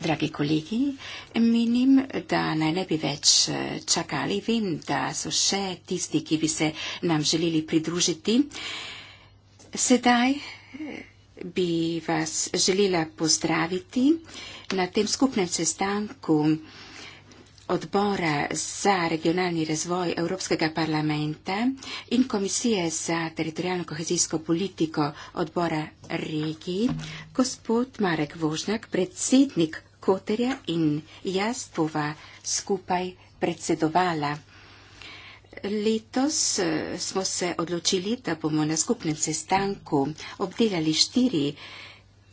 Dragi kolegi, menim, da naj ne bi več eh, čakali. Vem, da so še tisti, ki bi se nam želeli pridružiti. Sedaj eh, bi vas želela pozdraviti na tem skupnem sestanku odbora za regionalni razvoj Evropskega parlamenta in Komisije za teritorijalno kohezijsko politiko odbora regij, gospod Marek Vožnjak, predsednik Koterja in jaz bova skupaj predsedovala. Letos eh, smo se odločili, da bomo na skupnem sestanku obdelali štiri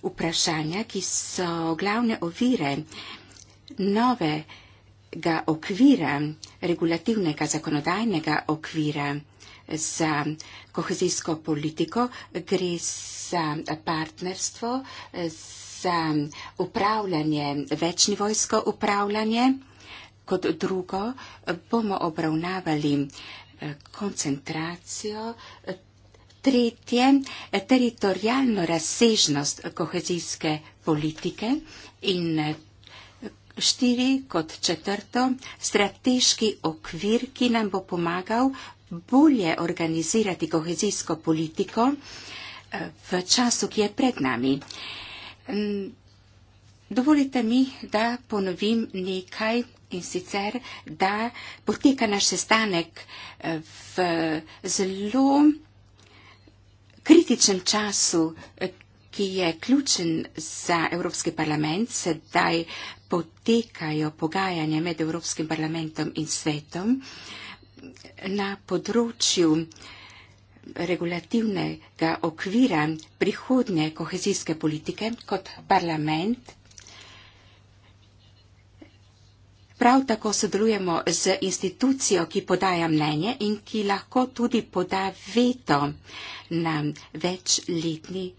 vprašanja, ki so glavne ovire nove ga okvira, regulativnega zakonodajnega okvira za kohezijsko politiko, gre za partnerstvo, za upravljanje, večni vojsko upravljanje. Kot drugo bomo obravnavali eh, koncentracijo, tretje teritorijalno razsežnost kohezijske politike in eh, štiri kot četrto, strateški okvir, ki nam bo pomagal bolje organizirati kohezijsko politiko eh, v času, ki je pred nami. Mm, dovolite mi, da ponovim nekaj in sicer, da poteka naš sestanek eh, v zelo kritičnem času, eh, ki je ključen za Evropski parlament, sedaj potekajo pogajanja med Evropskim parlamentom in svetom na področju regulativnega okvira prihodnje kohezijske politike kot parlament. Prav tako sodelujemo z institucijo, ki podaja mnenje in ki lahko tudi poda veto na večletni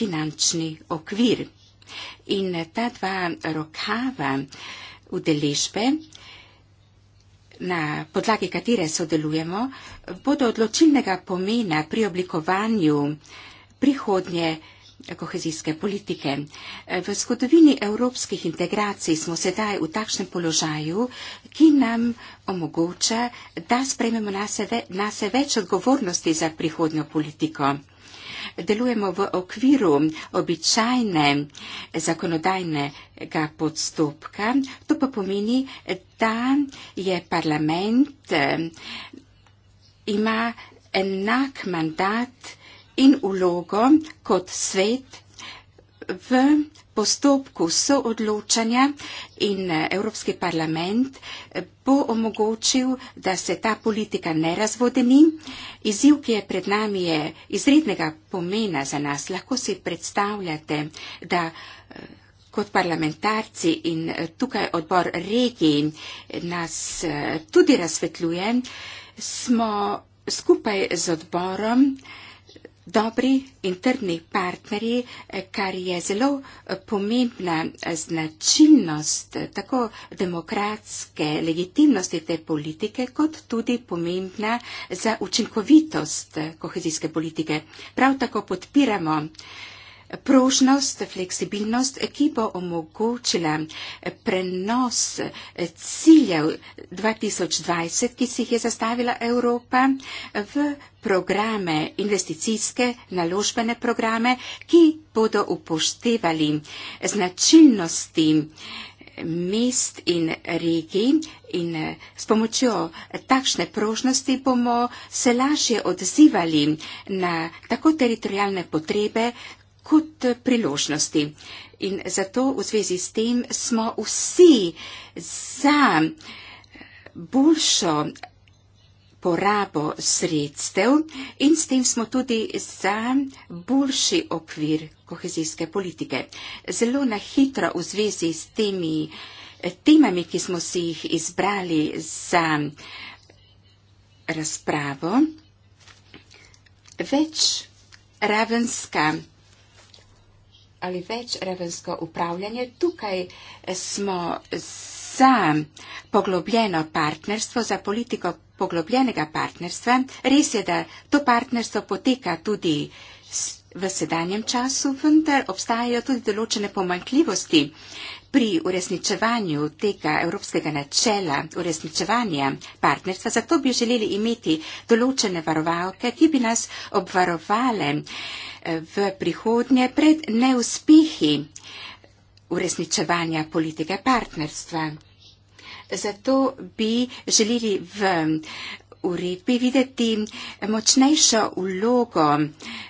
finančni okvir. In ta dva rokava udeležbe, na podlagi katere sodelujemo, bodo odločilnega pomena pri oblikovanju prihodnje kohezijske politike. V zgodovini evropskih integracij smo sedaj v takšnem položaju, ki nam omogoča, da sprejmemo na sebe več odgovornosti za prihodnjo politiko delujemo v okviru običajne zakonodajnega postopka. To pa pomeni, da je parlament eh, ima enak mandat in ulogo kot svet v postopku soodločanja in eh, Evropski parlament eh, bo omogočil, da se ta politika ne razvodeni. Izziv, ki je pred nami, je izrednega pomena za nas. Lahko si predstavljate, da eh, kot parlamentarci in tukaj odbor regiji nas tudi razsvetljuje, smo skupaj z odborom dobri interni partnerji, eh, kar je zelo eh, pomembna eh, značilnost tako demokratske legitimnosti te politike, kot tudi pomembna za učinkovitost kohezijske politike. Prav tako podpiramo prožnost, fleksibilnost, ki bo omogočila eh, prenos eh, ciljev 2020, ki si jih je zastavila Evropa, eh, v programe, investicijske, naložbene programe, ki bodo upoštevali značilnosti mest in regij in s pomočjo takšne prožnosti bomo se lažje odzivali na tako teritorijalne potrebe kot priložnosti. In zato v zvezi s tem smo vsi za boljšo porabo sredstev in s tem smo tudi za boljši okvir kohezijske politike. Zelo na hitro v zvezi s temi eh, temami, ki smo si jih izbrali za razpravo, več ravenska ali večrevensko upravljanje. Tukaj smo za poglobljeno partnerstvo, za politiko poglobljenega partnerstva. Res je, da to partnerstvo poteka tudi v sedanjem času, vendar obstajajo tudi določene pomankljivosti pri uresničevanju tega evropskega načela uresničevanja partnerstva, zato bi želeli imeti določene varovalke, ki bi nas obvarovale eh, v prihodnje pred neuspehi uresničevanja politike partnerstva. Zato bi želeli v uredbi videti močnejšo vlogo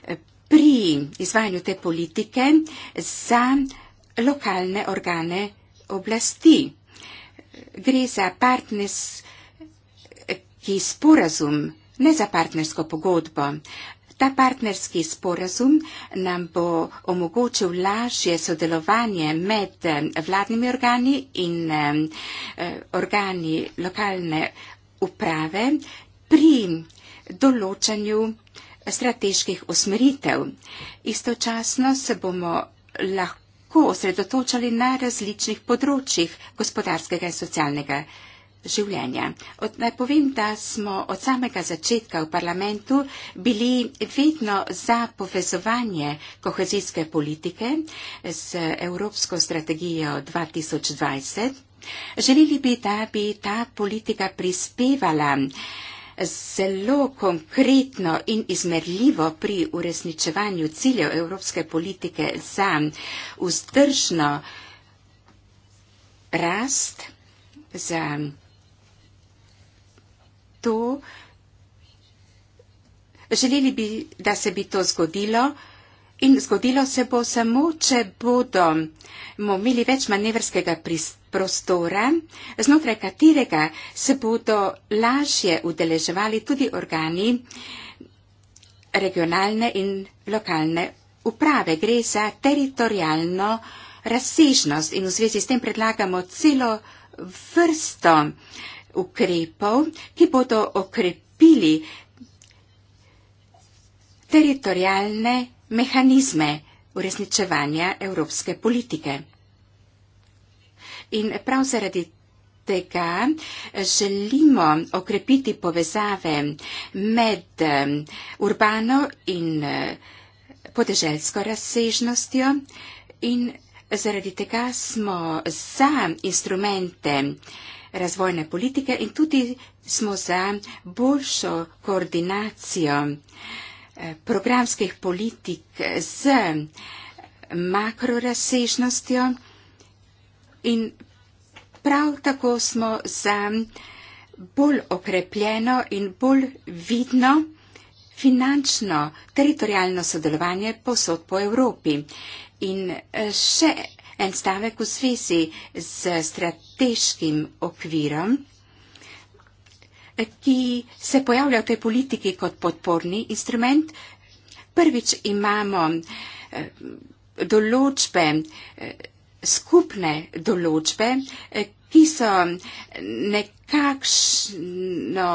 eh, pri izvajanju te politike za lokalne organe oblasti. Gre za partnerski sporazum, ne za partnersko pogodbo. Ta partnerski sporazum nam bo omogočil lažje sodelovanje med eh, vladnimi organi in eh, eh, organi lokalne uprave pri določanju strateških usmeritev. Istočasno se bomo lahko lahko osredotočali na različnih področjih gospodarskega in socialnega življenja. Od, naj povem, da smo od samega začetka v parlamentu bili vedno za povezovanje kohezijske politike z Evropsko strategijo 2020. Želeli bi, da bi ta politika prispevala zelo konkretno in izmerljivo pri uresničevanju ciljev evropske politike za vzdržno rast, za to. Želeli bi, da se bi to zgodilo. In zgodilo se bo samo, če bodo imeli več manevrskega prostora, znotraj katerega se bodo lažje udeleževali tudi organi regionalne in lokalne uprave. Gre za teritorijalno razsežnost in v zvezi s tem predlagamo celo vrsto ukrepov, ki bodo okrepili teritorijalne mehanizme uresničevanja evropske politike. In prav zaradi tega želimo okrepiti povezave med urbano in e, podeželsko razsežnostjo in zaradi tega smo za instrumente razvojne politike in tudi smo za boljšo koordinacijo Eh, programskih politik z makrorazsežnostjo in prav tako smo za bolj okrepljeno in bolj vidno finančno teritorijalno sodelovanje posod po Evropi. In eh, še en stavek v zvezi z strateškim okvirom ki se pojavlja v tej politiki kot podporni instrument. Prvič imamo eh, določbe, eh, skupne določbe, eh, ki so nekakšno,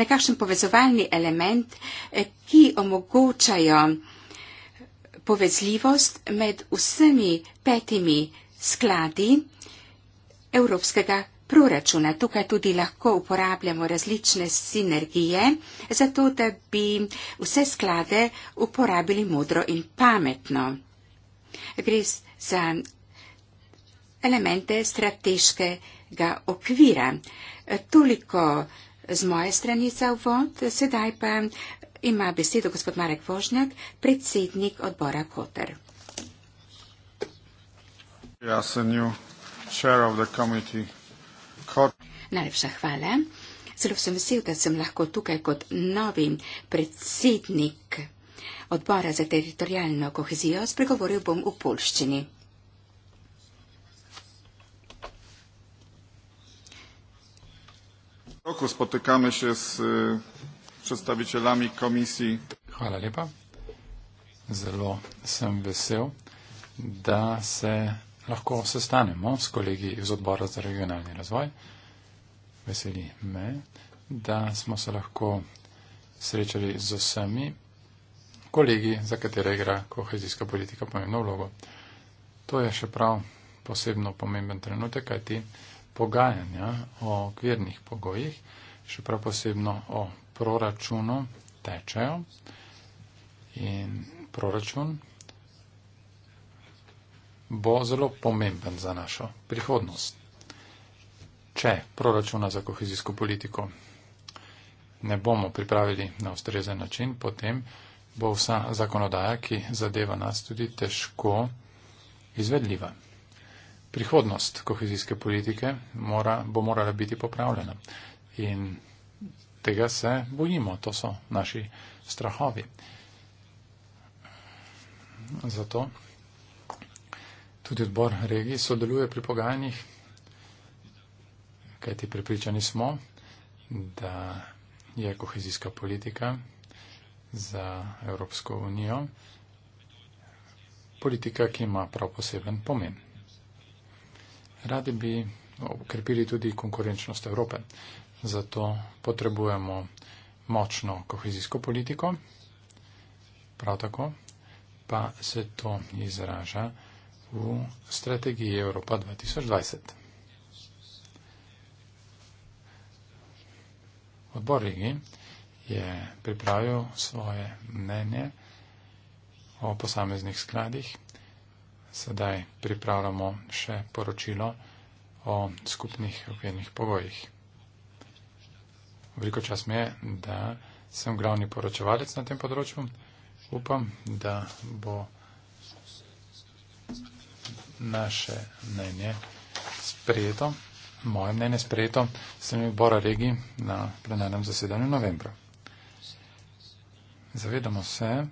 nekakšen povezovalni element, ki omogočajo povezljivost med vsemi petimi skladi Evropskega proračuna. Tukaj tudi lahko uporabljamo različne sinergije, zato da bi vse sklade uporabili modro in pametno. Gre za elemente strateškega okvira. Toliko z moje strani za uvod, sedaj pa ima besedo gospod Marek Vožnjak, predsednik odbora Koter. Yes, and you, chair of the committee. Najlepša hvala. Zelo sem vesel, da sem lahko tukaj kot novi predsednik odbora za teritorijalno kohezijo. Spregovoril bom v polščini. Roko spotekame še s e, predstaviteljami komisij. Hvala lepa. Zelo sem vesel, da se lahko sestanemo s kolegi iz odbora za regionalni razvoj. Veseli me, da smo se lahko srečali z vsemi kolegi, za katere igra kohezijska politika pomembno vlogo. To je še prav posebno pomemben trenutek, kajti pogajanja o okvirnih pogojih, še prav posebno o proračunu, tečejo in proračun bo zelo pomemben za našo prihodnost. Če proračuna za kohezijsko politiko ne bomo pripravili na ustrezen način, potem bo vsa zakonodaja, ki zadeva nas, tudi težko izvedljiva. Prihodnost kohezijske politike mora, bo morala biti popravljena in tega se bojimo, to so naši strahovi. Zato tudi odbor regij sodeluje pri pogajanjih, kajti pripričani smo, da je kohezijska politika za Evropsko unijo politika, ki ima prav poseben pomen. Radi bi okrepili tudi konkurenčnost Evrope. Zato potrebujemo močno kohezijsko politiko, prav tako pa se to izraža v strategiji Evropa 2020. Odbor Rigi je pripravil svoje mnenje o posameznih skladih. Sedaj pripravljamo še poročilo o skupnih okvirnih pogojih. Veliko čas mi je, da sem glavni poročevalec na tem področju. Upam, da bo naše mnenje sprejeto, moje mnenje sprejeto, strani odbora regij na plenarnem zasedanju novembra. Zavedamo se,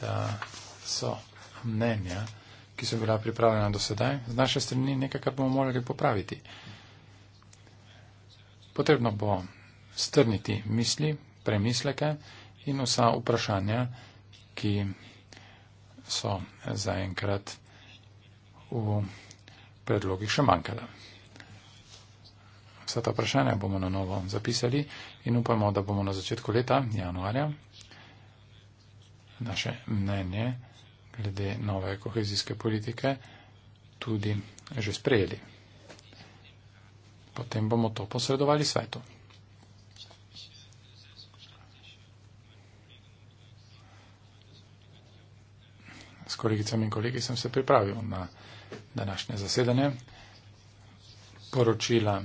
da so mnenja, ki so bila pripravljena do sedaj, z naše strani nekaj, kar bomo morali popraviti. Potrebno bo strniti misli, premisleke in vsa vprašanja, ki so zaenkrat v predlogih še manjkala. Vsa ta vprašanja bomo na novo zapisali in upamo, da bomo na začetku leta, januarja, naše mnenje glede nove kohezijske politike tudi že sprejeli. Potem bomo to posredovali svetu. S kolegicami in kolegi sem se pripravil na današnje zasedanje. Poročila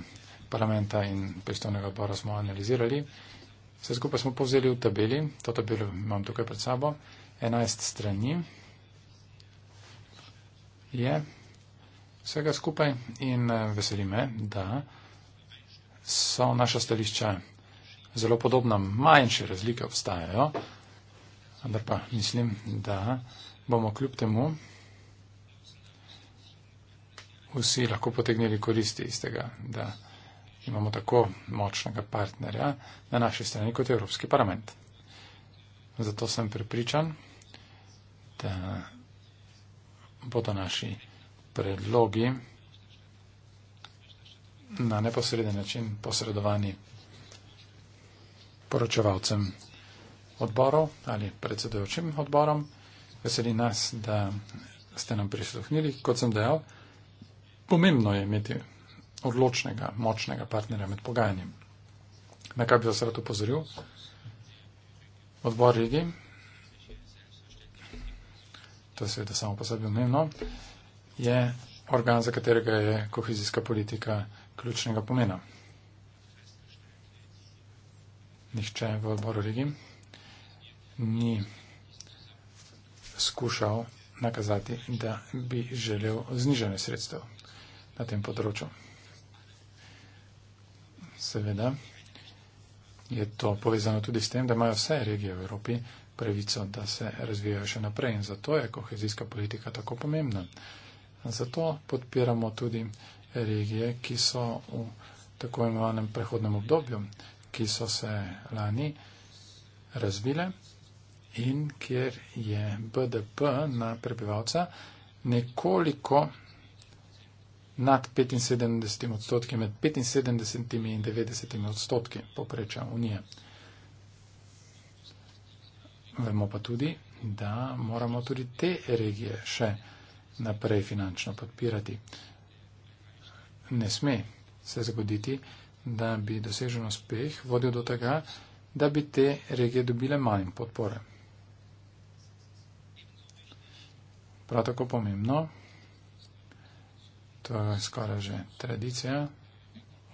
parlamenta in pristovnega odbora smo analizirali. Vse skupaj smo povzeli v tabeli. To tabelo imam tukaj pred sabo. 11 strani je vsega skupaj in eh, veseli me, da so naša stališča zelo podobna. Manjše razlike obstajajo, vendar pa mislim, da bomo kljub temu vsi lahko potegnili koristi iz tega, da imamo tako močnega partnerja na naši strani kot Evropski parlament. Zato sem pripričan, da bodo naši predlogi na neposreden način posredovani poročevalcem odborov ali predsedujočim odborom. Veseli nas, da ste nam prisluhnili, kot sem dejal. Pomembno je imeti odločnega, močnega partnerja med pogajanjem. Na kaj bi vas rad upozoril? Odbor regij. To je seveda samo po sebi umevno, je organ, za katerega je kohezijska politika ključnega pomena. Nihče v odboru regij ni skušal nakazati, da bi želel znižanje sredstev na tem področju. Seveda je to povezano tudi s tem, da imajo vse regije v Evropi pravico, da se razvijajo še naprej in zato je kohezijska politika tako pomembna. Zato podpiramo tudi regije, ki so v tako imenovanem prehodnem obdobju, ki so se lani razvile in kjer je BDP na prebivalca nekoliko nad 75 odstotki, med 75 in 90 odstotki poprečja Unije. Vemo pa tudi, da moramo tudi te regije še naprej finančno podpirati. Ne sme se zgoditi, da bi dosežen uspeh vodil do tega, da bi te regije dobile manj podpore. Prav tako pomembno, to je skoraj že tradicija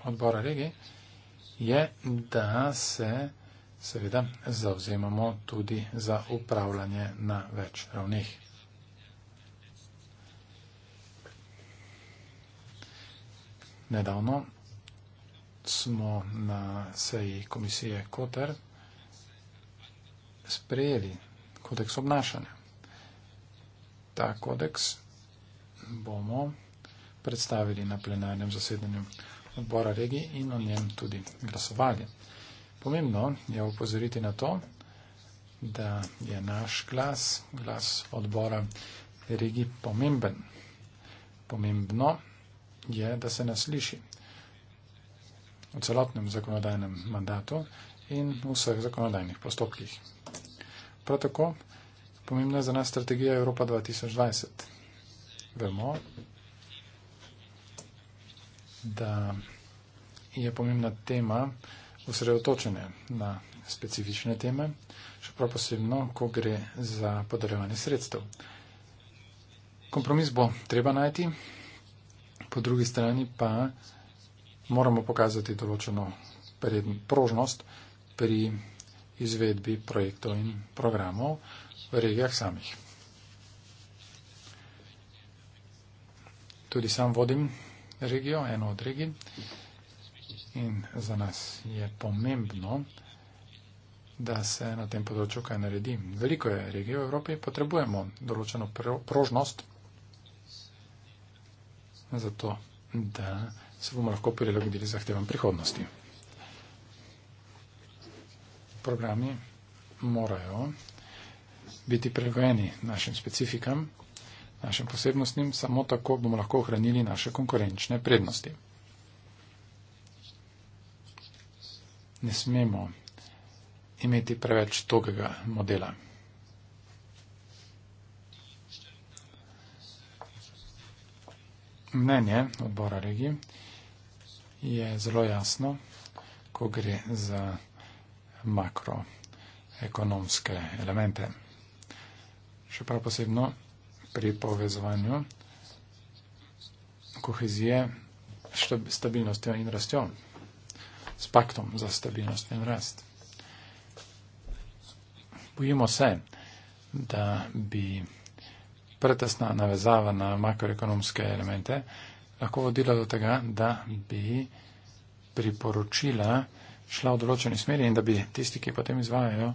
odbora regije, je, da se seveda zauzemamo tudi za upravljanje na več ravneh. Nedavno smo na seji komisije Koter sprejeli kodeks obnašanja. Ta kodeks bomo predstavili na plenarnem zasedanju odbora regij in o njem tudi glasovali. Pomembno je upozoriti na to, da je naš glas, glas odbora regij pomemben. Pomembno je, da se nas sliši v celotnem zakonodajnem mandatu in v vseh zakonodajnih postopkih. Prav tako pomembna je za nas strategija Evropa 2020. Vemo, da je pomembna tema usredotočene na specifične teme, še prav posebno, ko gre za podarjevanje sredstev. Kompromis bo treba najti, po drugi strani pa moramo pokazati določeno prožnost pri izvedbi projektov in programov v regijah samih. Tudi sam vodim regijo, eno od regij. In za nas je pomembno, da se na tem področju kaj naredi. Veliko je regij v Evropi, potrebujemo določeno prožnost, zato da se bomo lahko prilagodili zahtevam prihodnosti. Programi morajo biti prilagojeni našim specifikam našim posebnostim, samo tako bomo lahko ohranili naše konkurenčne prednosti. Ne smemo imeti preveč togega modela. Mnenje odbora regij je zelo jasno, ko gre za makroekonomske elemente. Še prav posebno pri povezovanju kohezije s stabilnostjo in rastjo, s paktom za stabilnost in rast. Bojimo se, da bi pretesna navezava na makroekonomske elemente lahko vodila do tega, da bi priporočila šla v določeni smeri in da bi tisti, ki potem izvajajo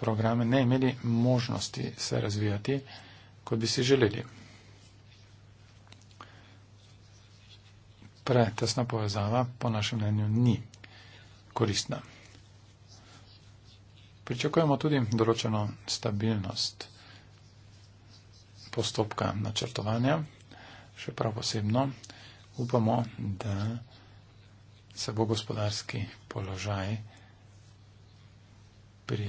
programe, ne imeli možnosti se razvijati kot bi si želeli. Pretesna povezava po našem mnenju ni koristna. Pričakujemo tudi določeno stabilnost postopka načrtovanja, še prav posebno upamo, da se bo gospodarski položaj pri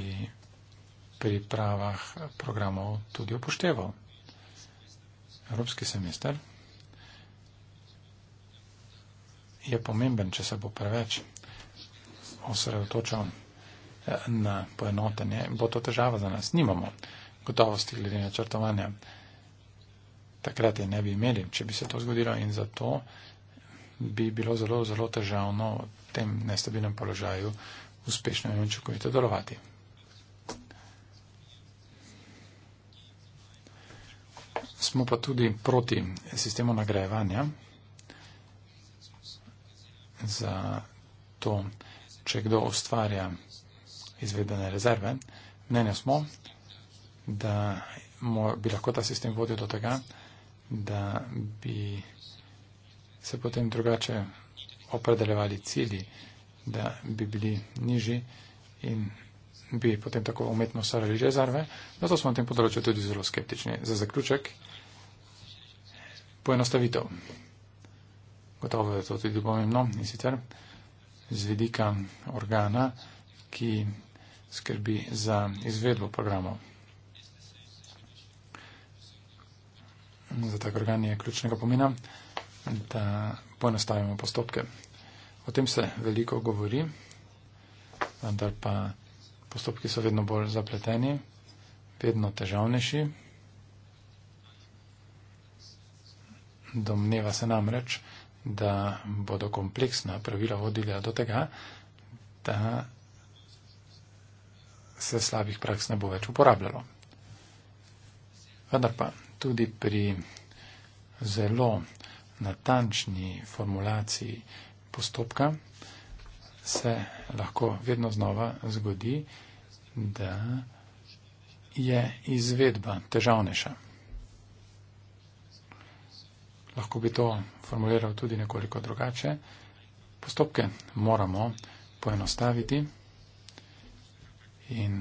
pripravah programov tudi upošteval. Evropski semester je pomemben, če se bo preveč osredotočal eh, na poenotenje, bo to težava za nas. Nimamo gotovosti glede načrtovanja. Takrat je ne bi imeli, če bi se to zgodilo in zato bi bilo zelo, zelo težavno v tem nestabilnem položaju uspešno in učinkovito delovati. smo pa tudi proti sistemu nagrajevanja za to, če kdo ustvarja izvedene rezerve. Mnenja smo, da bi lahko ta sistem vodil do tega, da bi se potem drugače opredeljevali cilji, da bi bili nižji in bi potem tako umetno ustvarjali rezerve. Zato smo na tem področju tudi zelo skeptični. Za zaključek poenostavitev. Gotovo je to tudi pomembno in sicer z vidika organa, ki skrbi za izvedbo programov. Za tak organ je ključnega pomena, da poenostavimo postopke. O tem se veliko govori, vendar pa postopki so vedno bolj zapleteni, vedno težavnejši. Domneva se namreč, da bodo kompleksna pravila vodila do tega, da se slabih praks ne bo več uporabljalo. Vendar pa tudi pri zelo natančni formulaciji postopka se lahko vedno znova zgodi, da je izvedba težavnejša lahko bi to formuliral tudi nekoliko drugače. Postopke moramo poenostaviti in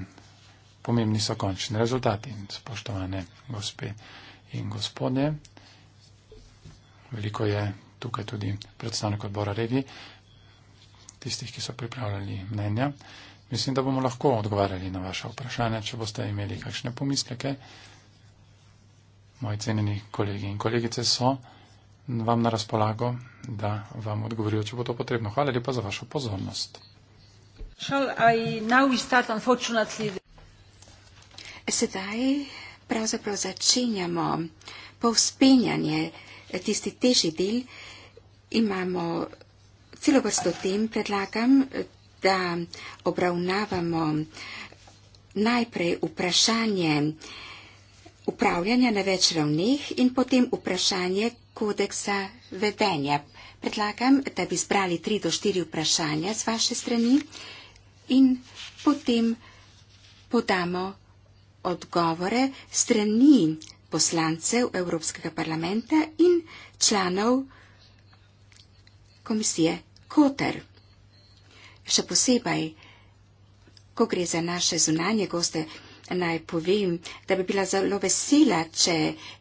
pomembni so končni rezultati, spoštovane gospe in gospodje. Veliko je tukaj tudi predstavnik odbora regij, tistih, ki so pripravljali mnenja. Mislim, da bomo lahko odgovarjali na vaše vprašanja, če boste imeli kakšne pomisleke. Moji cenjeni kolegi in kolegice so vam na razpolago, da vam odgovorijo, če bo to potrebno. Hvala lepa za vašo pozornost. Sedaj pravzaprav začenjamo povspenjanje eh, tisti težji del. Imamo celo vrsto tem, predlagam, eh, da obravnavamo najprej vprašanje upravljanja na več ravneh in potem vprašanje, kodeksa vedenja. Predlagam, da bi zbrali tri do štiri vprašanja z vaše strani in potem podamo odgovore strani poslancev Evropskega parlamenta in članov komisije Koter. Še posebej, ko gre za naše zunanje goste, naj povem, da bi bila zelo vesela, če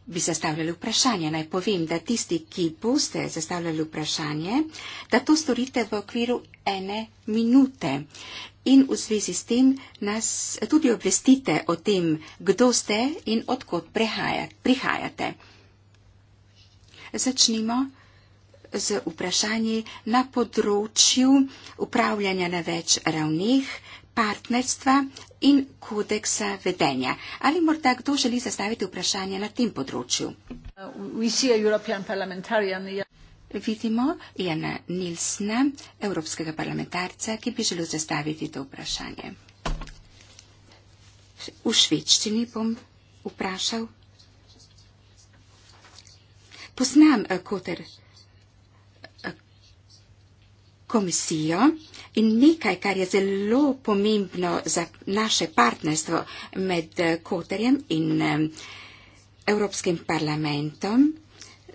bi zastavljali vprašanje. Naj povem, da tisti, ki boste zastavljali vprašanje, da to storite v okviru ene minute. In v zvezi s tem nas tudi obvestite o tem, kdo ste in odkot prihajate. Začnimo z vprašanji na področju upravljanja na več ravneh, partnerstva in kodeksa vedenja. Ali morda kdo želi zastaviti vprašanje na tem področju? Vidimo Jana Nilsna, evropskega parlamentarca, ki bi želel zastaviti to vprašanje. V švedščini bom vprašal. Poznam eh, Koter eh, komisijo. In nekaj, kar je zelo pomembno za naše partnerstvo med eh, Koterjem in eh, Evropskim parlamentom,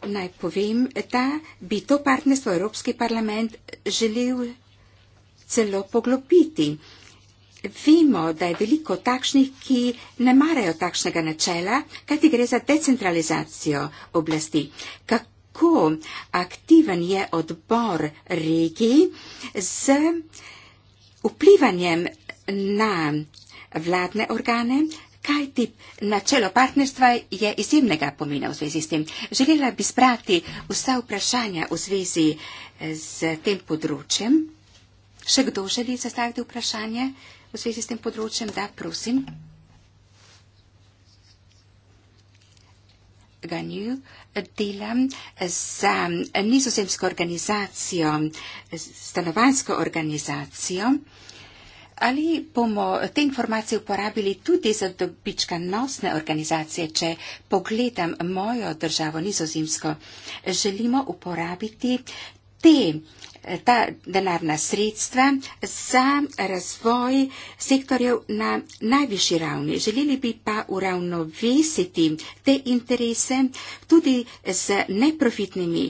naj povem, da bi to partnerstvo Evropski parlament želel celo poglobiti. Vemo, da je veliko takšnih, ki ne marajo takšnega načela, kajti gre za decentralizacijo oblasti. Kako kako aktiven je odbor regij z vplivanjem na vladne organe, kaj ti načelo partnerstva je izjemnega pomena v zvezi s tem. Želela bi sprati vsa vprašanja v zvezi z tem področjem. Še kdo želi zastaviti vprašanje v zvezi s tem področjem? Da, prosim. ga nju delam za nizozemsko organizacijo, stanovansko organizacijo. Ali bomo te informacije uporabili tudi za dobička nosne organizacije, če pogledam mojo državo nizozemsko, želimo uporabiti te ta denarna sredstva za razvoj sektorjev na najvišji ravni. Želeli bi pa uravnovesiti te interese tudi z neprofitnimi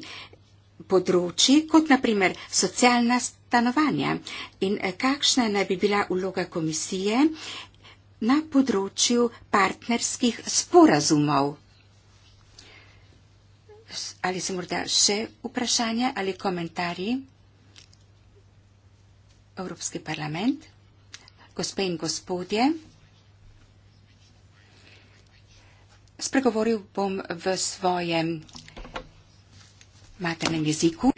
področji, kot naprimer socialna stanovanja in eh, kakšna naj bi bila uloga komisije na področju partnerskih sporazumov. Ali se morda še vprašanje ali komentarji? Evropski parlament, gospe in gospodje, spregovoril bom v svojem maternem jeziku.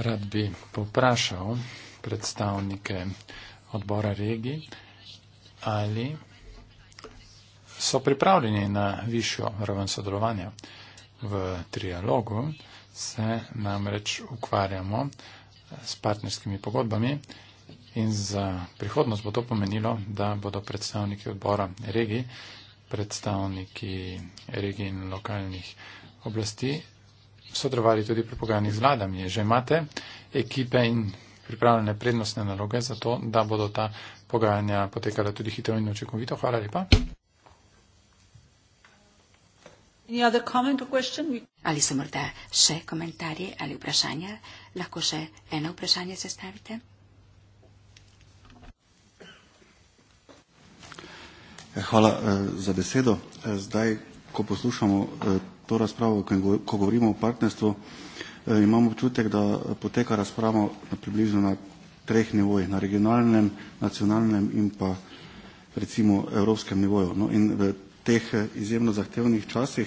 Rad bi poprašal predstavnike odbora regij, ali so pripravljeni na višjo raven sodelovanja. V trialogu se namreč ukvarjamo s partnerskimi pogodbami in za prihodnost bo to pomenilo, da bodo predstavniki odbora regij, predstavniki regij in lokalnih oblasti sodelovali tudi pri pogajanjih z vladami. Že imate ekipe in pripravljene prednostne naloge za to, da bodo ta pogajanja potekala tudi hitro in očekovito. Hvala lepa. Ali so morda še komentarje ali vprašanja? Lahko še eno vprašanje sestavite? Ja, hvala eh, za besedo. Eh, zdaj, ko poslušamo eh, to razpravo, ko govorimo o partnerstvu, imamo občutek, da poteka razprava približno na treh nivojih, na regionalnem, nacionalnem in pa recimo evropskem nivoju. No, in v teh eh, izjemno zahtevnih časih,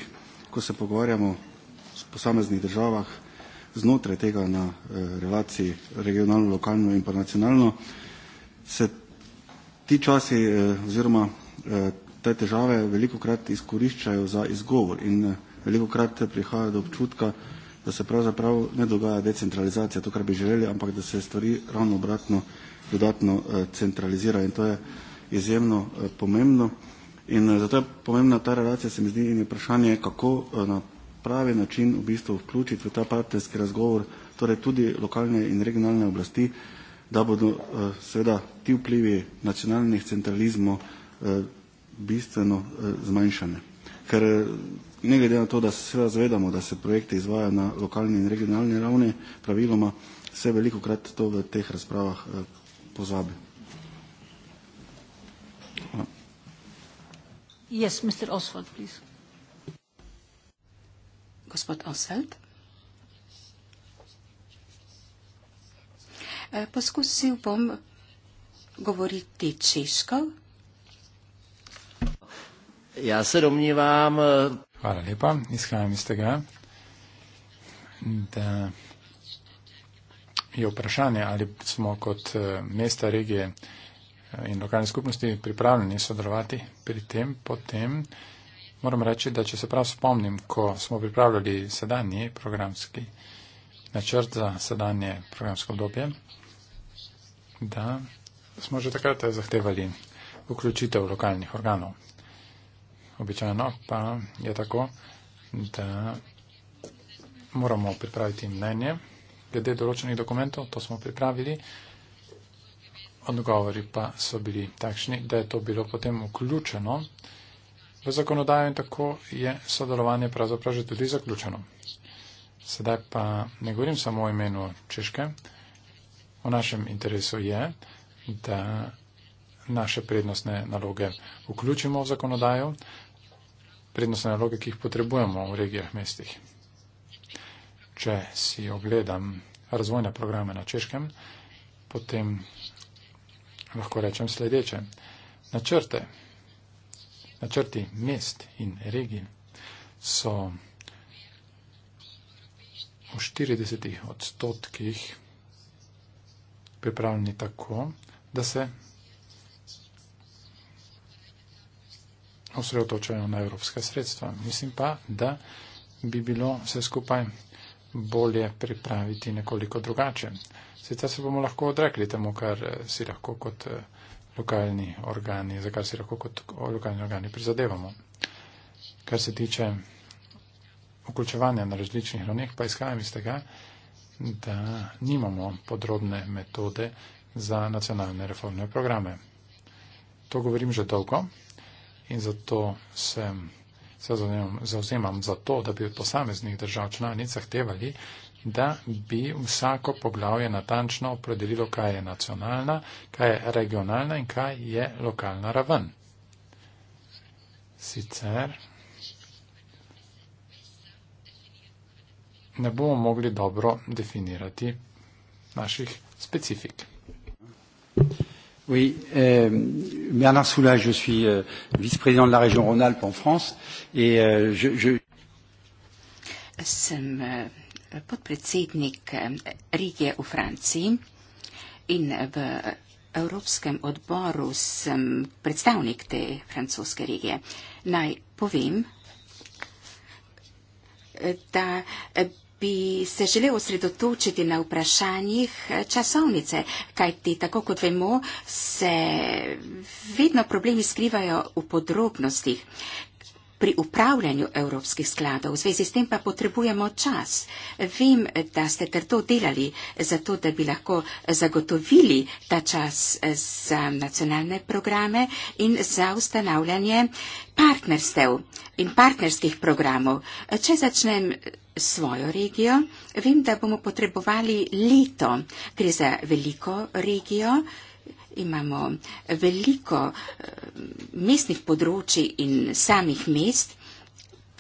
ko se pogovarjamo v posameznih državah znotraj tega na eh, relaciji regionalno, lokalno in pa nacionalno, se ti časi eh, oziroma te težave veliko krat izkoriščajo za izgovor in veliko krat prihaja do občutka, da se pravzaprav ne dogaja decentralizacija, to, kar bi želeli, ampak da se stvari ravno obratno dodatno centralizira in to je izjemno pomembno. In eh, zato je pomembna ta relacija, se mi zdi, in je vprašanje, kako eh, na pravi način v bistvu vključiti v ta partnerski razgovor torej tudi lokalne in regionalne oblasti, da bodo eh, seveda ti vplivi nacionalnih centralizmov bistveno zmanjšane. Ker ne glede na to, da se seveda zvedamo, da se projekte izvaja na lokalni in regionalni ravni praviloma, se veliko krat to v teh razpravah pozabi. E, poskusil bom govoriti češko. Ja, se domnívam. E, Hvala lepa, izhajam iz tega, da je vprašanje, ali smo kot e, mesta regije in lokalne skupnosti pripravljeni sodelovati pri tem, potem moram reči, da če se prav spomnim, ko smo pripravljali sedanji programski načrt za sedanje programsko obdobje, da smo že takrat zahtevali vključitev lokalnih organov. Običajno pa je tako, da moramo pripraviti mnenje glede določenih dokumentov, to smo pripravili odgovori pa so bili takšni, da je to bilo potem vključeno v zakonodajo in tako je sodelovanje pravzaprav že tudi zaključeno. Sedaj pa ne govorim samo o imenu Češke. V našem interesu je, da naše prednostne naloge vključimo v zakonodajo, prednostne naloge, ki jih potrebujemo v regijah mestih. Če si ogledam razvojne programe na Češkem, potem lahko rečem sledeče. Načrte, načrti mest in regij so v 40 odstotkih pripravljeni tako, da se osredotočajo na evropska sredstva. Mislim pa, da bi bilo vse skupaj bolje pripraviti nekoliko drugače. Sicer se bomo lahko odrekli temu, kar eh, si lahko kot eh, lokalni organi, za kar si lahko kot lokalni organi prizadevamo. Kar se tiče vključevanja na različnih ravneh, pa izhajam iz tega, da nimamo podrobne metode za nacionalne reformne programe. To govorim že dolgo in zato sem, se zauzemam za to, da bi od posameznih držav članic zahtevali, da bi vsako poglavje natančno opredelilo, kaj je nacionalna, kaj je regionalna in kaj je lokalna raven. Sicer ne bomo mogli dobro definirati naših specifik. Oui, euh, Bernard Soula, je suis euh, vice-président de la région Rhône-Alpes en France et euh, je. je... Sem, euh podpredsednik eh, regije v Franciji in eh, v eh, Evropskem odboru sem predstavnik te francoske regije. Naj povem, da bi se želel osredotočiti na vprašanjih časovnice, kajti tako kot vemo, se vedno problemi skrivajo v podrobnostih pri upravljanju evropskih skladov. V zvezi s tem pa potrebujemo čas. Vem, da ste trdo delali za to, da bi lahko zagotovili ta čas eh, za nacionalne programe in za ustanavljanje partnerstev in partnerskih programov. Če začnem svojo regijo, vem, da bomo potrebovali leto. Gre za veliko regijo imamo eh, veliko eh, mestnih področji in samih mest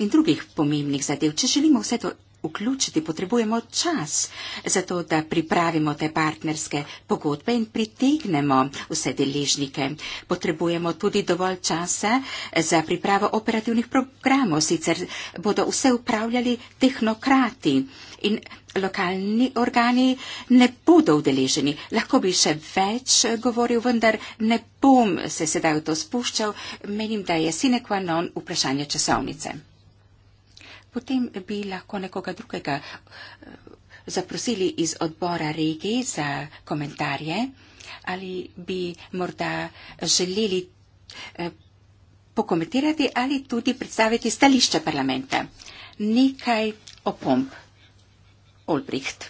in drugih pomembnih zadev. Če želimo vse to vključiti, potrebujemo čas za to, da pripravimo te partnerske pogodbe in pritegnemo vse deležnike. Potrebujemo tudi dovolj časa za pripravo operativnih programov, sicer bodo vse upravljali tehnokrati. In lokalni organi ne bodo udeleženi. Lahko bi še več eh, govoril, vendar ne bom se sedaj v to spuščal. Menim, da je sine qua non vprašanje časovnice. Potem bi lahko nekoga drugega eh, zaprosili iz odbora regij za komentarje ali bi morda želeli eh, pokomentirati ali tudi predstaviti stališče parlamenta. Nekaj opomb. Olbricht.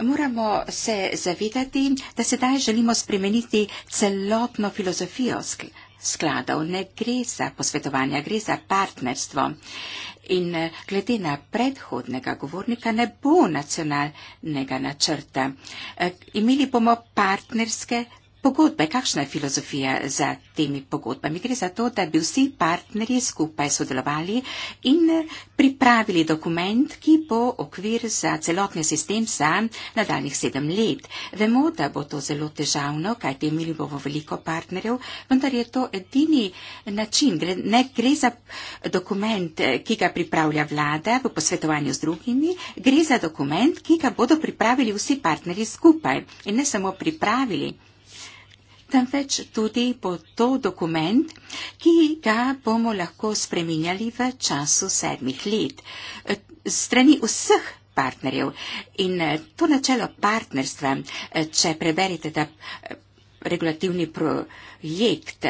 Moramo se zavedati, da sedaj želimo spremeniti celotno filozofijo skladov. Ne gre za posvetovanje, gre za partnerstvo. In eh, glede na predhodnega govornika ne bo nacionalnega načrta. Eh, imeli bomo partnerske Pogodbe, kakšna je filozofija za temi pogodbami? Gre za to, da bi vsi partnerji skupaj sodelovali in pripravili dokument, ki bo okvir za celotni sistem za nadaljnih sedem let. Vemo, da bo to zelo težavno, kajti imeli bomo veliko partnerjev, vendar je to edini način. Gre, ne gre za dokument, ki ga pripravlja vlada v posvetovanju z drugimi, gre za dokument, ki ga bodo pripravili vsi partnerji skupaj in ne samo pripravili temveč tudi bo to dokument, ki ga bomo lahko spreminjali v času sedmih let. Eh, strani vseh partnerjev in eh, to načelo partnerstva, eh, če preberite ta regulativni projekt,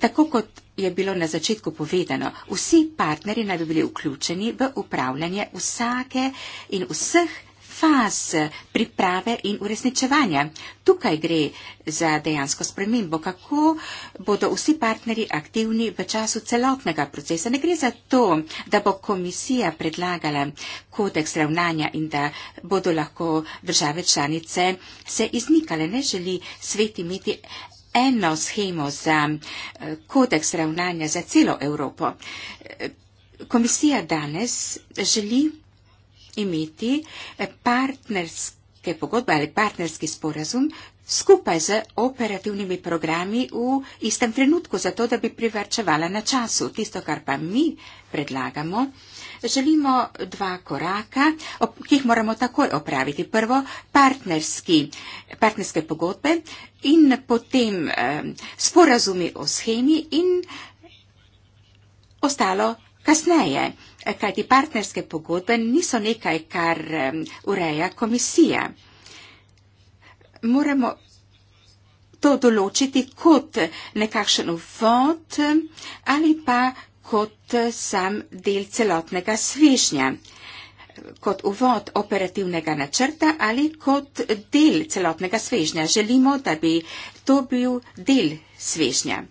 tako kot je bilo na začetku povedano, vsi partnerji naj bi bili vključeni v upravljanje vsake in vseh faz priprave in uresničevanja. Tukaj gre za dejansko spremembo, kako bodo vsi partnerji aktivni v času celotnega procesa. Ne gre za to, da bo komisija predlagala kodeks ravnanja in da bodo lahko države članice se iznikale. Ne želi svet imeti eno schemo za eh, kodeks ravnanja za celo Evropo. Eh, komisija danes želi imeti eh, partnerske pogodbe ali partnerski sporazum skupaj z operativnimi programi v istem trenutku, zato da bi privrčevala na času. Tisto, kar pa mi predlagamo, želimo dva koraka, ki jih moramo takoj opraviti. Prvo, partnerske pogodbe in potem eh, sporazumi o schemi in ostalo Kasneje, kajti partnerske pogodbe niso nekaj, kar ureja komisija. Moramo to določiti kot nekakšen uvod ali pa kot sam del celotnega svežnja, kot uvod operativnega načrta ali kot del celotnega svežnja. Želimo, da bi to bil del svežnja.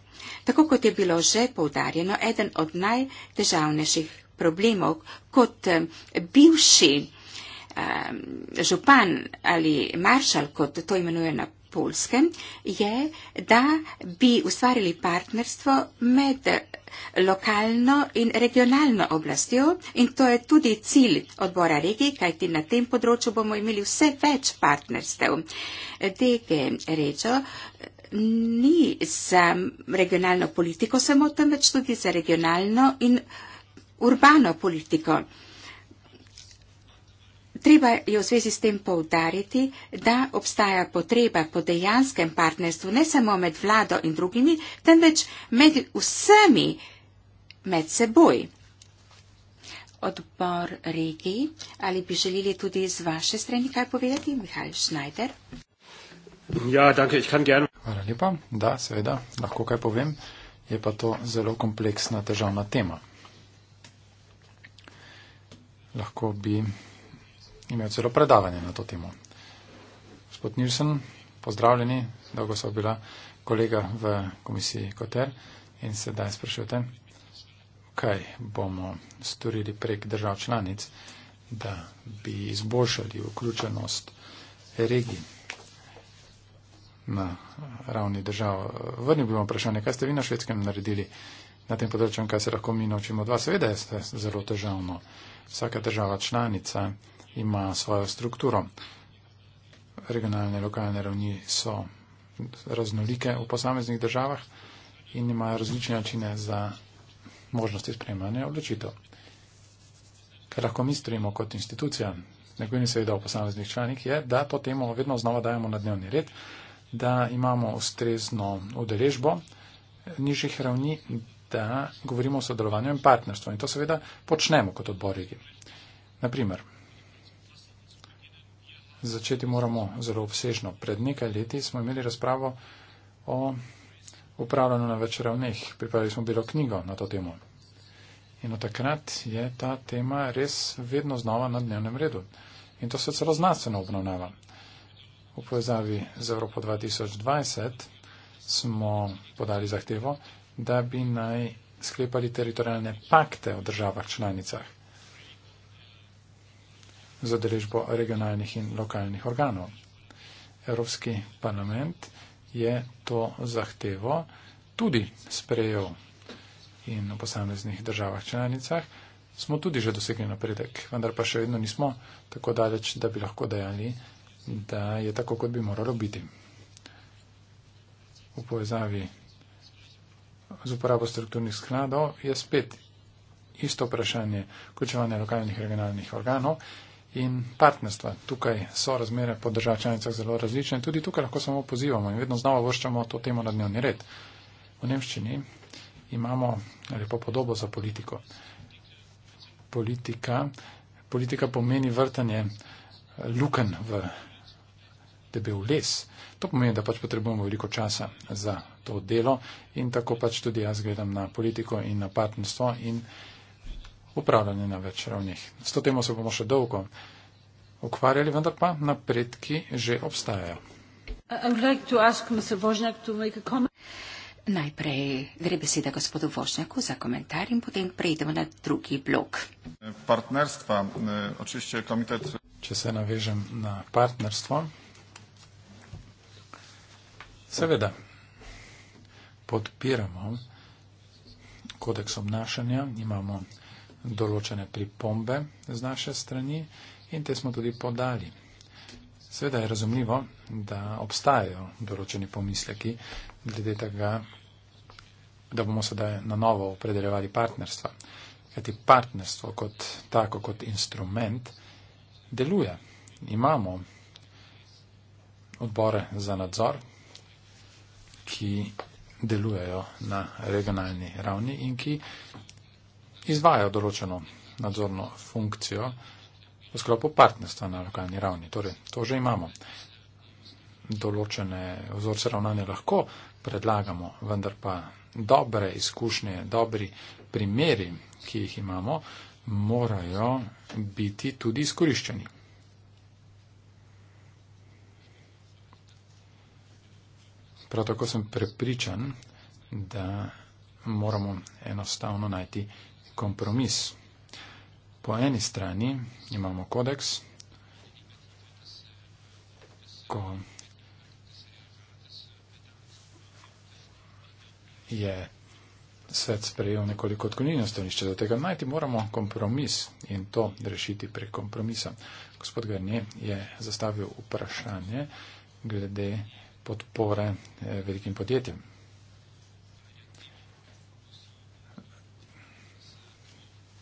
Tako kot je bilo že poudarjeno, eden od najtežavnejših problemov kot eh, bivši eh, župan ali maršal, kot to imenuje na polskem, je, da bi ustvarili partnerstvo med eh, lokalno in regionalno oblastjo in to je tudi cilj odbora regij, kajti na tem področju bomo imeli vse več partnerstev. Dege Rečo ni za regionalno politiko samo, temveč tudi za regionalno in urbano politiko. Treba je v zvezi s tem povdariti, da obstaja potreba po dejanskem partnerstvu ne samo med vlado in drugimi, temveč med vsemi med seboj. Odbor regij, ali bi želeli tudi z vaše strani kaj povedati, Mihajl Šnajder? Ja, danke, ich kann gern. Hvala lepa. Da, seveda, lahko kaj povem. Je pa to zelo kompleksna, težavna tema. Lahko bi imel celo predavanje na to temo. Gospod Nilsen, pozdravljeni, dolgo so bila kolega v komisiji Koter in sedaj sprašujete, kaj bomo storili prek držav članic, da bi izboljšali vključenost regij na ravni držav. Vrnil bi vam vprašanje, kaj ste vi na švedskem naredili na tem področju, kaj se lahko mi naučimo od vas. Seveda je zelo težavno. Vsaka država članica ima svojo strukturo. Regionalne, lokalne ravni so raznolike v posameznih državah in imajo različne načine za možnosti sprejemanja odločitev. Kar lahko mi storimo kot institucija, nekaj ni seveda v posameznih članih, je, da to temo vedno znova dajemo na dnevni red da imamo ustrezno udeležbo nižjih ravni, da govorimo o sodelovanju in partnerstvu. In to seveda počnemo kot odborigi. Naprimer, začeti moramo zelo obsežno. Pred nekaj leti smo imeli razpravo o upravljanju na več ravneh. Pripravili smo bilo knjigo na to temo. In od takrat je ta tema res vedno znova na dnevnem redu. In to se celo znanstveno obnovljava. V povezavi z Evropo 2020 smo podali zahtevo, da bi naj sklepali teritorijalne pakte v državah članicah za odrežbo regionalnih in lokalnih organov. Evropski parlament je to zahtevo tudi sprejel in v posameznih državah članicah smo tudi že dosegli napredek, vendar pa še vedno nismo tako daleč, da bi lahko dejali, da je tako, kot bi moralo biti. V povezavi z uporabo strukturnih skladov je spet isto vprašanje vključevanja lokalnih regionalnih organov in partnerstva. Tukaj so razmere po državah članicah zelo različne. Tudi tukaj lahko samo pozivamo in vedno znova vrščamo to temo na dnevni red. V Nemščini imamo lepo podobo za politiko. Politika, politika pomeni vrtanje luken v debel les. To pomeni, da pač potrebujemo veliko časa za to delo in tako pač tudi jaz gledam na politiko in na partnerstvo in upravljanje na več ravnih. S to temo se bomo še dolgo ukvarjali, vendar pa napredki že obstajajo. Najprej gre beseda gospodu Vošnjaku za komentar in potem prejdemo na drugi blok. Partnerstva, e, očišče komitet. Če se navežem na partnerstvo, Seveda, podpiramo kodeks obnašanja, imamo določene pripombe z naše strani in te smo tudi podali. Seveda je razumljivo, da obstajajo določeni pomisleki glede tega, da bomo sedaj na novo opredeljevali partnerstva. Kajti partnerstvo kot tako, kot instrument deluje. Imamo odbore za nadzor, ki delujejo na regionalni ravni in ki izvajo določeno nadzorno funkcijo v sklopu partnerstva na lokalni ravni. Torej, to že imamo. Določene vzorce ravnanja lahko predlagamo, vendar pa dobre izkušnje, dobri primeri, ki jih imamo, morajo biti tudi izkoriščeni. Prav tako sem prepričan, da moramo enostavno najti kompromis. Po eni strani imamo kodeks, ko je svet sprejel nekoliko odklonilno stališče. Do tega najti moramo kompromis in to rešiti prek kompromisa. Gospod Garnier je zastavil vprašanje glede podpore eh, velikim podjetjem.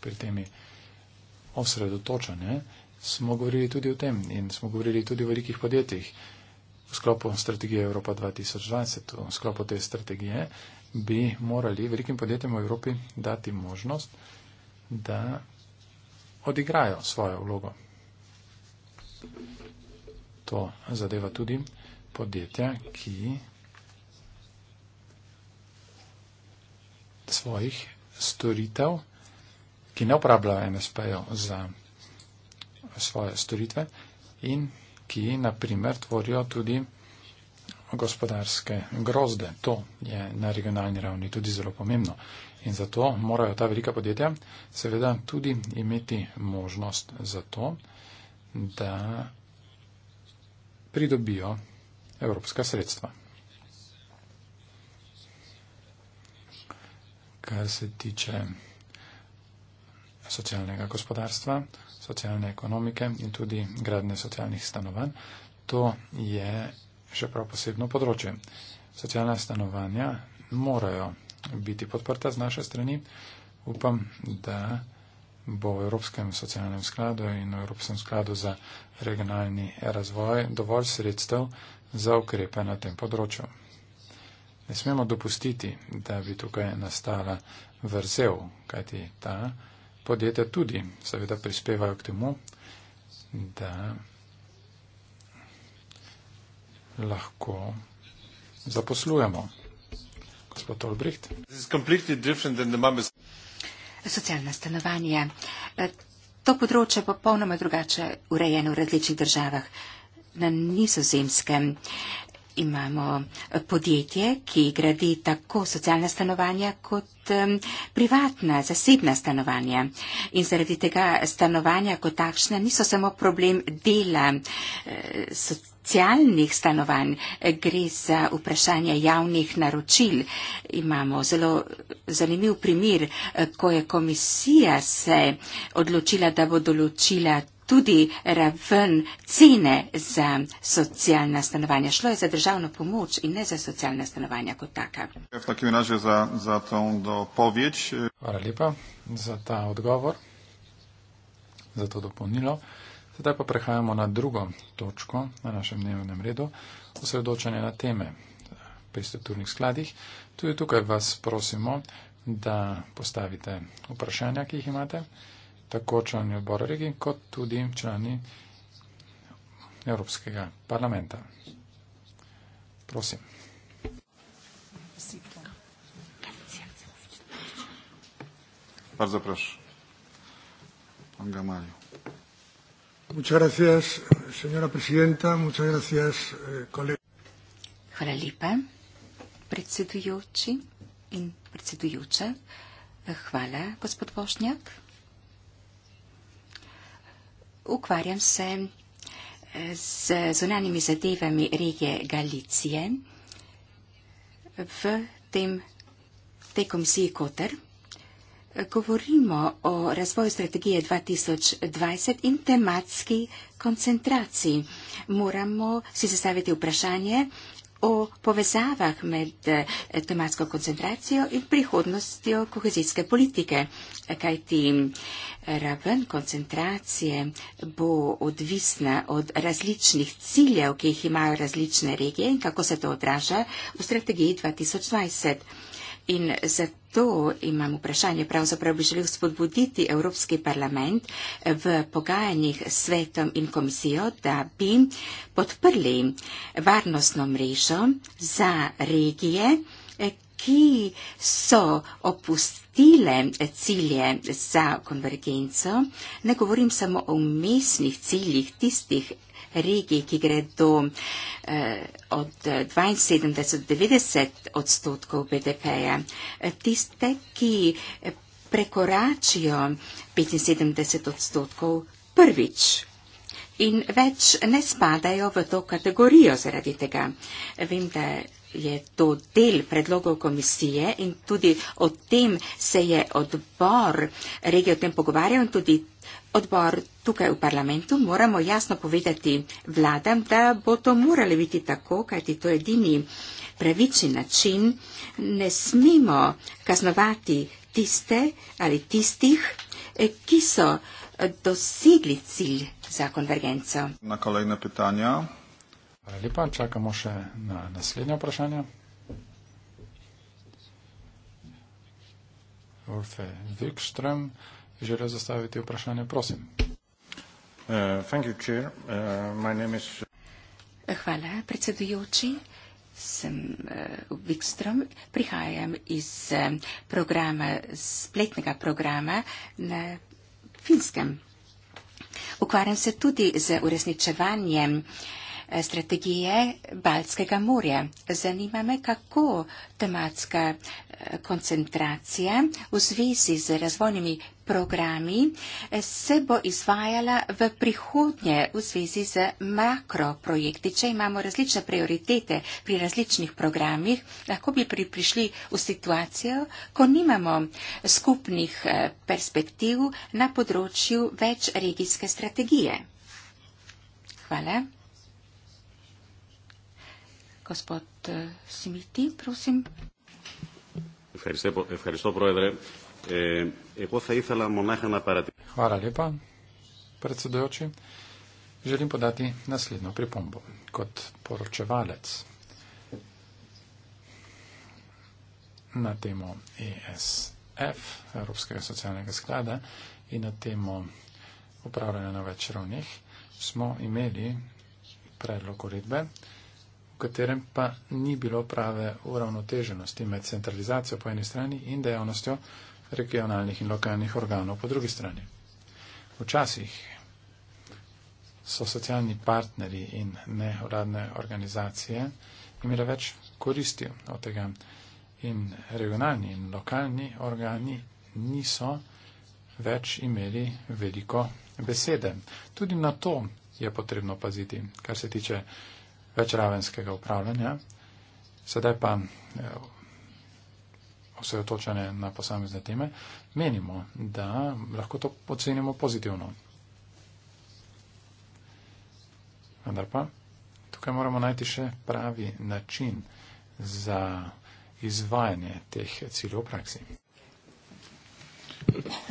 Pri temi osredotočanje smo govorili tudi o tem in smo govorili tudi o velikih podjetjih. V sklopu strategije Evropa 2020, v sklopu te strategije, bi morali velikim podjetjem v Evropi dati možnost, da odigrajo svojo vlogo. To zadeva tudi podjetja, ki svojih storitev, ki ne uporabljajo NSP-jev za svoje storitve in ki, naprimer, tvorijo tudi gospodarske grozde. To je na regionalni ravni tudi zelo pomembno. In zato morajo ta velika podjetja seveda tudi imeti možnost za to, da pridobijo evropska sredstva. Kar se tiče socialnega gospodarstva, socialne ekonomike in tudi gradne socialnih stanovanj, to je še prav posebno področje. Socialna stanovanja morajo biti podprta z naše strani. Upam, da bo v Evropskem socialnem skladu in v Evropskem skladu za regionalni razvoj dovolj sredstev, za ukrepe na tem področju. Ne smemo dopustiti, da bi tukaj nastala vrzel, kajti ta podjetja tudi seveda prispevajo k temu, da lahko zaposlujemo. Gospod Olbricht. Socialna stanovanja. To področje je popolnoma drugače urejeno v različnih državah na nizozemskem imamo eh, podjetje, ki gradi tako socialna stanovanja kot privatna, zasebna stanovanja. In zaradi tega stanovanja kot takšna niso samo problem dela eh, socialnih stanovanj, gre za vprašanje javnih naročil. Imamo zelo zanimiv primer, eh, ko je komisija se odločila, da bo določila tudi raven cene za socialna stanovanja. Šlo je za državno pomoč in ne za socialna stanovanja kot taka. Ja, v takem razu za, za to dopovedž. Hvala lepa za ta odgovor, za to dopolnilo. Sedaj pa prehajamo na drugo točko na našem dnevnem redu, osredotočanje na teme pri strukturnih skladih. Tudi tukaj vas prosimo, da postavite vprašanja, ki jih imate tako člani odbora regij, kot tudi člani Evropskega parlamenta. Prosim. Par zaprašam. Anga Mario. Muchas gracias, señora presidenta, muchas gracias, eh, Hvala lepa, predsedujoči in predsedujoča. Hvala, gospod Bošnjak ukvarjam se eh, z zunanjimi zadevami regije Galicije v tem, tej komisiji Koter. Govorimo o razvoju strategije 2020 in tematski koncentraciji. Moramo si zastaviti vprašanje, o povezavah med eh, tematsko koncentracijo in prihodnostjo kohezijske politike, kajti eh, raven koncentracije bo odvisna od različnih ciljev, ki jih imajo različne regije in kako se to odraža v strategiji 2020. In zato imam vprašanje, pravzaprav bi želel spodbuditi Evropski parlament v pogajanjih s svetom in komisijo, da bi podprli varnostno mrežo za regije, ki so opustile cilje za konvergenco. Ne govorim samo o mestnih ciljih tistih regij, ki gredo eh, od 72 do 90 odstotkov BDP-ja. Eh, tiste, ki eh, prekoračijo 75 odstotkov prvič in več ne spadajo v to kategorijo zaradi tega. Vem, da je to del predlogov komisije in tudi o tem se je odbor regije o tem pogovarjal in tudi odbor tukaj v parlamentu. Moramo jasno povedati vladam, da bo to moralo biti tako, kajti to je edini pravični način. Ne smemo kaznovati tiste ali tistih, eh, ki so dosegli cilj za konvergenco. Na kolejna pitanja. Hvala lepa. Čakamo še na naslednje vprašanje. Orfe Wikström je želel zastaviti vprašanje. Prosim. Uh, thank you, chair. Uh, my name is... Hvala, predsedujoči. Sem uh, Wikström. Prihajam iz uh, programa, spletnega programa na Finskem. Ukvarjam se tudi z uresničevanjem uh, Eh, strategije Baltskega morja. Zanima me, kako tematska eh, koncentracija v zvezi z razvojnimi programi eh, se bo izvajala v prihodnje v zvezi z makroprojekti. Če imamo različne prioritete pri različnih programih, lahko bi pri, prišli v situacijo, ko nimamo skupnih perspektiv na področju več regijske strategije. Hvala. Gospod eh, Smiti, prosim. Hvala lepa, predsedojoči. Želim podati naslednjo pripombo. Kot poročevalec na temo ESF, Evropskega socialnega sklada, in na temo upravljanja na več ravneh, smo imeli predlog uredbe, v katerem pa ni bilo prave uravnoteženosti med centralizacijo po eni strani in dejavnostjo regionalnih in lokalnih organov po drugi strani. Včasih so socialni partnerji in nevladne organizacije imele več koristi od tega in regionalni in lokalni organi niso več imeli veliko besede. Tudi na to je potrebno paziti, kar se tiče večravenskega upravljanja, sedaj pa eh, osredotočanje na posamezne teme, menimo, da lahko to ocenimo pozitivno. Vendar pa tukaj moramo najti še pravi način za izvajanje teh ciljev v praksi.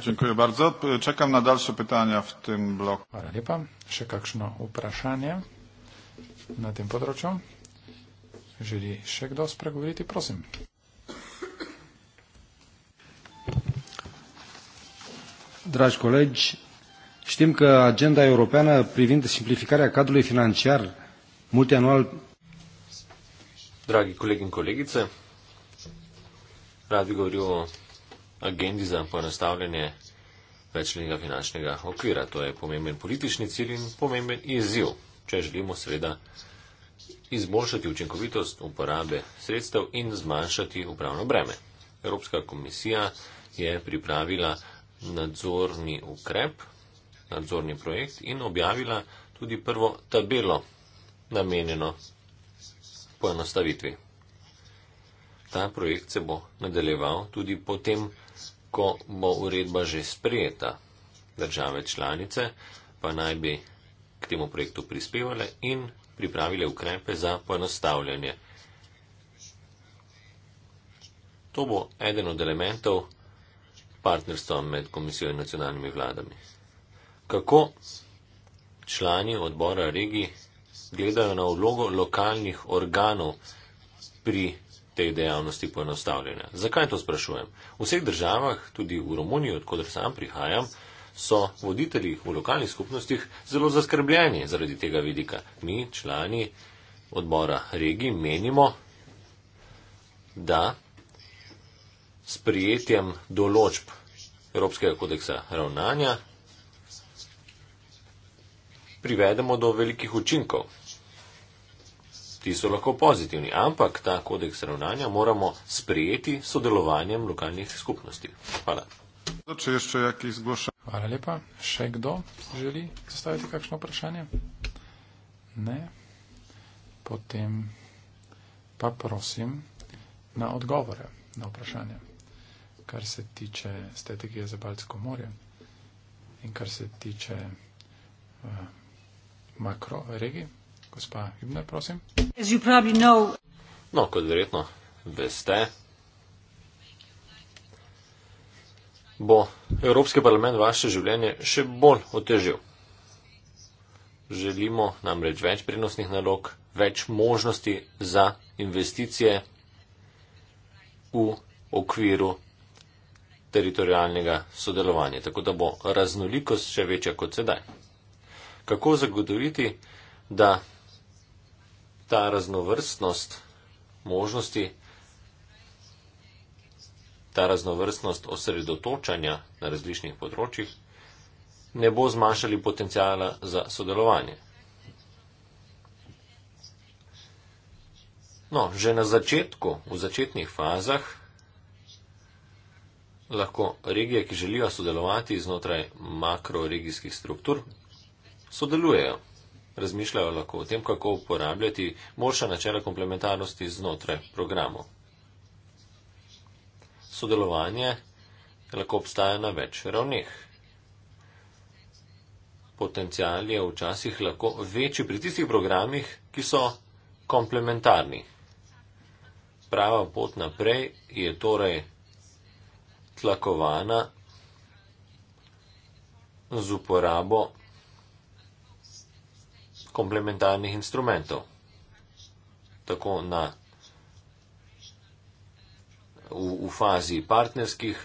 Dziękuję bardzo. Czekam na dalsze pytania w tym bloku. Hvala lepa. Še kakšno vprašanje? na tem področju. Želi še kdo spregovoriti, prosim. Dragi kolegi, știm că agenda europeană privind simplificarea cadrului financiar multianual. Dragi colegi și colegițe, radi govori o agendi za ponastavljanje večlenega finančnega okvira. To je pomemben politični cilj in pomemben izziv če želimo seveda izboljšati učinkovitost uporabe sredstev in zmanjšati upravno breme. Evropska komisija je pripravila nadzorni ukrep, nadzorni projekt in objavila tudi prvo tabelo namenjeno poenostavitvi. Ta projekt se bo nadaljeval tudi potem, ko bo uredba že sprejeta. Države članice pa naj bi k temu projektu prispevale in pripravile ukrepe za poenostavljanje. To bo eden od elementov partnerstva med komisijo in nacionalnimi vladami. Kako člani odbora regij gledajo na vlogo lokalnih organov pri tej dejavnosti poenostavljanja? Zakaj to sprašujem? V vseh državah, tudi v Romuniji, odkud sam prihajam, so voditelji v lokalnih skupnostih zelo zaskrbljeni zaradi tega vidika. Mi, člani odbora regi, menimo, da s prijetjem določb Evropskega kodeksa ravnanja privedemo do velikih učinkov. Ti so lahko pozitivni, ampak ta kodeks ravnanja moramo sprejeti s sodelovanjem lokalnih skupnosti. Hvala. Hvala lepa. Še kdo želi zastaviti kakšno vprašanje? Ne. Potem pa prosim na odgovore na vprašanje, kar se tiče strategije za Baltsko morje in kar se tiče uh, eh, makro regi. Gospa Hibner, prosim. No, kot verjetno veste, bo Evropski parlament vaše življenje še bolj otežil. Želimo namreč več prenosnih nalog, več možnosti za investicije v okviru teritorijalnega sodelovanja, tako da bo raznolikost še večja kot sedaj. Kako zagotoviti, da ta raznovrstnost možnosti ta raznovrstnost osredotočanja na različnih področjih, ne bo zmanjšali potencijala za sodelovanje. No, že na začetku, v začetnih fazah, lahko regije, ki želijo sodelovati znotraj makroregijskih struktur, sodelujejo. Razmišljajo lahko o tem, kako uporabljati boljša načela komplementarnosti znotraj programov sodelovanje lahko obstaja na več ravneh. Potencial je včasih lahko večji pri tistih programih, ki so komplementarni. Prava pot naprej je torej tlakovana z uporabo komplementarnih instrumentov, tako na v, v fazi partnerskih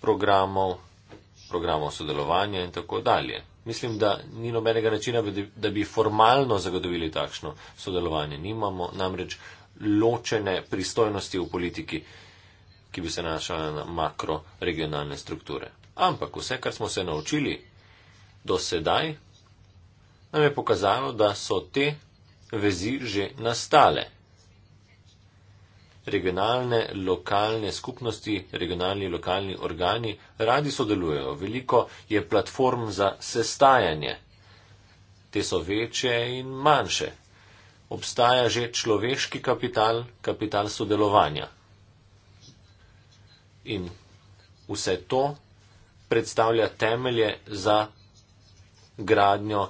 programov, programov sodelovanja in tako dalje. Mislim, da ni nobenega načina, da bi formalno zagotovili takšno sodelovanje. Nimamo namreč ločene pristojnosti v politiki, ki bi se našala na makroregionalne strukture. Ampak vse, kar smo se naučili do sedaj, nam je pokazalo, da so te vezi že nastale regionalne, lokalne skupnosti, regionalni, lokalni organi radi sodelujejo. Veliko je platform za sestajanje. Te so večje in manjše. Obstaja že človeški kapital, kapital sodelovanja. In vse to predstavlja temelje za gradnjo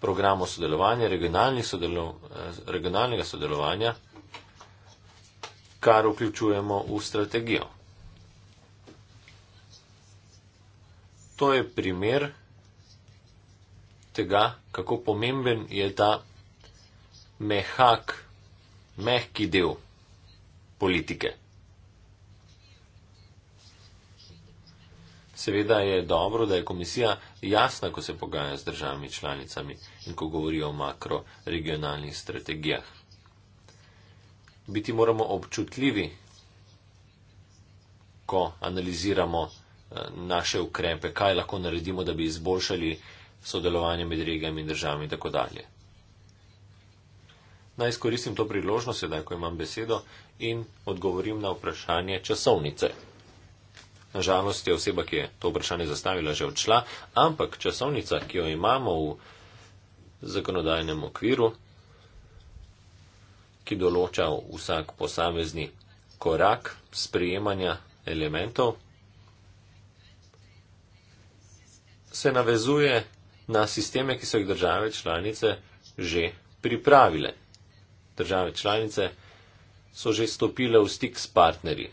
programov sodelovanja, regionalnih sodelov, eh, regionalnega sodelovanja kar vključujemo v strategijo. To je primer tega, kako pomemben je ta mehak, mehki del politike. Seveda je dobro, da je komisija jasna, ko se pogaja z državami članicami in ko govori o makroregionalnih strategijah biti moramo občutljivi, ko analiziramo eh, naše ukrepe, kaj lahko naredimo, da bi izboljšali sodelovanje med regijami in državami in tako dalje. Naj izkoristim to priložnost, sedaj, ko imam besedo, in odgovorim na vprašanje časovnice. Nažalost je oseba, ki je to vprašanje zastavila, že odšla, ampak časovnica, ki jo imamo v zakonodajnem okviru, ki določa vsak posamezni korak sprejemanja elementov, se navezuje na sisteme, ki so jih države članice že pripravile. Države članice so že stopile v stik s partnerji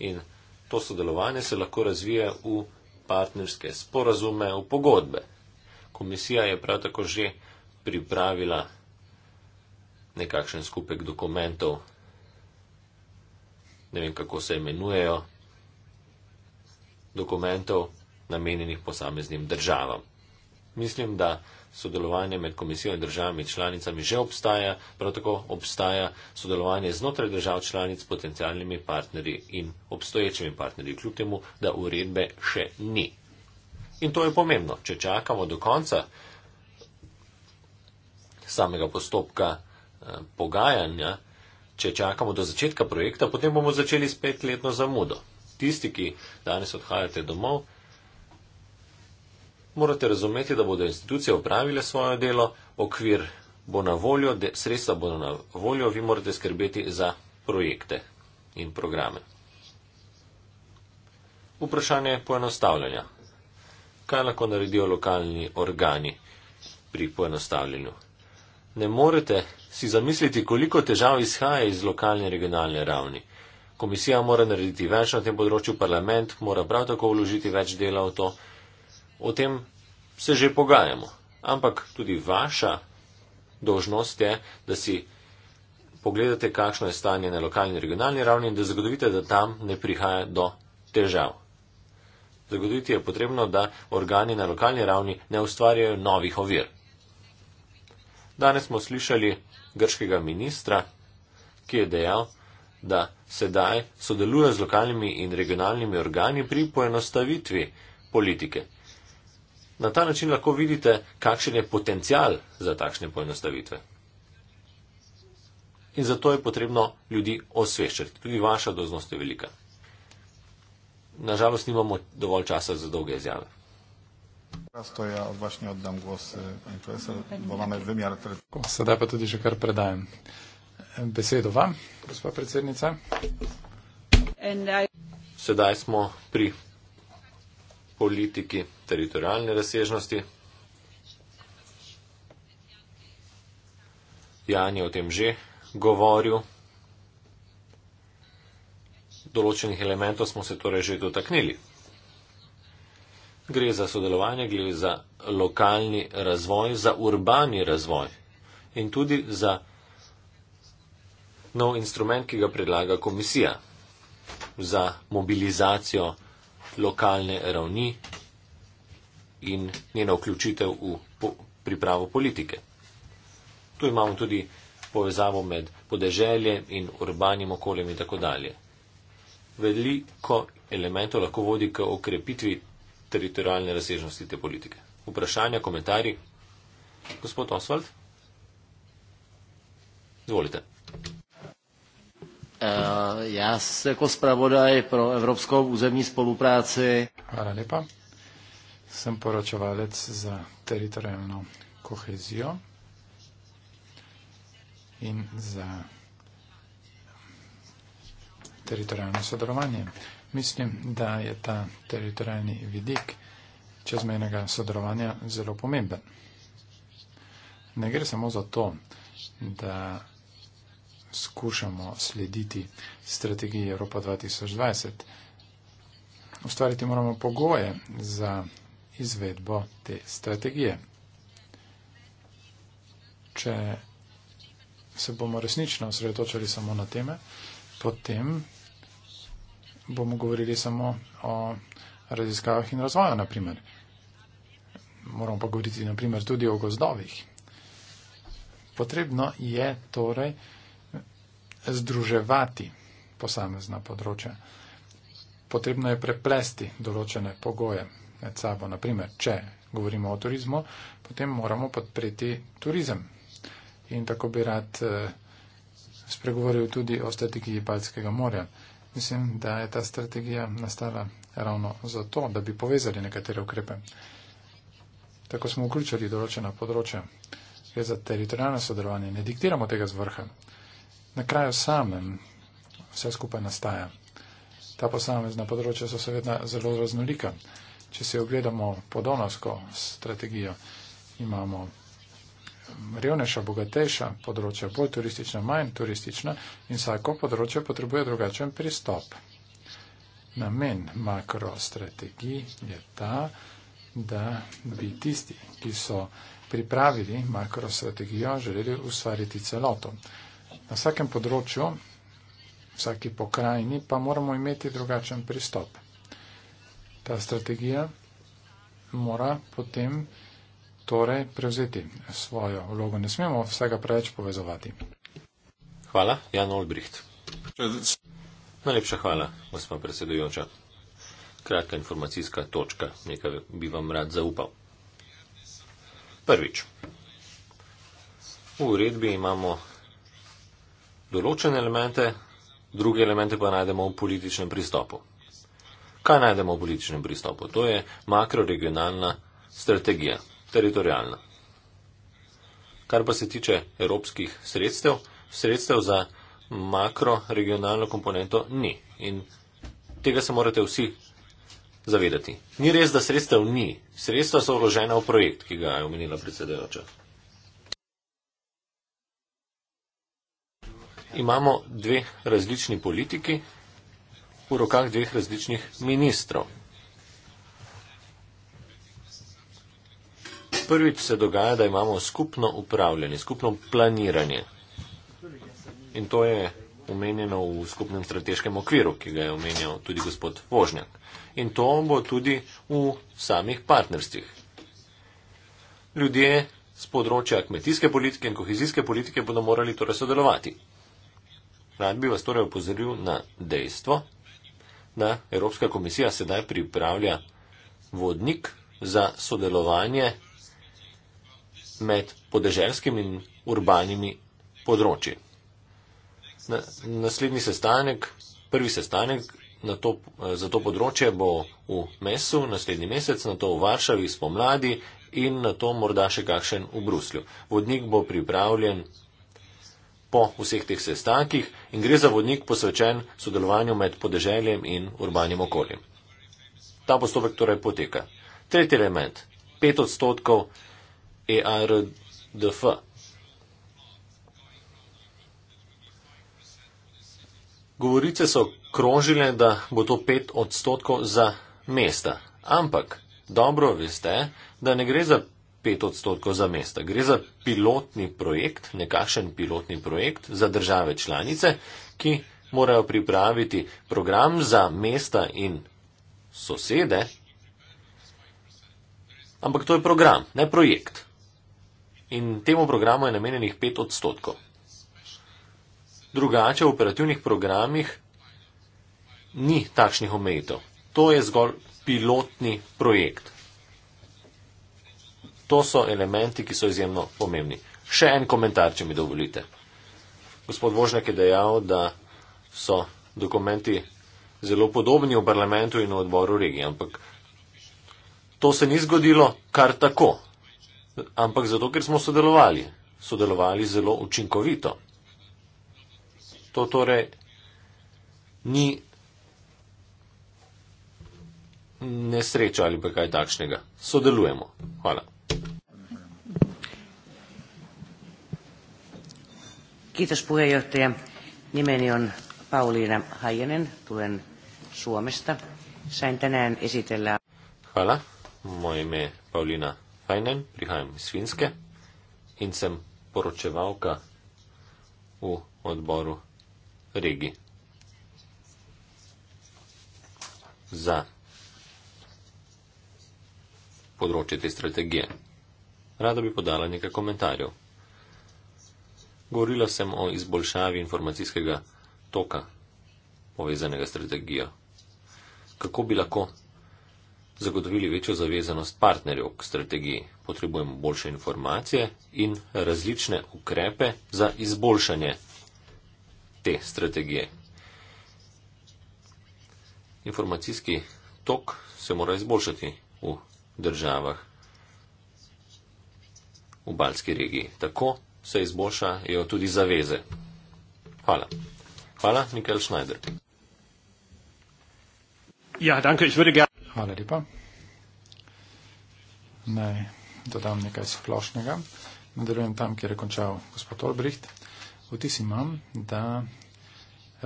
in to sodelovanje se lahko razvije v partnerske sporazume, v pogodbe. Komisija je prav tako že pripravila nekakšen skupek dokumentov, ne vem kako se imenujejo, dokumentov namenjenih posameznim državam. Mislim, da sodelovanje med komisijo in državami članicami že obstaja, prav tako obstaja sodelovanje znotraj držav članic s potencialnimi partnerji in obstoječimi partnerji, kljub temu, da uredbe še ni. In to je pomembno, če čakamo do konca samega postopka Eh, pogajanja, če čakamo do začetka projekta, potem bomo začeli s petletno zamudo. Tisti, ki danes odhajate domov, morate razumeti, da bodo institucije upravile svoje delo, okvir bo na voljo, sredstva bodo na voljo, vi morate skrbeti za projekte in programe. Vprašanje poenostavljanja. Kaj lahko naredijo lokalni organi pri poenostavljanju? Ne morete si zamisliti, koliko težav izhaja iz lokalne in regionalne ravni. Komisija mora narediti več na tem področju, parlament mora prav tako vložiti več dela v to. O tem se že pogajamo. Ampak tudi vaša dožnost je, da si pogledate, kakšno je stanje na lokalni in regionalni ravni in da zagotovite, da tam ne prihaja do težav. Zagotoviti je potrebno, da organi na lokalni ravni ne ustvarjajo novih ovir. Danes smo slišali grškega ministra, ki je dejal, da sedaj sodeluje z lokalnimi in regionalnimi organi pri poenostavitvi politike. Na ta način lahko vidite, kakšen je potencial za takšne poenostavitve. In zato je potrebno ljudi osveščati. Tudi vaša doznost je velika. Nažalost, nimamo dovolj časa za dolge izjave. Teraz to ja właśnie oddam głos pani profesor, bo mamy wymiar terytorium. Sedaj pa tudi že kar predajem. Besedo vam, gospa predsednica. Sedaj smo pri politiki teritorijalne razsežnosti. Jan je o tem že govoril. Določenih elementov smo se torej že dotaknili. Gre za sodelovanje, gre za lokalni razvoj, za urbani razvoj in tudi za nov instrument, ki ga predlaga komisija za mobilizacijo lokalne ravni in njeno vključitev v pripravo politike. Tu imamo tudi povezavo med podeželjem in urbanim okoljem in tako dalje. Veliko elementov lahko vodi k okrepitvi teritorijalne razsežnosti te politike. Vprašanja, komentarji? Gospod Oswald? Izvolite. Uh, eh, jaz jako spravodaj pro Evropsko územní spolupráci. Hvala lepa. Sem poročevalec za teritorijalno kohezijo in za teritorijalno sodelovanje mislim, da je ta teritorijalni vidik čezmejnega sodelovanja zelo pomemben. Ne gre samo za to, da skušamo slediti strategiji Evropa 2020. Ustvariti moramo pogoje za izvedbo te strategije. Če se bomo resnično osredotočili samo na teme, potem bomo govorili samo o raziskavah in razvoju, naprimer. Moramo pa govoriti naprimer tudi o gozdovih. Potrebno je torej združevati posamezna področja. Potrebno je preplesti določene pogoje med sabo. Naprimer, če govorimo o turizmu, potem moramo podpreti turizem. In tako bi rad eh, spregovoril tudi o strategiji Baltskega morja. Mislim, da je ta strategija nastala ravno zato, da bi povezali nekatere ukrepe. Tako smo vključili določena področja. Gre za teritorijalno sodelovanje. Ne diktiramo tega z vrha. Na kraju samem vse skupaj nastaja. Ta posamezna področja so seveda zelo raznolika. Če se ogledamo podonovsko strategijo, imamo revnejša, bogatejša področja, bolj turistična, manj turistična in vsako področje potrebuje drugačen pristop. Namen makrostrategij je ta, da bi tisti, ki so pripravili makrostrategijo, želeli ustvariti celoto. Na vsakem področju, vsaki pokrajini, pa moramo imeti drugačen pristop. Ta strategija mora potem torej prevzeti svojo vlogo. Ne smemo vsega preveč povezovati. Hvala, Jan Olbricht. Najlepša hvala, gospa predsedujoča. Kratka informacijska točka, nekaj bi vam rad zaupal. Prvič. V uredbi imamo določene elemente, druge elemente pa najdemo v političnem pristopu. Kaj najdemo v političnem pristopu? To je makroregionalna strategija teritorijalna. Kar pa se tiče evropskih sredstev, sredstev za makroregionalno komponento ni. In tega se morate vsi zavedati. Ni res, da sredstev ni. Sredstva so vložena v projekt, ki ga je omenila predsedajoča. Imamo dve različni politiki v rokah dveh različnih ministrov. prvič se dogaja, da imamo skupno upravljanje, skupno planiranje. In to je omenjeno v skupnem strateškem okviru, ki ga je omenjal tudi gospod Vožnjak. In to bo tudi v samih partnerstvih. Ljudje z področja kmetijske politike in kohezijske politike bodo morali torej sodelovati. Rad bi vas torej upozoril na dejstvo, da Evropska komisija sedaj pripravlja vodnik za sodelovanje med podeželskimi in urbanimi področji. Na, naslednji sestanek, prvi sestanek na to, eh, za to področje bo v Mesu naslednji mesec, na to v Varšavi spomladi in na to morda še kakšen v Bruslju. Vodnik bo pripravljen po vseh teh sestankih in gre za vodnik posvečen sodelovanju med podeželjem in urbanim okoljem. Ta postopek torej poteka. Tretji element. 5 odstotkov E ARDF. Govorice so krožile, da bo to 5 odstotkov za mesta. Ampak dobro veste, da ne gre za 5 odstotkov za mesta. Gre za pilotni projekt, nekakšen pilotni projekt za države članice, ki morajo pripraviti program za mesta in sosede. Ampak to je program, ne projekt in temu programu je namenjenih 5 odstotkov. Drugače v operativnih programih ni takšnih omejitev. To je zgolj pilotni projekt. To so elementi, ki so izjemno pomembni. Še en komentar, če mi dovolite. Gospod Vožnjak je dejal, da so dokumenti zelo podobni v parlamentu in v odboru regije, ampak to se ni zgodilo kar tako ampak zato, ker smo sodelovali. Sodelovali zelo učinkovito. To torej ni nesreča ali pa kaj takšnega. Sodelujemo. Hvala. Kiitos puheenjohtaja. Nimeni on Pauliina Hajenen, tulen Suomesta. Sain tänään esitellä. Hala, moi me Pauliina Fajnen, prihajam iz Finske in sem poročevalka v odboru regi za področje te strategije. Rada bi podala nekaj komentarjev. Govorila sem o izboljšavi informacijskega toka povezanega strategijo. Kako bi lahko zagotovili večjo zavezanost partnerjev k strategiji. Potrebujemo boljše informacije in različne ukrepe za izboljšanje te strategije. Informacijski tok se mora izboljšati v državah v Balski regiji. Tako se izboljšajo tudi zaveze. Hvala. Hvala, Mikel Schneider. Ja, danke, ich würde gerne. Hvala lepa. Naj dodam nekaj splošnega. Nadaljujem tam, kjer je končal gospod Olbricht. Vtis imam, da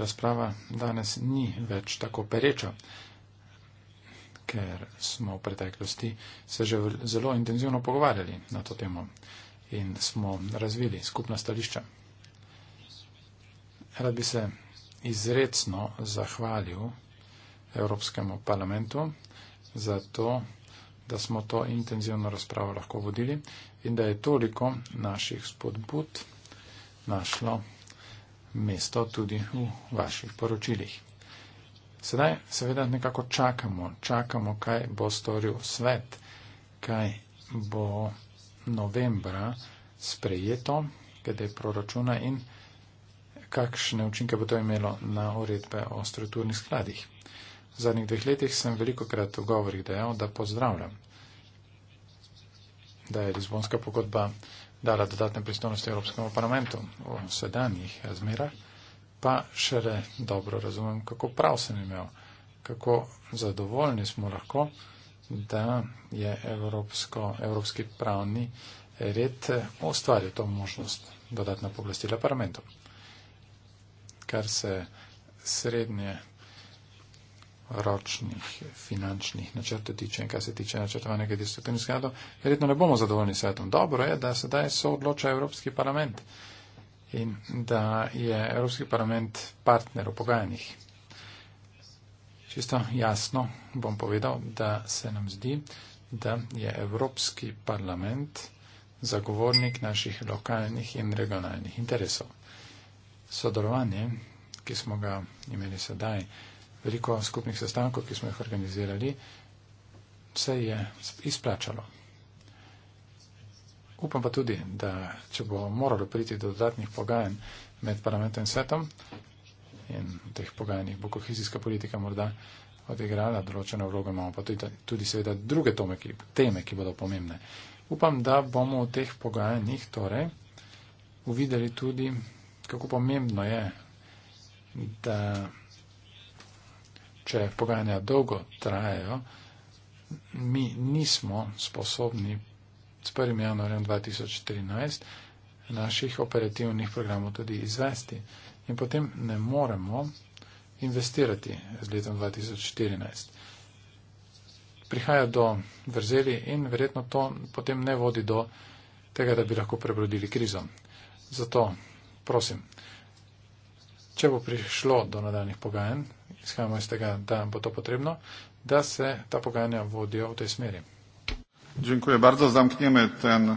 razprava danes ni več tako pereča, ker smo v preteklosti se že zelo intenzivno pogovarjali na to temo in smo razvili skupna stališča. Rad bi se izredno zahvalil Evropskemu parlamentu za to, da smo to intenzivno razpravo lahko vodili in da je toliko naših spodbud našlo mesto tudi v vaših poročilih. Sedaj seveda nekako čakamo, čakamo, kaj bo storil svet, kaj bo novembra sprejeto, glede proračuna in kakšne učinke bo to imelo na uredbe o strukturnih skladih. V zadnjih dveh letih sem veliko krat v govorih dejal, da pozdravljam, da je Lizbonska pogodba dala dodatne pristojnosti Evropskemu parlamentu v sedanjih razmerah, pa šele dobro razumem, kako prav sem imel, kako zadovoljni smo lahko, da je Evropsko, Evropski pravni red ustvaril to možnost dodatna pooblastila parlamentu. Kar se srednje ročnih finančnih načrtov tiče in kar se tiče načrtovanja kreditostrukturnih skladov, verjetno ne bomo zadovoljni svetom. Dobro je, da sedaj se odloča Evropski parlament in da je Evropski parlament partner v pogajanjih. Čisto jasno bom povedal, da se nam zdi, da je Evropski parlament zagovornik naših lokalnih in regionalnih interesov. Sodelovanje, ki smo ga imeli sedaj, veliko skupnih sestankov, ki smo jih organizirali, se je izplačalo. Upam pa tudi, da če bo moralo priti do dodatnih pogajanj med parlamentom in svetom, in teh pogajanjih bo kohezijska politika morda odigrala določeno vlogo, imamo pa tudi, tudi seveda druge tome, ki, teme, ki bodo pomembne. Upam, da bomo v teh pogajanjih torej uvideli tudi, kako pomembno je, da če pogajanja dolgo trajajo, mi nismo sposobni s 1. januarjem 2013 naših operativnih programov tudi izvesti in potem ne moremo investirati z letom 2014. Prihaja do vrzeli in verjetno to potem ne vodi do tega, da bi lahko prebrodili krizo. Zato prosim, če bo prišlo do nadaljnih pogajanj, izhajamo iz tega, da bo to potrebno, da se ta pogajanja vodijo v tej smeri. Dziękuję bardzo. Zamkniemy ten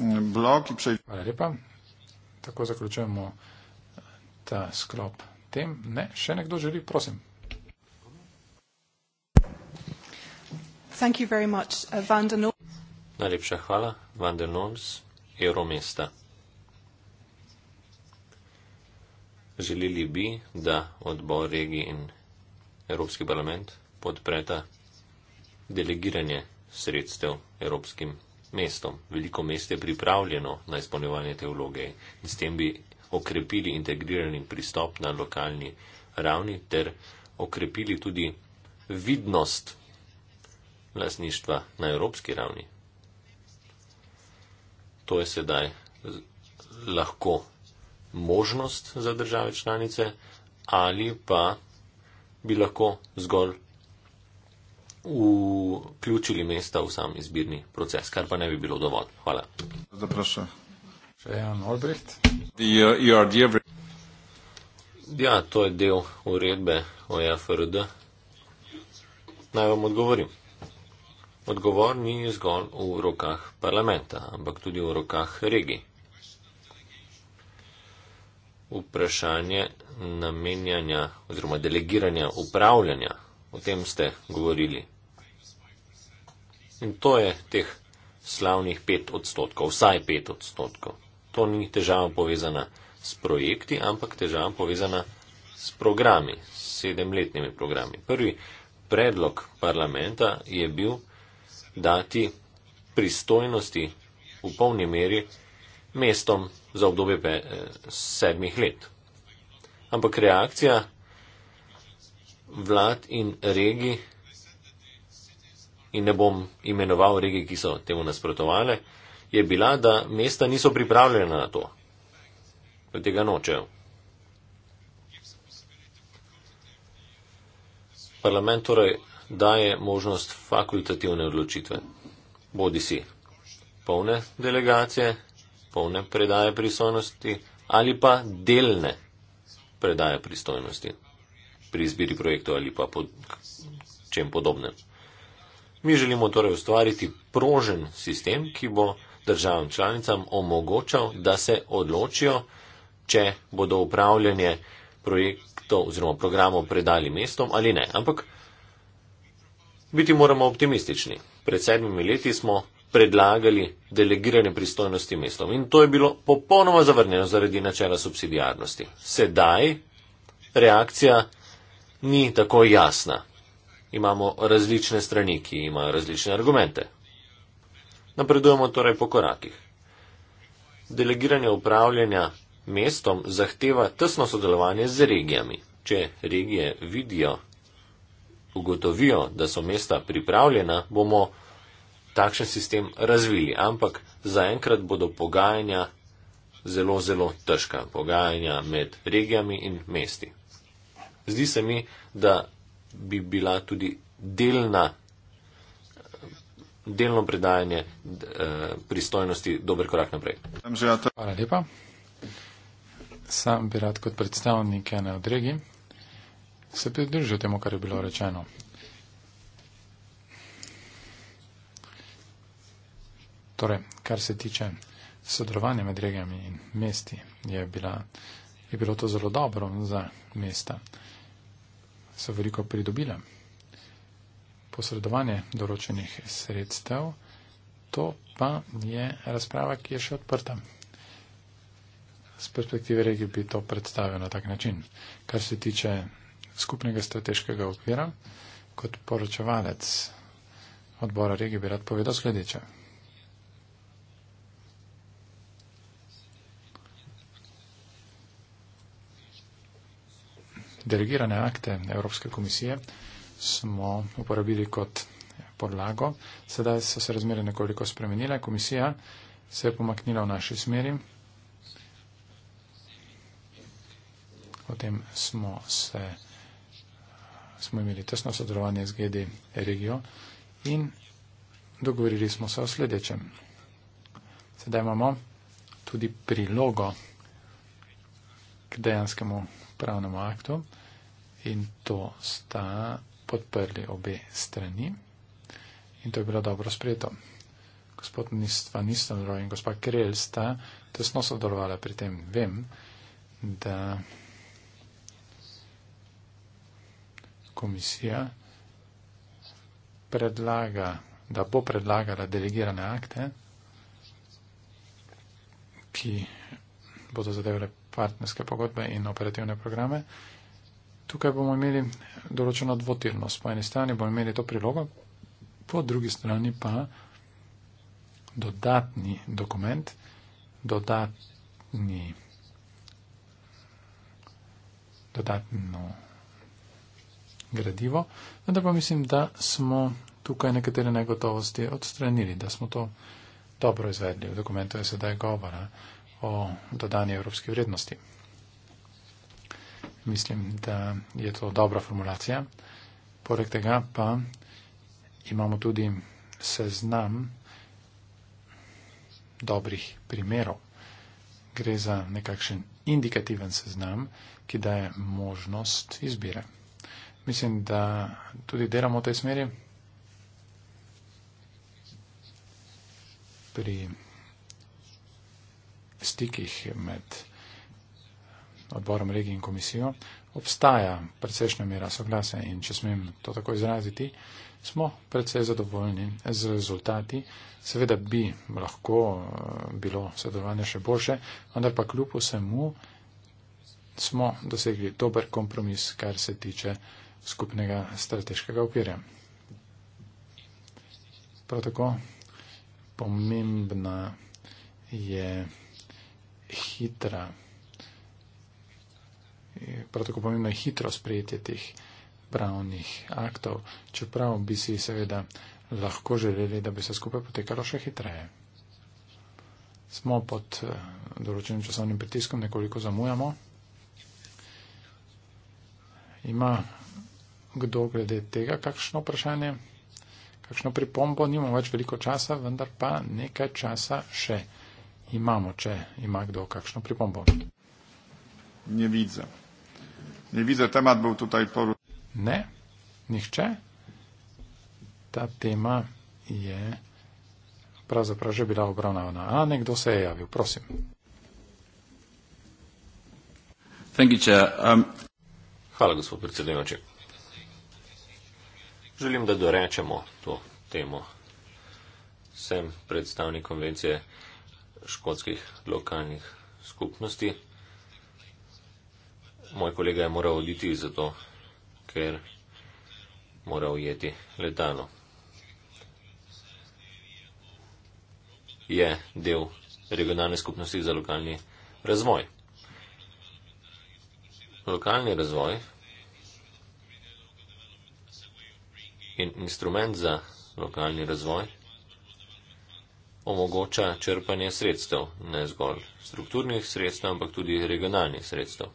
mm, blok i przejdziemy. Hvala lepa. Tako zaključujemo e, ta sklop tem. Ne, še nekdo želi, prosim. Thank you very much, uh, Van der Norms. Najlepša hvala, Van der Norms, Euromesta. Želeli bi, da odbor regij in Evropski parlament podpreta delegiranje sredstev Evropskim mestom. Veliko mest je pripravljeno na izpolnjevanje te vloge in s tem bi okrepili integrirani pristop na lokalni ravni ter okrepili tudi vidnost lasništva na Evropski ravni. To je sedaj lahko možnost za države članice ali pa bi lahko zgolj vključili mesta v sam izbirni proces, kar pa ne bi bilo dovolj. Hvala. Uh, e ja, to je del uredbe o JFRD. E Naj vam odgovorim. Odgovor ni zgolj v rokah parlamenta, ampak tudi v rokah regij vprašanje namenjanja oziroma delegiranja upravljanja. O tem ste govorili. In to je teh slavnih pet odstotkov, vsaj pet odstotkov. To ni težava povezana s projekti, ampak težava povezana s programi, s sedemletnimi programi. Prvi predlog parlamenta je bil dati pristojnosti v polni meri mestom za obdobje pe, eh, sedmih let. Ampak reakcija vlad in regij, in ne bom imenoval regij, ki so temu nasprotovale, je bila, da mesta niso pripravljena na to, da tega nočejo. Parlament torej daje možnost fakultativne odločitve, bodi si polne delegacije polne predaje pristojnosti ali pa delne predaje pristojnosti pri izbiri projektov ali pa pod, čem podobnem. Mi želimo torej ustvariti prožen sistem, ki bo državam članicam omogočal, da se odločijo, če bodo upravljanje projektov oziroma programov predali mestom ali ne. Ampak biti moramo optimistični. Pred sedmimi leti smo predlagali delegiranje pristojnosti mestom in to je bilo popolnoma zavrnjeno zaradi načela subsidijarnosti. Sedaj reakcija ni tako jasna. Imamo različne strani, ki imajo različne argumente. Napredujemo torej po korakih. Delegiranje upravljanja mestom zahteva tesno sodelovanje z regijami. Če regije vidijo, ugotovijo, da so mesta pripravljena, bomo takšen sistem razvili. Ampak zaenkrat bodo pogajanja zelo, zelo težka. Pogajanja med regijami in mesti. Zdi se mi, da bi bila tudi delna, delno predajanje eh, pristojnosti dober korak naprej. Hvala lepa. Sam bi rad kot predstavnik ene od regij se pridružil temu, kar je bilo rečeno. Torej, kar se tiče sodelovanja med regijami in mesti, je, bila, je bilo to zelo dobro za mesta. So veliko pridobila. Posredovanje določenih sredstev, to pa je razprava, ki je še odprta. Z perspektive regije bi to predstavil na tak način. Kar se tiče skupnega strateškega okvira, kot poročevalec odbora regije bi rad povedal sledeče. delegirane akte Evropske komisije smo uporabili kot podlago. Sedaj so se razmere nekoliko spremenile. Komisija se je pomaknila v naši smeri. O tem smo, se, smo imeli tesno sodelovanje z GD regijo in dogovorili smo se o sledečem. Sedaj imamo tudi prilogo k dejanskemu pravnemu aktu in to sta podprli obe strani in to je bilo dobro sprejeto. Gospod Nistva Nistanro in gospod Kirel sta tesno sodelovala pri tem. Vem, da komisija predlaga, da bo predlagala delegirane akte, ki bodo zadevale partnerske pogodbe in operativne programe. Tukaj bomo imeli določeno dvotirnost. Po eni strani bomo imeli to prilogo, po drugi strani pa dodatni dokument, dodatni, dodatno gradivo. Vendar pa mislim, da smo tukaj nekatere negotovosti odstranili, da smo to dobro izvedli. V dokumentu je sedaj govora. Uh, o dodani evropski vrednosti. Mislim, da je to dobra formulacija. Poleg tega pa imamo tudi seznam dobrih primerov. Gre za nekakšen indikativen seznam, ki daje možnost izbire. Mislim, da tudi delamo v tej smeri. Pri stikih med odborom regij in komisijo, obstaja precejšnja mera soglasja in če smem to tako izraziti, smo precej zadovoljni z rezultati. Seveda bi lahko eh, bilo sodelovanje še boljše, vendar pa kljub vsemu smo dosegli dober kompromis, kar se tiče skupnega strateškega okvirja. Prav tako pomembna je hitra, prav tako pomembno je hitro sprejetje teh pravnih aktov, čeprav bi si seveda lahko želeli, da bi se skupaj potekalo še hitreje. Smo pod eh, določenim časovnim pritiskom, nekoliko zamujamo. Ima kdo glede tega kakšno vprašanje, kakšno pripombo, nimamo več veliko časa, vendar pa nekaj časa še imamo, če ima kdo kakšno pripombo. Ne vidim. Ne vidim, tema bo tukaj poru. Ne, nihče. Ta tema je pravzaprav že bila obravnavana. A nekdo se je javil, prosim. You, um... Hvala, gospod predsedujoči. Želim, da dorečemo to temo. Sem predstavnik konvencije škotskih lokalnih skupnosti. Moj kolega je moral oditi zato, ker mora ujeti letalo. Je del regionalne skupnosti za lokalni razvoj. Lokalni razvoj in instrument za lokalni razvoj omogoča črpanje sredstev, ne zgolj strukturnih sredstev, ampak tudi regionalnih sredstev.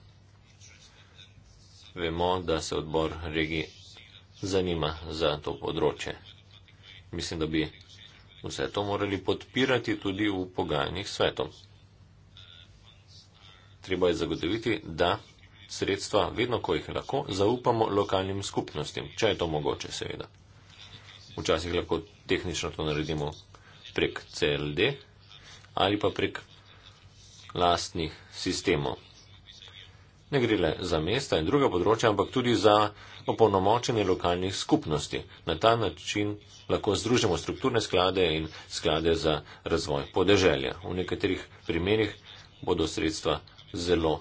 Vemo, da se odbor regij zanima za to področje. Mislim, da bi vse to morali podpirati tudi v pogajanjih svetom. Treba je zagotoviti, da sredstva, vedno ko jih lahko, zaupamo lokalnim skupnostim, če je to mogoče, seveda. Včasih lahko tehnično to naredimo prek CLD ali pa prek lastnih sistemov. Ne gre le za mesta in druga področja, ampak tudi za opolnomočenje lokalnih skupnosti. Na ta način lahko združimo strukturne sklade in sklade za razvoj podeželja. V nekaterih primerjih bodo sredstva zelo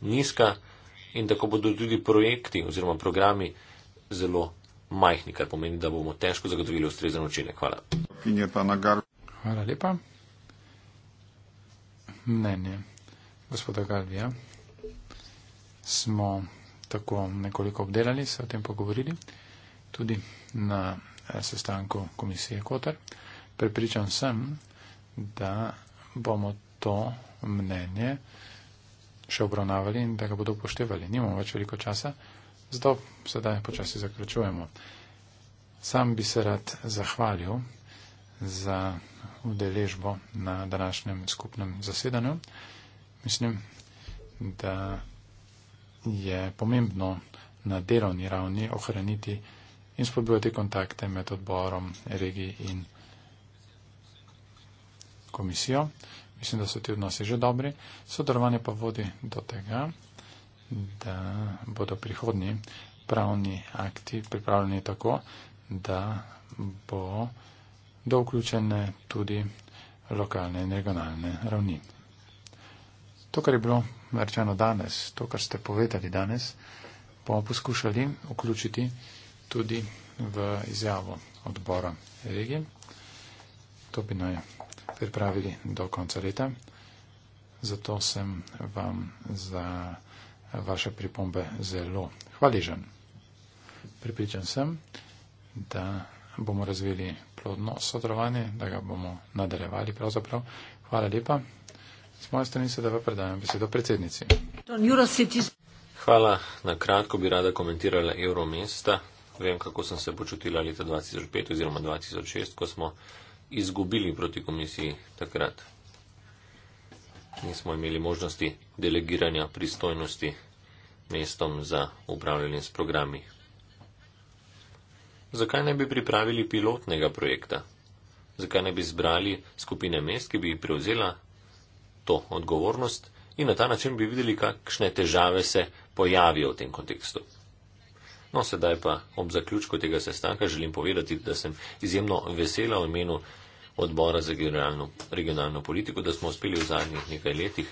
nizka in tako bodo tudi projekti oziroma programi zelo majhni, kar pomeni, da bomo težko zagotovili ustrezen učinek. Hvala. Hvala lepa. Ne, ne. Gospoda Galvija, smo tako nekoliko obdelali, se o tem pogovorili, tudi na eh, sestanku komisije Kotar. Prepričan sem, da bomo to mnenje še obravnavali in da ga bodo upoštevali. Nimamo več veliko časa. Zato sedaj počasi zaključujemo. Sam bi se rad zahvalil za udeležbo na današnjem skupnem zasedanju. Mislim, da je pomembno na delovni ravni ohraniti in spodbujati kontakte med odborom, regiji in komisijo. Mislim, da so ti odnosi že dobri. Sodelovanje pa vodi do tega, da bodo prihodni pravni akti pripravljeni tako, da bo do vključene tudi lokalne in regionalne ravni. To, kar je bilo rečeno danes, to, kar ste povedali danes, bomo poskušali vključiti tudi v izjavo odbora regije. To bi naj pripravili do konca leta. Zato sem vam za vaše pripombe zelo hvaležen. Pripričan sem, da bomo razvili plodno sodelovanje, da ga bomo nadaljevali pravzaprav. Hvala lepa. Z moje strani se da predajam besedo predsednici. Hvala. Na kratko bi rada komentirala evro mesta. Vem, kako sem se počutila leta 2005 oziroma 2006, ko smo izgubili proti komisiji takrat in smo imeli možnosti delegiranja pristojnosti mestom za upravljanje s programi. Zakaj ne bi pripravili pilotnega projekta? Zakaj ne bi zbrali skupine mest, ki bi prevzela to odgovornost in na ta način bi videli, kakšne težave se pojavijo v tem kontekstu? No, sedaj pa ob zaključku tega sestanka želim povedati, da sem izjemno vesela v imenu odbora za generalno regionalno politiko, da smo uspeli v zadnjih nekaj letih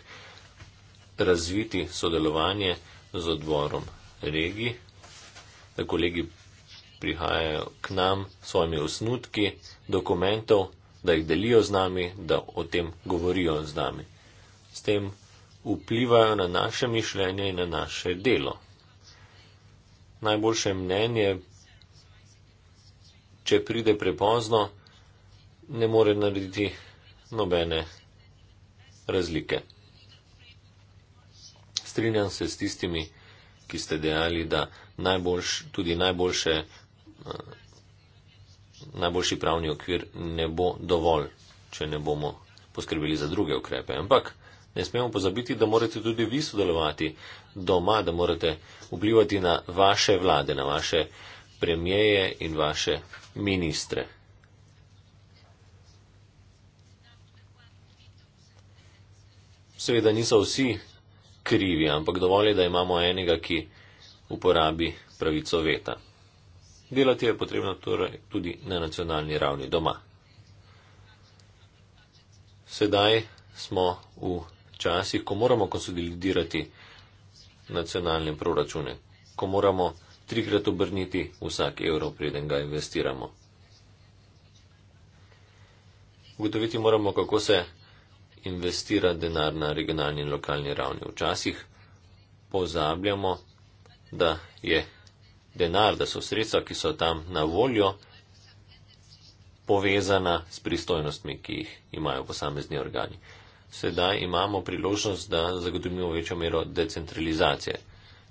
razviti sodelovanje z odborom regij, da kolegi prihajajo k nam s svojimi osnutki dokumentov, da jih delijo z nami, da o tem govorijo z nami. S tem vplivajo na naše mišljenje in na naše delo. Najboljše mnenje, če pride prepozno, ne more narediti nobene razlike. Strinjam se s tistimi, ki ste dejali, da najboljš, tudi najboljše, eh, najboljši pravni okvir ne bo dovolj, če ne bomo poskrbeli za druge ukrepe. Ampak ne smemo pozabiti, da morate tudi vi sodelovati doma, da morate vplivati na vaše vlade, na vaše premijeje in vaše ministre. seveda niso vsi krivi, ampak dovolj je, da imamo enega, ki uporabi pravico veta. Delati je potrebno torej tudi na nacionalni ravni doma. Sedaj smo v časih, ko moramo konsolidirati nacionalne proračune, ko moramo trikrat obrniti vsak evro, preden ga investiramo. Ugotoviti moramo, kako se investira denar na regionalni in lokalni ravni. Včasih pozabljamo, da je denar, da so sredstva, ki so tam na voljo, povezana s pristojnostmi, ki jih imajo posamezni organi. Sedaj imamo priložnost, da zagotovimo večjo mero decentralizacije.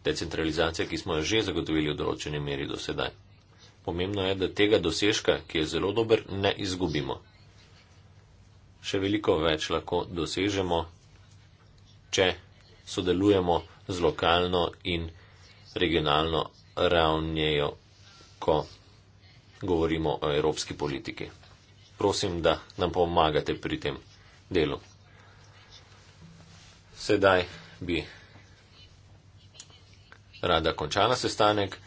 Decentralizacija, ki smo jo že zagotovili v določeni meri do sedaj. Pomembno je, da tega dosežka, ki je zelo dober, ne izgubimo še veliko več lahko dosežemo, če sodelujemo z lokalno in regionalno ravnjejo, ko govorimo o evropski politiki. Prosim, da nam pomagate pri tem delu. Sedaj bi rada končala sestanek,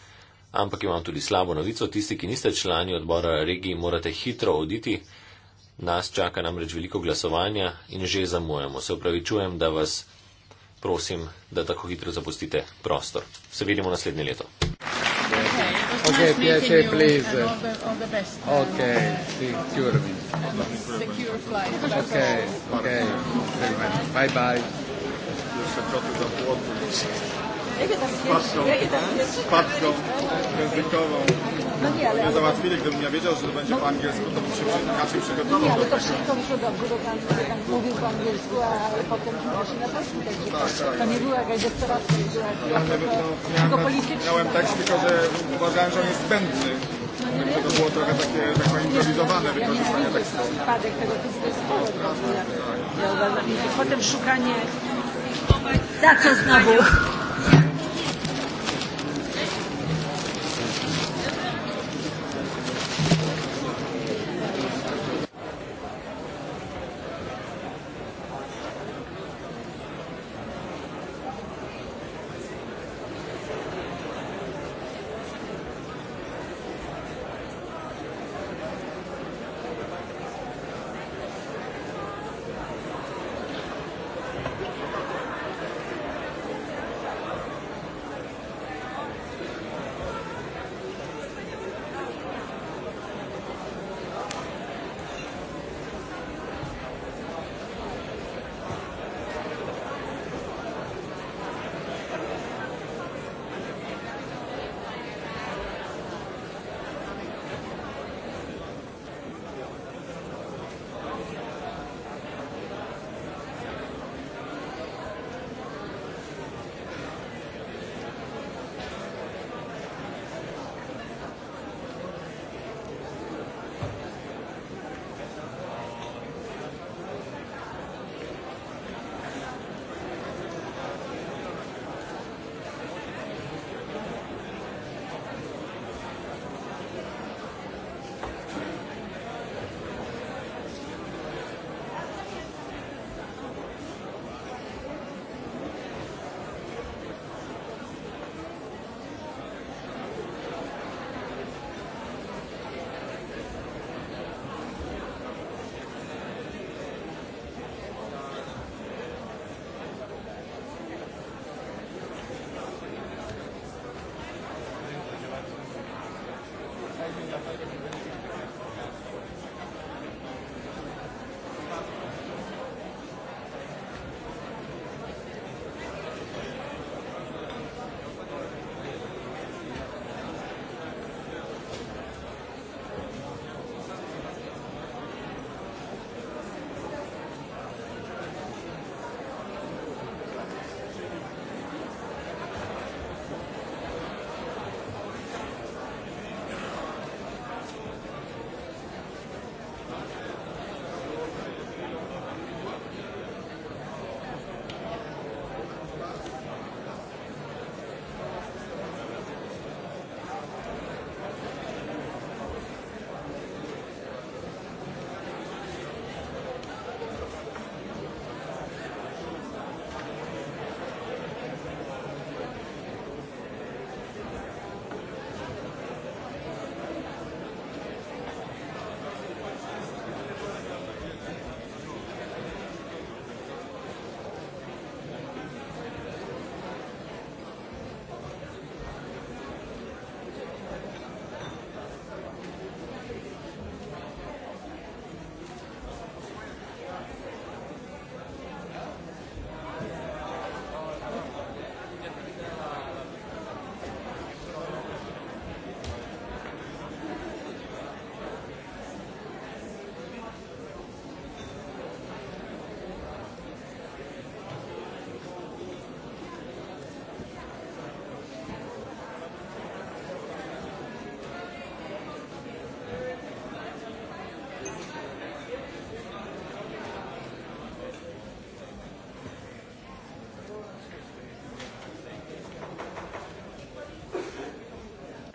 ampak imam tudi slabo novico. Tisti, ki niste člani odbora regiji, morate hitro oditi. Nas čaka namreč veliko glasovanja in že zamujamo. Se upravičujem, da vas prosim, da tako hitro zapustite prostor. Se vidimo naslednje leto. Okay, z paczką językową. No nie załatwili, gdybym ja wiedział, że to będzie no, po angielsku, to bym się inaczej no przygotował. Nie, ale to wszystko wyszło dobrze, bo pan, pan mówił po angielsku, a potem właśnie na polskim tak, tak, To nie była jakaś doktoracja, tylko no, polityczna. Miałem tekst, tylko że uważałem, że on jest zbędny. No, nie, to było trochę takie tak improwizowane wykorzystanie tekstu. Ja nie widzę przypadek tego, to jest Potem szukanie... Za co znowu?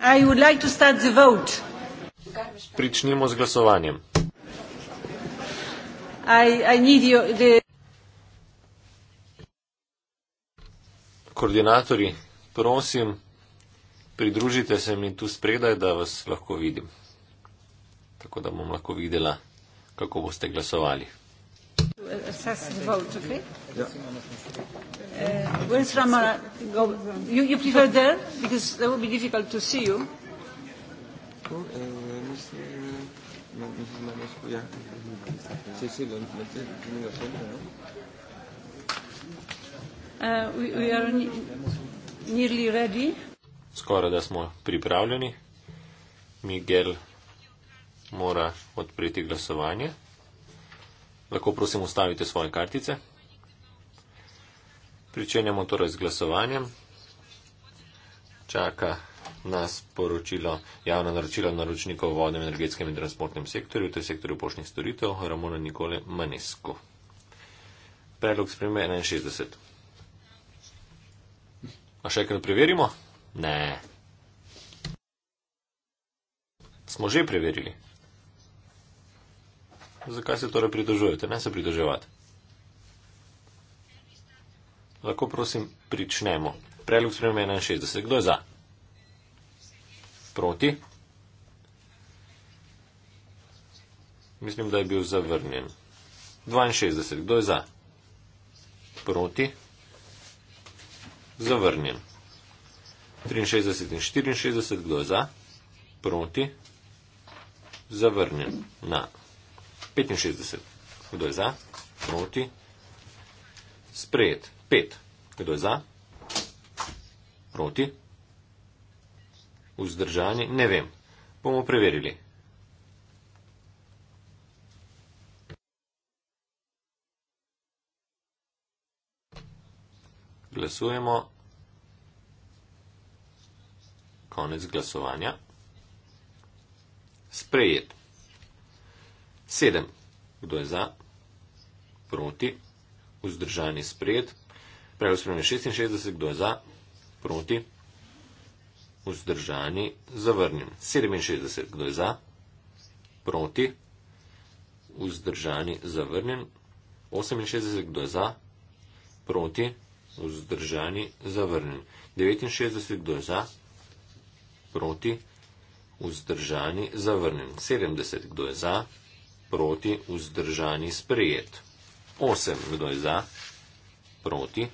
Like Pričnimo z glasovanjem. I, I your, the... Koordinatori, prosim, pridružite se mi tu spredaj, da vas lahko vidim. Tako da bom lahko videla, kako boste glasovali successive vote, okay? Yeah. Uh, where's Ramara? Go. You, you prefer there? Because that would be difficult to see you. ¿no? Uh, we, we are ne nearly ready. Skoraj da smo pripravljeni. Miguel mora odpreti glasovanje. Lahko prosim ustavite svoje kartice. Pričenjamo torej z glasovanjem. Čaka nas poročilo, javno naročilo naročnikov v vodnem, energetskem in transportnem sektorju, to je sektorju pošnih storitev, Ramona Nikole Manesko. Predlog spreme 61. A še enkrat preverimo? Ne. Smo že preverili. Zakaj se torej pritožujete? Ne se pritoževati. Lahko prosim pričnemo. Predlog sprememe 61. Kdo je za? Proti? Mislim, da je bil zavrnjen. 62. Kdo je za? Proti? Zavrnjen. 63 in 64. Kdo je za? Proti? Zavrnjen. Na. 65. Kdo je za? Proti. Sprejet. 5. Kdo je za? Proti. Vzdržani. Ne vem. Bomo preverili. Glasujemo. Konec glasovanja. Sprejet. 7. Kdo je za? Proti. Vzdržani sprejet. Predlog sprejem je 66. Kdo je za? Proti. Vzdržani zavrnjen. 67. Kdo je za? Proti. Vzdržani zavrnjen. 68. Kdo je za? Proti. Vzdržani zavrnjen. 69. Kdo je za? Proti. Vzdržani zavrnjen. 70. Kdo je za? Proti proti, vzdržani, sprejet. 8. Kdo je za, proti,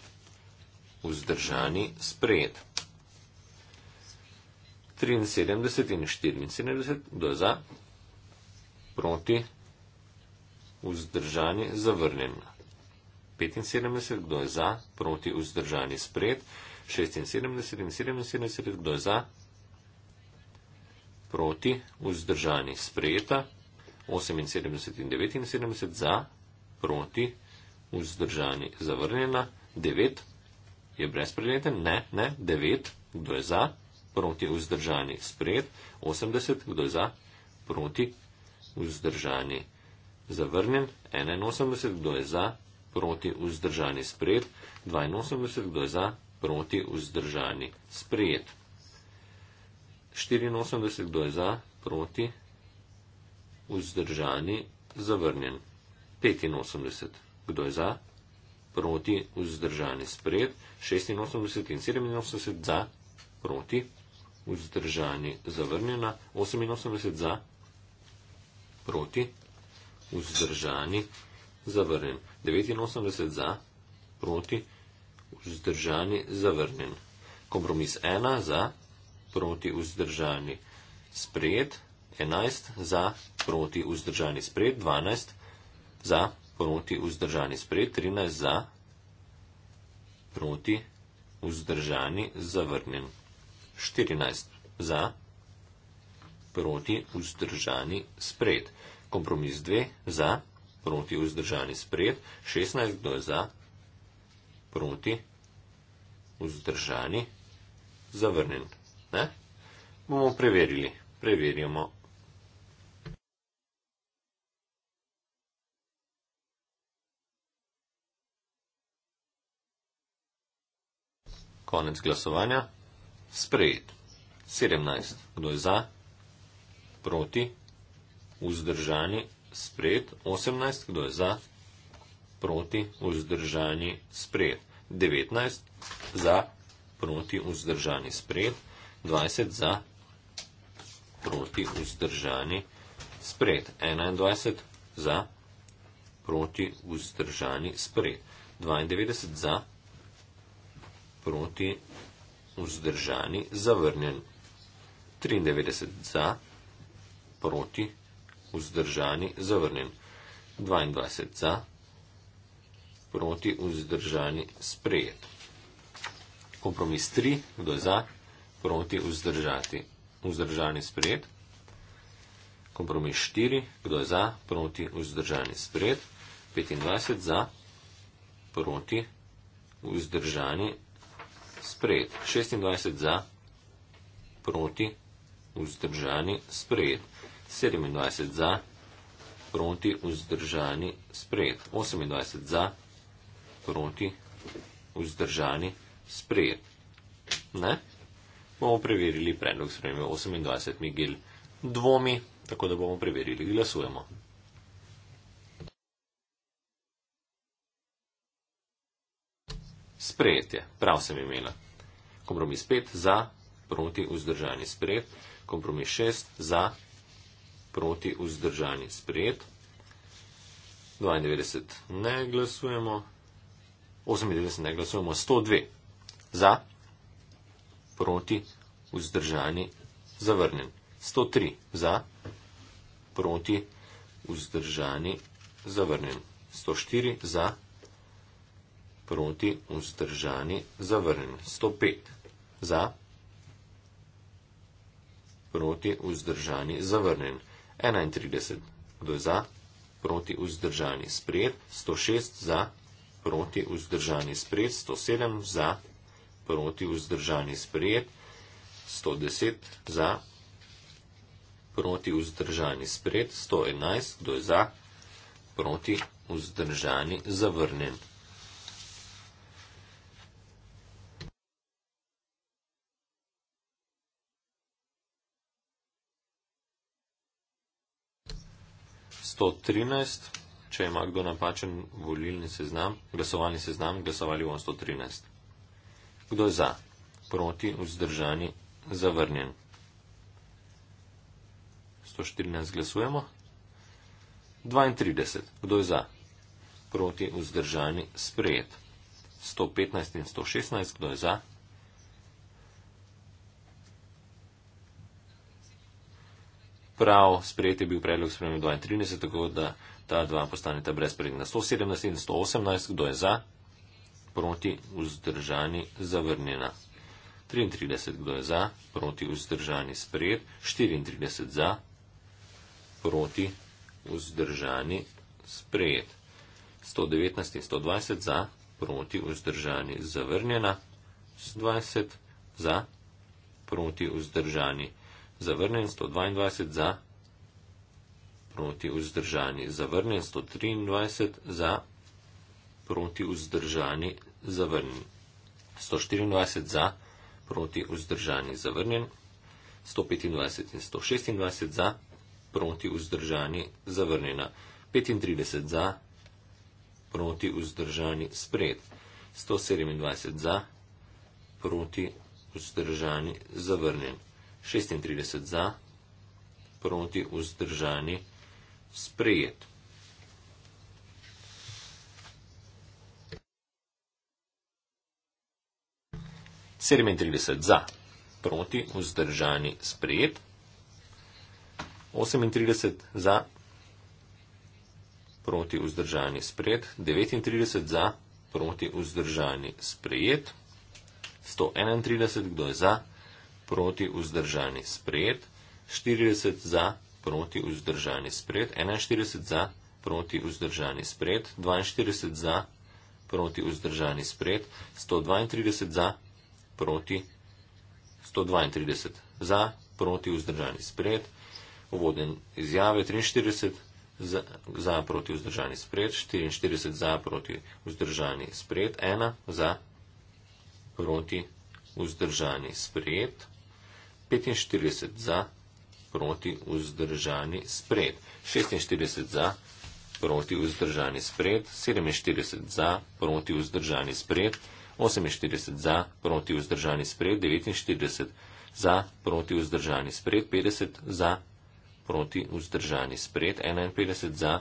vzdržani, sprejet. 73 in 74, kdo je za, proti, vzdržani, zavrnjen. 75, kdo je za, proti, vzdržani, sprejet. 76 in 77, kdo je za, proti, vzdržani, sprejeta. 78 in 79 za, proti, vzdržani, zavrnjena, 9 je brezpredmeten, ne, ne, 9, kdo je za, proti, vzdržani, spred, 80, kdo je za, proti, vzdržani, zavrnjen, 81, kdo je za, proti, vzdržani, spred, 82, kdo je za, proti, vzdržani, spred. 84, kdo je za, proti, vzdržani, zavrnjen. 85. Kdo je za? Proti, vzdržani, spred. 86 in 87 za, proti, vzdržani, zavrnjena. 88 za, proti, vzdržani, zavrnjen. 89 za, proti, vzdržani, zavrnjen. Kompromis 1 za, proti, vzdržani, spred. 11 za, proti vzdržani spred, 12 za, proti vzdržani spred, 13 za, proti vzdržani zavrnjen, 14 za, proti vzdržani spred, kompromis 2 za, proti vzdržani spred, 16 kdo je za, proti vzdržani zavrnjen. Ne? Bomo preverili. Preverjamo. Konec glasovanja. Sprejet. 17. Kdo je za? Proti? Vzdržani? Sprejet. 18. Kdo je za? Proti? Vzdržani? Sprejet. 19. Za? Proti? Vzdržani? Sprejet. 20. Za? Proti? Vzdržani? Sprejet. 21. Za? Proti? Vzdržani? Sprejet. 92. Za? Proti, proti, vzdržani, zavrnjen. 93 za, proti, vzdržani, zavrnjen. 22 za, proti, vzdržani, sprejet. Kompromis 3, kdo za, proti, vzdržati, vzdržani, sprejet. Kompromis 4, kdo za, proti, vzdržani, sprejet. 25 za, proti, vzdržani, sprejet sprejet. 26 za, proti, vzdržani, sprejet. 27 za, proti, vzdržani, sprejet. 28 za, proti, vzdržani, sprejet. Ne? Bomo preverili predlog sprejeme 28 Miguel dvomi, tako da bomo preverili, glasujemo. sprejetje. Prav sem imela. Kompromis 5 za, proti vzdržani sprejet. Kompromis 6 za, proti vzdržani sprejet. 92 ne glasujemo. 98 ne glasujemo. 102 za, proti vzdržani zavrnjen. 103 za, proti vzdržani zavrnjen. 104 za, proti vzdržani zavrnjen proti, vzdržani, zavrnjen. 105. Za, proti, vzdržani, zavrnjen. 31. Kdo je za, proti, vzdržani, sprejet. 106. Za, proti, vzdržani, sprejet. 107. Za, proti, vzdržani, sprejet. 110. Za, proti, vzdržani, sprejet. 111. Kdo je za, proti, vzdržani, zavrnjen. 113, če ima kdo napačen volilni seznam, glasovalni seznam, glasovali bomo 113. Kdo je za? Proti, vzdržani, zavrnjen. 114 glasujemo. 32. Kdo je za? Proti, vzdržani, sprejet. 115 in 116. Kdo je za? prav sprejet je bil predlog spremembe 32, tako da ta dva postaneta brezpredna. 117 in 118, kdo je za, proti, vzdržani, zavrnjena. 33, kdo je za, proti, vzdržani, sprejet. 34 za, proti, vzdržani, sprejet. 119 in 120 za, proti, vzdržani, zavrnjena. 20 za, proti, vzdržani, sprejet zavrnjen 122 za, proti vzdržani, zavrnjen 123 za, proti vzdržani, zavrnjen 124 za, proti vzdržani, zavrnjen 125 in 126 za, proti vzdržani, zavrnjena 35 za, proti vzdržani, spred 127 za, proti vzdržani, zavrnjen 125. 36 za, proti vzdržani, sprejet. Sedemintrideset za, proti, vzdržani, sprejet. Osemintrideset za, proti, vzdržani, sprejet. Devetintrideset za, proti, vzdržani, sprejet. Sto enaintrideset, kdo je za? proti vzdržani sprejet, 40 za, proti vzdržani sprejet, 41 za, proti vzdržani sprejet, 42 za, proti vzdržani sprejet, 132 za, proti 132 za, proti vzdržani sprejet, uvoden izjave 43 za, za proti vzdržani sprejet, 44 za, proti vzdržani sprejet, 1 za, proti vzdržani sprejet. 45 za, proti vzdržani spred. 46 za, proti vzdržani spred. 47 za, proti vzdržani spred. 48 za, proti vzdržani spred. 49 za, proti vzdržani spred. 50 za, proti vzdržani spred. 51 za,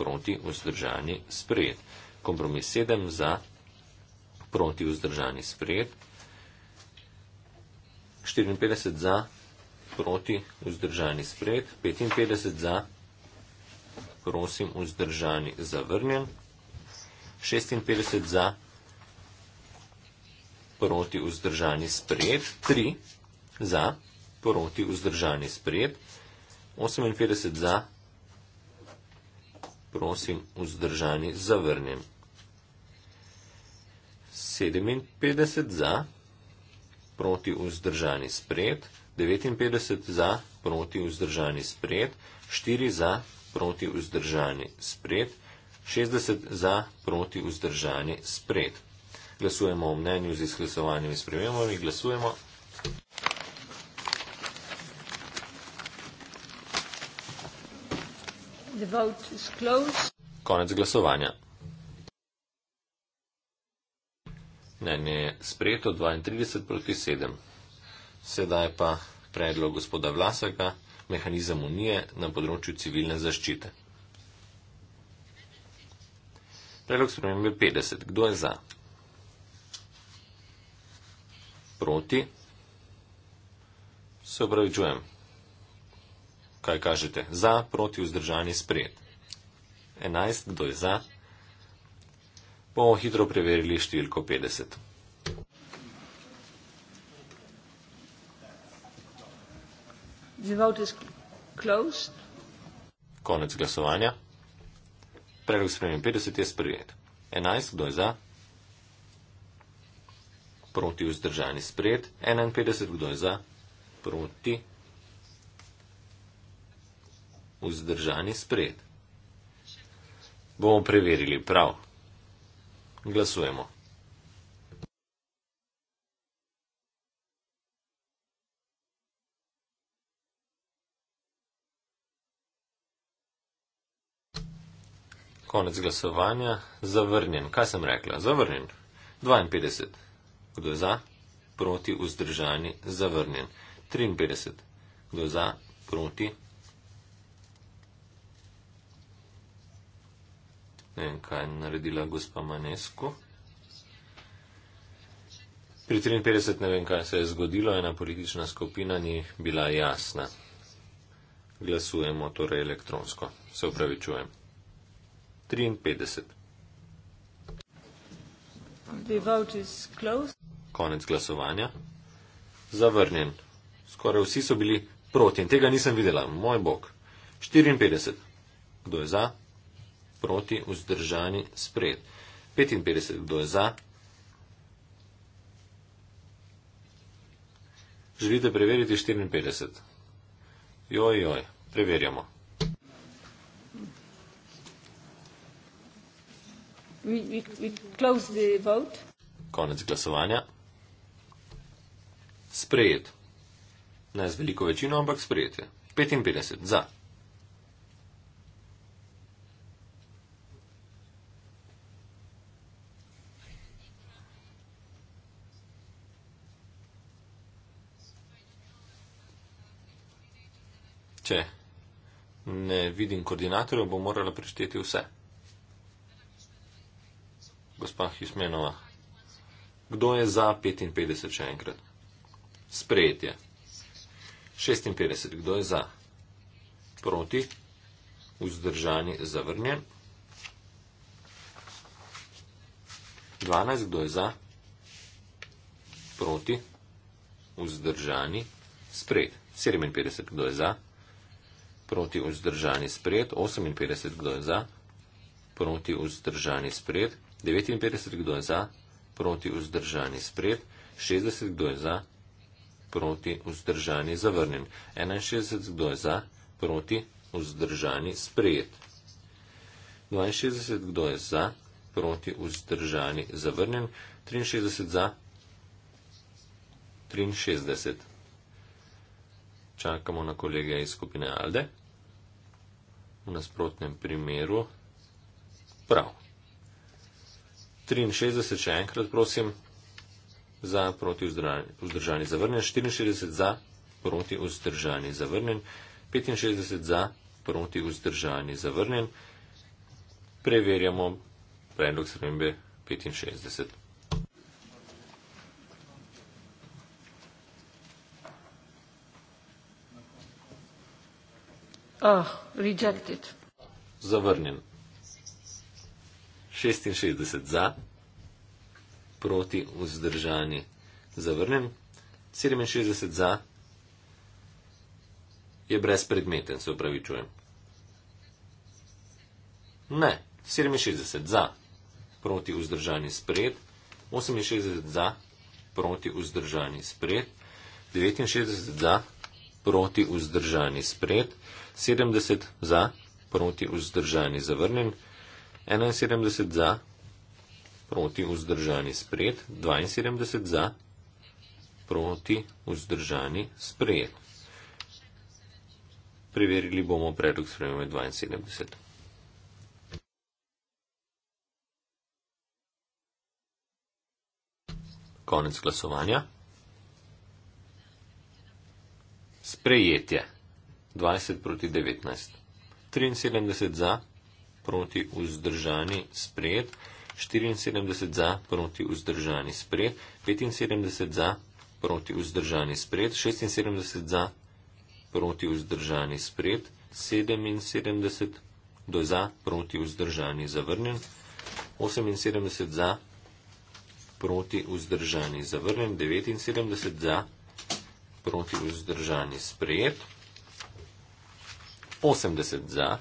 proti vzdržani spred. Kompromis 7 za, proti vzdržani spred. 54 za, proti, vzdržani spred, 55 za, prosim, vzdržani zavrnjen, 56 za, proti, vzdržani spred, 3 za, proti, vzdržani spred, 58 za, prosim, vzdržani zavrnjen, 57 za, proti, vzdržani spred, proti vzdržani spred, 59 za proti vzdržani spred, 4 za proti vzdržani spred, 60 za proti vzdržani spred. Glasujemo o mnenju z izglasovanimi spremembami. Glasujemo. Konec glasovanja. Mnenje je sprejeto 32 proti 7. Sedaj pa predlog gospoda Vlasaka, mehanizem unije na področju civilne zaščite. Predlog spremembe 50. Kdo je za? Proti? Se upravičujem. Kaj kažete? Za, proti, vzdržani, sprejet. 11. Kdo je za? bomo hitro preverili številko 50. Konec glasovanja. Predlog spremenjen 50 je sprejet. 11, kdo je za? Proti vzdržani sprejet. 51, kdo je za? Proti vzdržani sprejet. Bomo preverili prav. Glasujemo. Konec glasovanja. Zavrnjen. Kaj sem rekla? Zavrnjen. 52. Kdo je za? Proti vzdržani. Zavrnjen. 53. Kdo je za? Proti vzdržani. ne vem, kaj je naredila gospa Manesko. Pri 53 ne vem, kaj se je zgodilo, ena politična skupina ni bila jasna. Glasujemo torej elektronsko. Se upravičujem. 53. Konec glasovanja. Zavrnjen. Skoraj vsi so bili proti in tega nisem videla. Moj bog. 54. Kdo je za? proti, vzdržani, spred. 55, kdo je za? Želite preveriti 54? Joj, joj, preverjamo. We, we, we Konec glasovanja. Sprejet. Ne z veliko večino, ampak sprejet je. 55 za. Če ne vidim koordinatorja, bom morala prišteti vse. Gospa Hismenova, kdo je za 55 še enkrat? Sprejetje. 56, kdo je za? Proti, vzdržani, zavrnjen. 12, kdo je za? Proti, vzdržani, sprejet. 57, kdo je za? proti vzdržani spred, 58 kdo je za, proti vzdržani spred, 59 kdo je za, proti vzdržani spred, 60 kdo je za, proti vzdržani zavrnjen, 61 kdo je za, proti vzdržani spred, 62 kdo je za, proti vzdržani zavrnjen, 63 za, 63 čakamo na kolege iz skupine Alde. V nasprotnem primeru. Prav. 63 še enkrat, prosim, za proti vzdržani zavrnjen, 64 za proti vzdržani zavrnjen, 65 za proti vzdržani zavrnjen. Preverjamo predlog spremembe 65. Oh, rejected. Zavrnjen. 66 za, proti vzdržani. Zavrnjen. 67 za je brezpredmeten, se upravičujem. Ne, 67 za, proti vzdržani spred, 68 za, proti vzdržani spred, 69 za proti vzdržani sprejet, 70 za, proti vzdržani zavrnjen, 71 za, proti vzdržani sprejet, 72 za, proti vzdržani sprejet. Preverili bomo predlog spremembe 72. Konec glasovanja. sprejetje 20 proti 19. 73 za proti vzdržani sprejet, 74 za proti vzdržani sprejet, 75 za proti vzdržani sprejet, 76 za proti vzdržani sprejet, 77 do za proti vzdržani zavrnjen, 78 za proti vzdržani zavrnjen, 79 za proti vzdržani zavrnjen proti vzdržani sprejet, 80 za,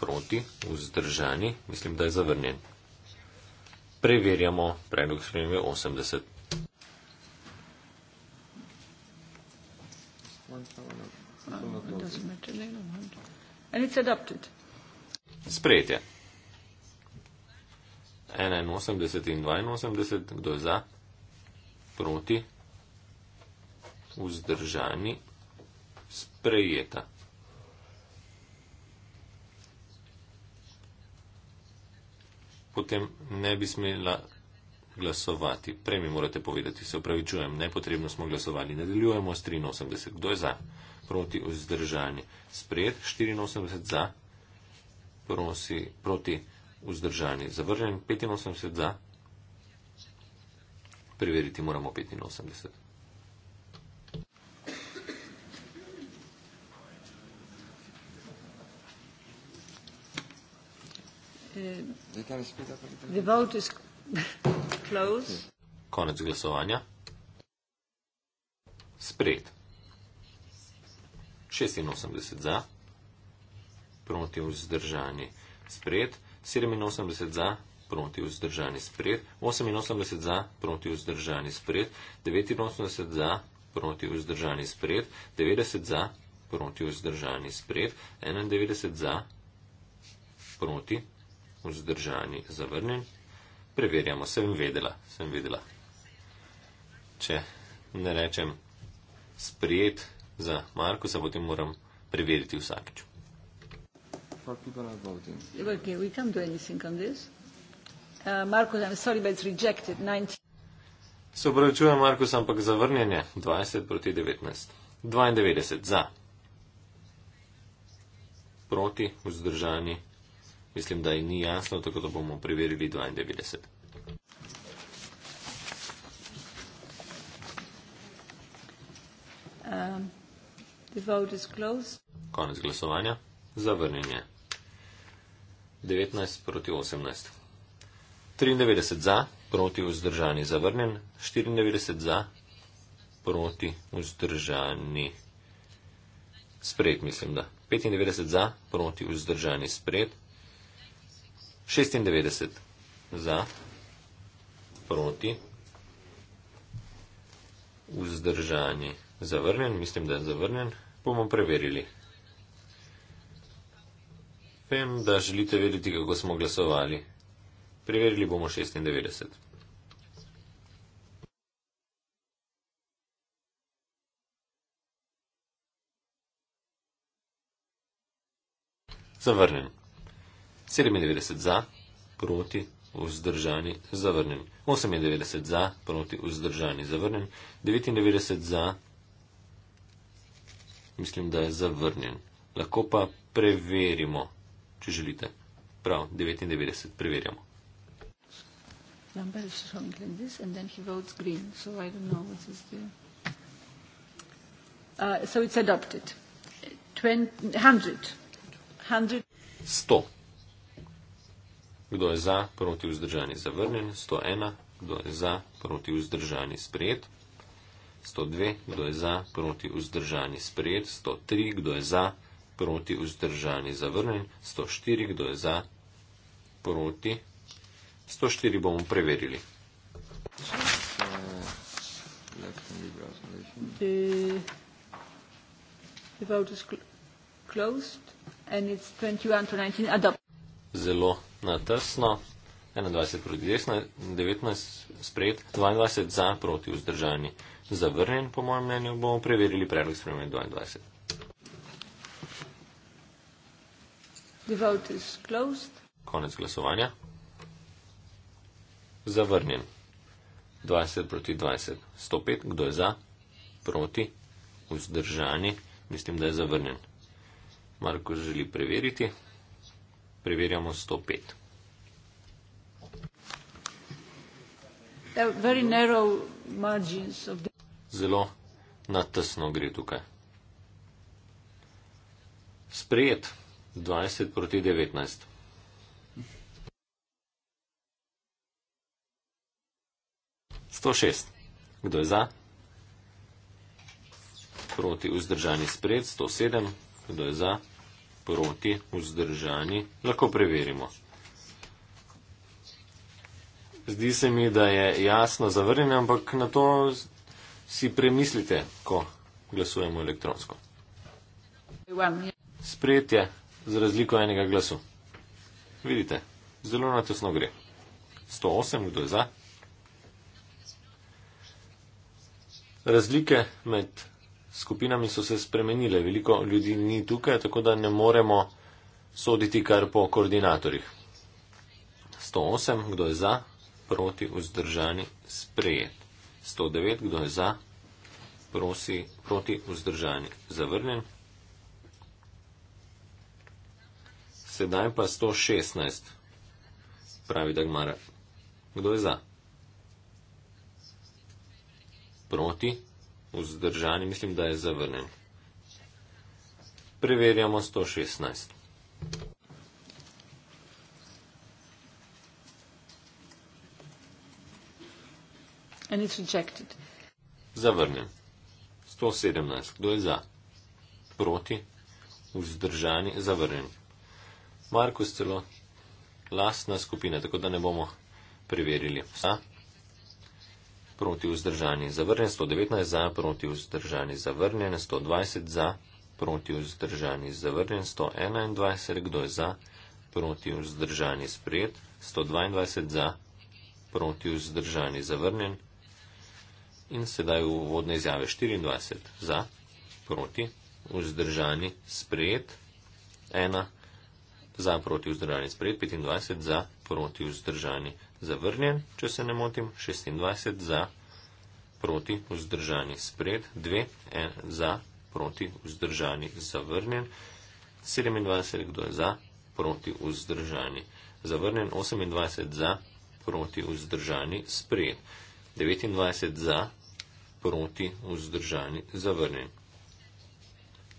proti vzdržani, mislim, da je zavrnjen. Preverjamo predlog spremembe 80. Sprejetje. 81 in 82, kdo je za? proti, vzdržani, sprejeta. Potem ne bi smela glasovati. Prej mi morate povedati, se upravičujem, nepotrebno smo glasovali. Nadaljujemo s 83. Kdo je za? Proti vzdržani. Sprejet 84 za. Prosi, proti vzdržani. Zavržen 85 za preveriti moramo 85. The vote is closed. Konec glasovanja. Sprejet. 86 za. Promotiv vzdržanje. Sprejet. 87 za proti vzdržani spred, 88 za proti vzdržani spred, 89 za proti vzdržani spred, 90 za proti vzdržani spred, 91 za proti vzdržani zavrnjen. Preverjamo, sem vedela, sem vedela. Če ne rečem sprijet za Marko, se potem moram preveriti vsakeč. For people are voting. Well, can we come to anything on this? Uh, Markus, I'm sorry, but it's rejected. 19. Se upravičujem, Markus, ampak zavrnjenje 20 proti 19. 92 za. Proti, vzdržani. Mislim, da je ni jasno, tako da bomo preverili 92. Um, Konec glasovanja. Zavrnjenje. 19 proti 18. 93 za, proti vzdržani zavrnjen, 94 za, proti vzdržani spred, mislim da. 95 za, proti vzdržani spred, 96 za, proti vzdržani zavrnjen, mislim da je zavrnjen, bomo preverili. Vem, da želite vedeti, kako smo glasovali. Preverili bomo 96. Zavrnjen. 97 za, proti, vzdržani, zavrnjen. 98 za, proti, vzdržani, zavrnjen. 99 za, mislim, da je zavrnjen. Lahko pa preverimo, če želite. Prav, 99 preverjamo number is something like this, and then he votes green. So I don't know what is the. Uh, so it's adopted. 100. 100. 100. Kdo je za, proti vzdržani, zavrnjen? 101. Kdo je za, proti vzdržani, sprejet? 102. Kdo je za, proti vzdržani, sprejet? 103. Kdo je za, proti vzdržani, zavrnjen? 104. Kdo je za, proti 104 bomo preverili. Zelo natrsno. 21 proti 19 sprejet, 22 za proti vzdržani. Zavrnjen, po mojem mnenju, bomo preverili predlog spremenja 22. The vote is closed. Konec glasovanja zavrnjen. 20 proti 20. 105, kdo je za? Proti? Vzdržani? Mislim, da je zavrnjen. Marko želi preveriti. Preverjamo 105. Zelo natesno gre tukaj. Sprejet 20 proti 19. 106. Kdo je za? Proti vzdržani spred. 107. Kdo je za? Proti vzdržani. Lahko preverimo. Zdi se mi, da je jasno zavrnjeno, ampak na to si premislite, ko glasujemo elektronsko. Sprejetje z razliko enega glasu. Vidite, zelo na tesno gre. 108, kdo je za? Razlike med skupinami so se spremenile. Veliko ljudi ni tukaj, tako da ne moremo soditi kar po koordinatorjih. 108, kdo je za, proti, vzdržani, sprejet. 109, kdo je za, prosi, proti, vzdržani, zavrnjen. Sedaj pa 116, pravi Dagmar. Kdo je za? proti, vzdržani, mislim, da je zavrnen. Preverjamo 116. And it's rejected. Zavrnem. 117. Kdo je za? Proti. Vzdržani. Zavrnem. Markus celo. Lastna skupina, tako da ne bomo preverili. Vsa proti vzdržani zavrnjen, 119 za, proti vzdržani zavrnjen, 120 za, proti vzdržani zavrnjen, 121, kdo je za, proti vzdržani sprejet, 122 za, proti vzdržani zavrnjen. In sedaj v vodne izjave 24 za, proti, vzdržani, sprejet, 1 za, proti, vzdržani, sprejet, 25 za, proti, vzdržani, zavrnjen, če se ne motim, 26 za, proti, vzdržani, spred, 2, 1 za, proti, vzdržani, zavrnjen, 27, kdo je za, proti, vzdržani, zavrnjen, 28 za, proti, vzdržani, spred, 29 za, proti, vzdržani, zavrnjen,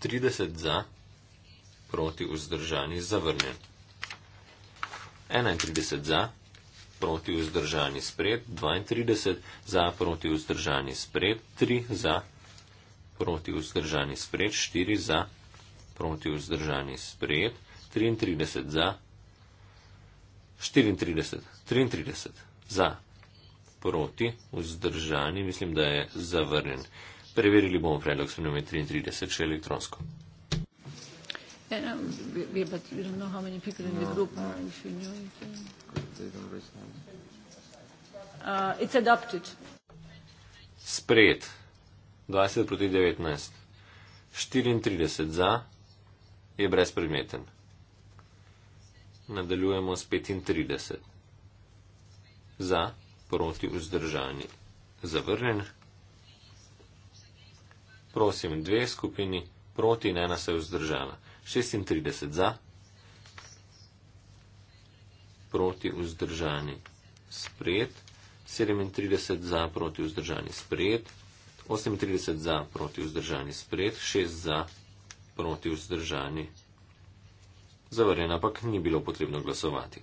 30 za, proti, vzdržani, zavrnjen. 31 za, proti vzdržani spred 32, za proti vzdržani spred 3, za proti vzdržani spred 4, za proti vzdržani spred 33, za 34, 33, za proti vzdržani, mislim, da je zavrnjen. Preverili bomo predlog s 33 še elektronsko. Yeah, no, but we don't know how many people in no, the group. No. If you know it. They don't raise hands. Uh, it's adopted. Sprejet. 20 proti 19. 34 za je brezpredmeten. Nadaljujemo s 35. Za proti vzdržani. Zavrnjen. Prosim, dve skupini proti in ena se je vzdržala. 36 za, proti vzdržani sprejet, 37 za, proti vzdržani sprejet, 38 za, proti vzdržani sprejet, 6 za, proti vzdržani zavrnjen, ampak ni bilo potrebno glasovati.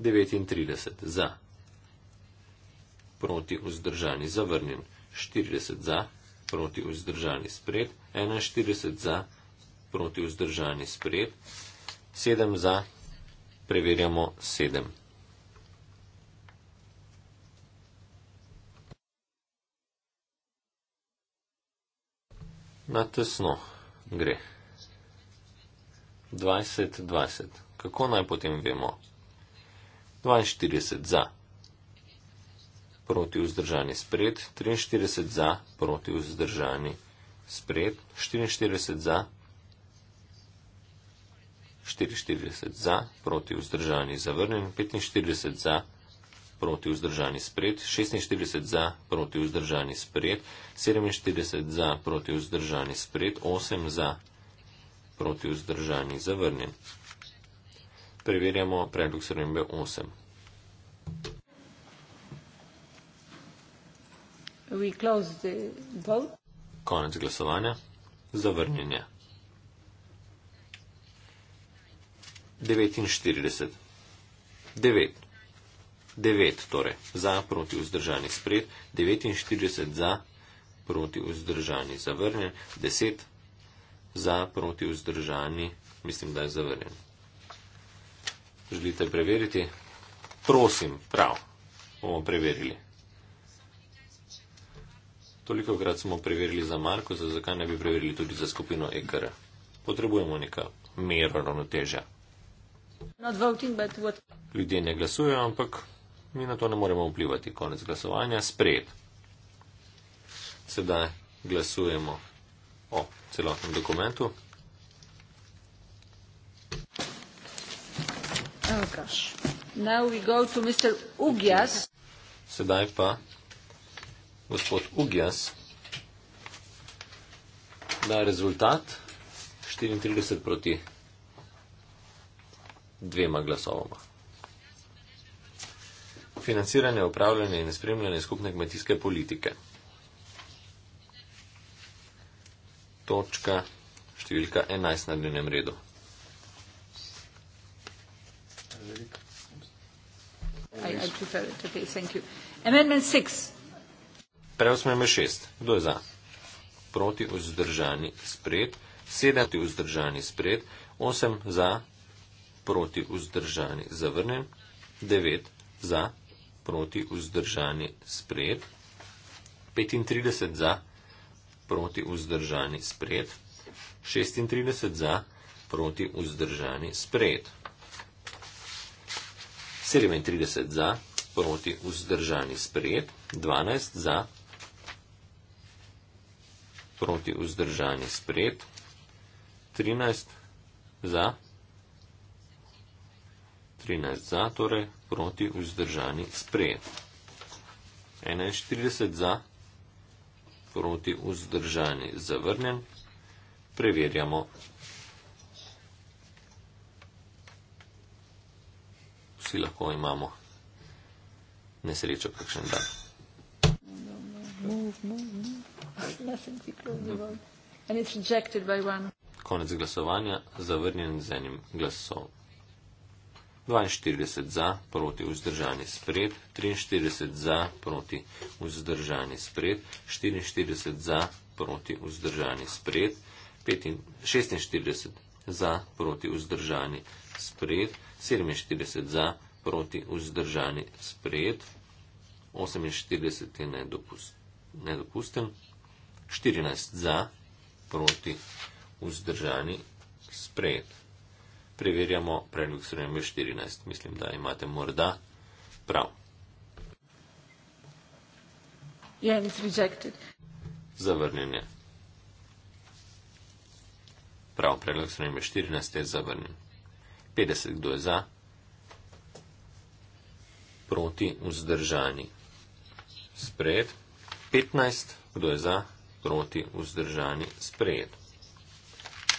39 za proti vzdržani zavrnjen, 40 za, proti vzdržani spred, 41 za, proti vzdržani spred, 7 za, preverjamo 7. Na tesno gre. 20-20. Kako naj potem vemo? 42 za proti vzdržani spred, 43 za, proti vzdržani spred, 44 za, 44 za, proti vzdržani zavrnjen, 45 za, proti vzdržani spred, 46 za, proti vzdržani spred, 47 za, proti vzdržani spred, 8 za, proti vzdržani zavrnjen. Preverjamo predlog srnjembe 8. Thank you. Konec glasovanja. Zavrnjenje. 49. 9. 9 torej za, proti vzdržani spred, 49 za, proti vzdržani zavrnjen, 10 za, proti vzdržani, mislim, da je zavrnjen. Želite preveriti? Prosim, prav. Bomo preverili. Toliko krat smo preverili za Marko, za zakaj ne bi preverili tudi za skupino EKR. Potrebujemo neka mero ravnotežja. Ljudje ne glasujejo, ampak mi na to ne moremo vplivati. Konec glasovanja, spred. Sedaj glasujemo o celotnem dokumentu. Oh, Sedaj pa gospod Ugijas, da je rezultat 34 proti dvema glasovoma. Financiranje, upravljanje in spremljanje skupne kmetijske politike. Točka številka 11 na dnevnem redu. Amendment 6. Preusmeme šest. Kdo je za? Proti vzdržani spred. Sedem proti vzdržani spred. Osem za. Proti vzdržani zavrnen. Devet za. Proti vzdržani spred. 35 za. Proti vzdržani spred. 36 za. Proti vzdržani spred. 37 za. Proti vzdržani spred. 12 za proti vzdržanje spred. 13 za. 13 za, torej proti vzdržani spred. 41 za, proti vzdržani zavrnjen. Preverjamo. Vsi lahko imamo nesrečo kakšen dan. No, no, no, no. Konec glasovanja, zavrnjen z enim glasom. 42 za, proti vzdržani spred, 43 za, proti vzdržani spred, 44 za, proti vzdržani spred, 46 za, proti vzdržani spred, 47 za, proti vzdržani spred, 48 je nedopust, nedopusten. 14 za, proti vzdržani sprejet. Preverjamo predlog sprememe 14. Mislim, da imate morda prav. Yeah, zavrnjen je. Prav, predlog sprememe 14 je zavrnjen. 50, kdo je za? Proti vzdržani. Sprejet. 15, kdo je za? proti vzdržani sprejet.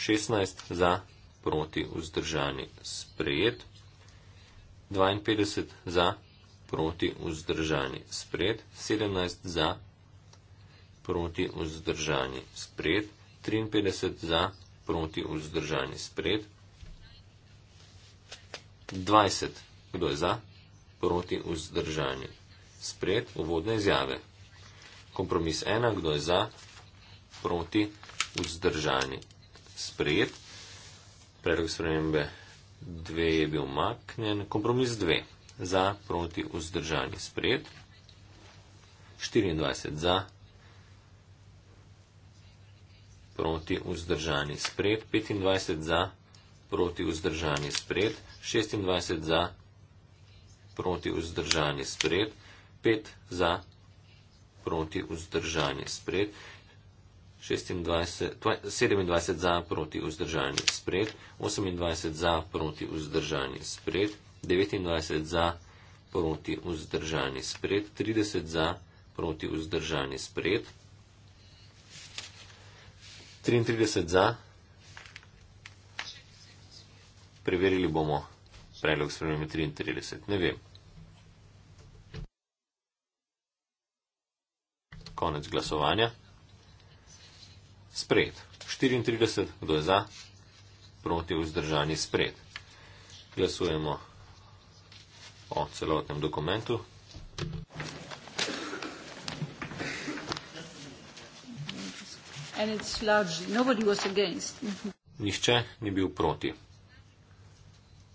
16 za proti vzdržani sprejet. 52 za proti vzdržani sprejet. 17 za proti vzdržani sprejet. 53 za proti vzdržani sprejet. 20. Kdo je za? Proti vzdržani. Spred uvodne izjave. Kompromis 1. Kdo je za? proti vzdržani. Sprejet. Predlog spremembe 2 je bil maknen. Kompromis 2. Za proti vzdržani. Sprejet. 24 za proti vzdržani. Sprejet. 25 za proti vzdržani. Sprejet. 26 za proti vzdržani. Sprejet. 5 za proti vzdržani. Sprejet. 27 za proti vzdržanje spred, 28 za proti vzdržanje spred, 29 za proti vzdržanje spred, 30 za proti vzdržanje spred, 33 za. Preverili bomo predlog spremembe 33. Ne vem. Konec glasovanja. Spred. 34. Kdo je za? Proti vzdržani spred. Glasujemo o celotnem dokumentu. Nihče ni bil proti.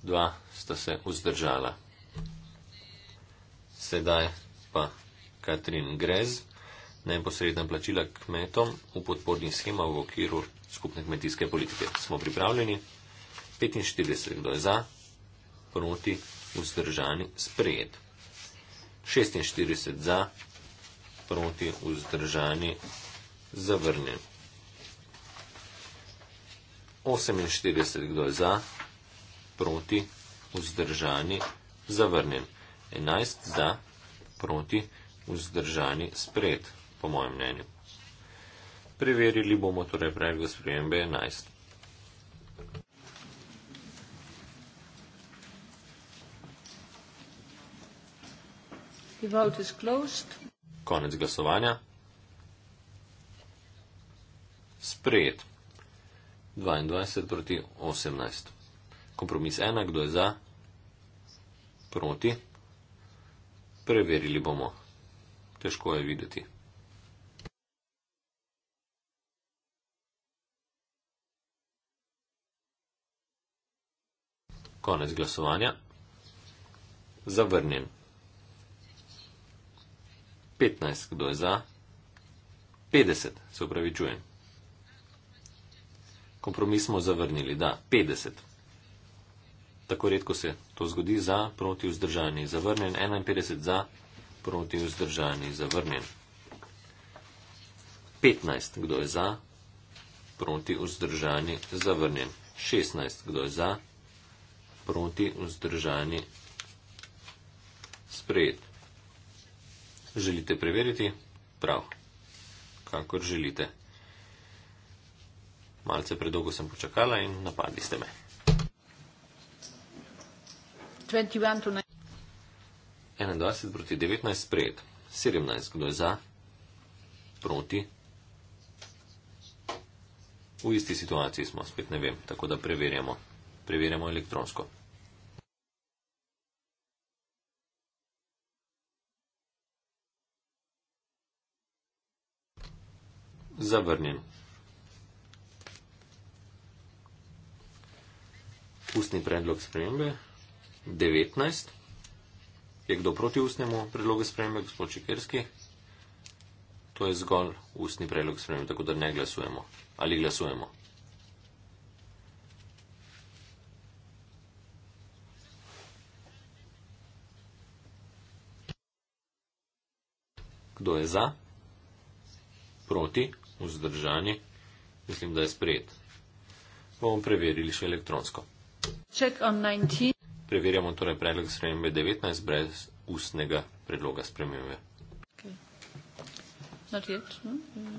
Dva sta se vzdržala. Sedaj pa Katrin Grez neposredna plačila kmetom v podporni schema v okviru skupne kmetijske politike. Smo pripravljeni. 45. Kdo je za? Proti? Vzdržani? Sprejet. 46. Za? Proti? Vzdržani? Zavrnjen. 48. Kdo je za? Proti? Vzdržani? Zavrnjen. 11. Za? Proti? Vzdržani? Sprejet po mojem mnenju. Preverili bomo torej predlog spremembe 11. Konec glasovanja. Sprejet. 22 proti 18. Kompromis 1, kdo je za? Proti. Preverili bomo. Težko je videti. Konec glasovanja. Zavrnjen. 15, kdo je za? 50, se upravičujem. Kompromis smo zavrnili, da, 50. Tako redko se to zgodi za, proti vzdržani, zavrnjen, 51 za, proti vzdržani, zavrnjen. 15, kdo je za, proti vzdržani, zavrnjen. 16, kdo je za, proti vzdržani sprejet. Želite preveriti? Prav. Kakor želite. Malce predolgo sem počakala in napadli ste me. 21 proti 19 sprejet. 17. Kdo je za? Proti. V isti situaciji smo, spet ne vem, tako da preverjamo preverjamo elektronsko. Zavrnjen. Ustni predlog spremembe 19. Je kdo proti ustnemu predlogu spremembe, gospod Čekerski? To je zgolj ustni predlog spremembe, tako da ne glasujemo. Ali glasujemo? Kdo je za? Proti? Vzdržanje? Mislim, da je sprejet. Bomo preverili še elektronsko. Preverjamo torej predlog spremembe 19 brez ustnega predloga spremembe. Okay. No? Mm.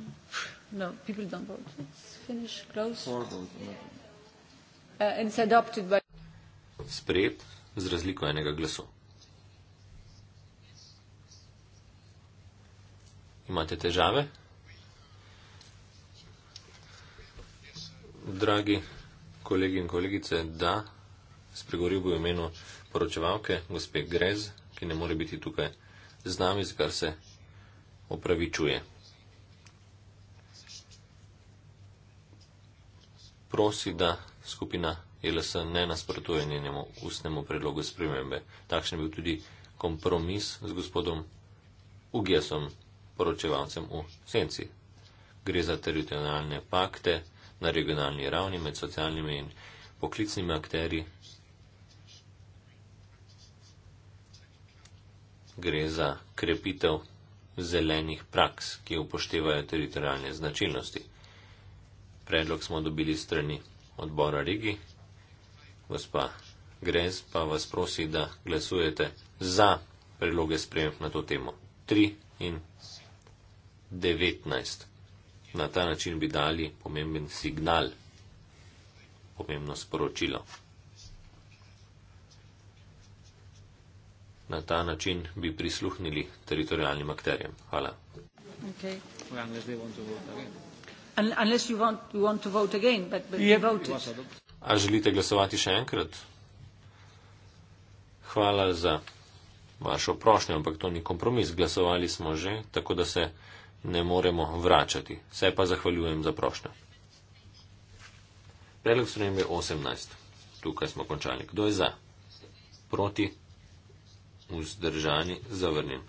no, people don't vote. It's finished, closed. Four votes. Uh, and it's adopted by... Sprejet z razliko enega glasu. imate težave? Dragi kolegi in kolegice, da, spregovoril bo v imenu poročevalke, gospe Grez, ki ne more biti tukaj z nami, z kar se opravičuje. Prosi, da skupina LS ne nasprotuje njenemu ustnemu predlogu spremembe. Takšen je bil tudi kompromis z gospodom Ugjesom, poročevalcem v senci. Gre za teritorijalne pakte na regionalni ravni med socialnimi in poklicnimi akteri. Gre za krepitev zelenih praks, ki upoštevajo teritorijalne značilnosti. Predlog smo dobili strani odbora Rigi. Gospa Grez pa vas prosi, da glasujete za predloge sprejem na to temo. 3 in 19. Na ta način bi dali pomemben signal, pomembno sporočilo. Na ta način bi prisluhnili teritorijalnim akterjem. Hvala. A želite glasovati še enkrat? Hvala za vašo prošnjo, ampak to ni kompromis. Glasovali smo že, tako da se ne moremo vračati. Se pa zahvaljujem za prošnjo. Predlog spremembe 18. Tukaj smo končali. Kdo je za? Proti? Vzdržani? Zavrnjen.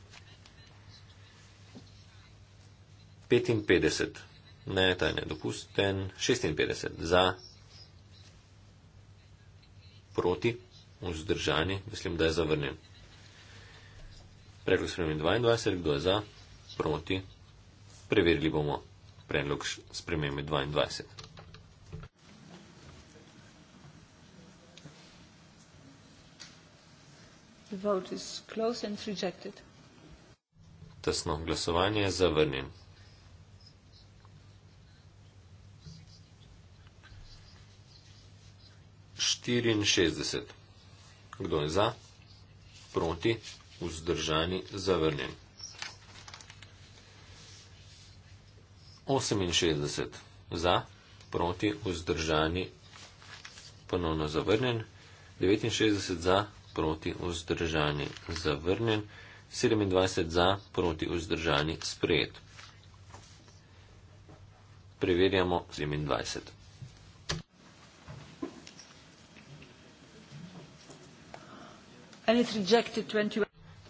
55. Ne, ta je nedopusten. 56. Za? Proti? Vzdržani? Mislim, da je zavrnjen. Predlog spremembe 22. Kdo je za? Proti? Preverili bomo predlog spremembe 22. Tesno glasovanje je zavrnjen. Štiriinšestdeset. Kdo je za? Proti? Vzdržani? Zavrnjen. 68 za, proti, vzdržani, ponovno zavrnjen, 69 za, proti, vzdržani, zavrnjen, 27 za, proti, vzdržani, sprejet. Preverjamo 27.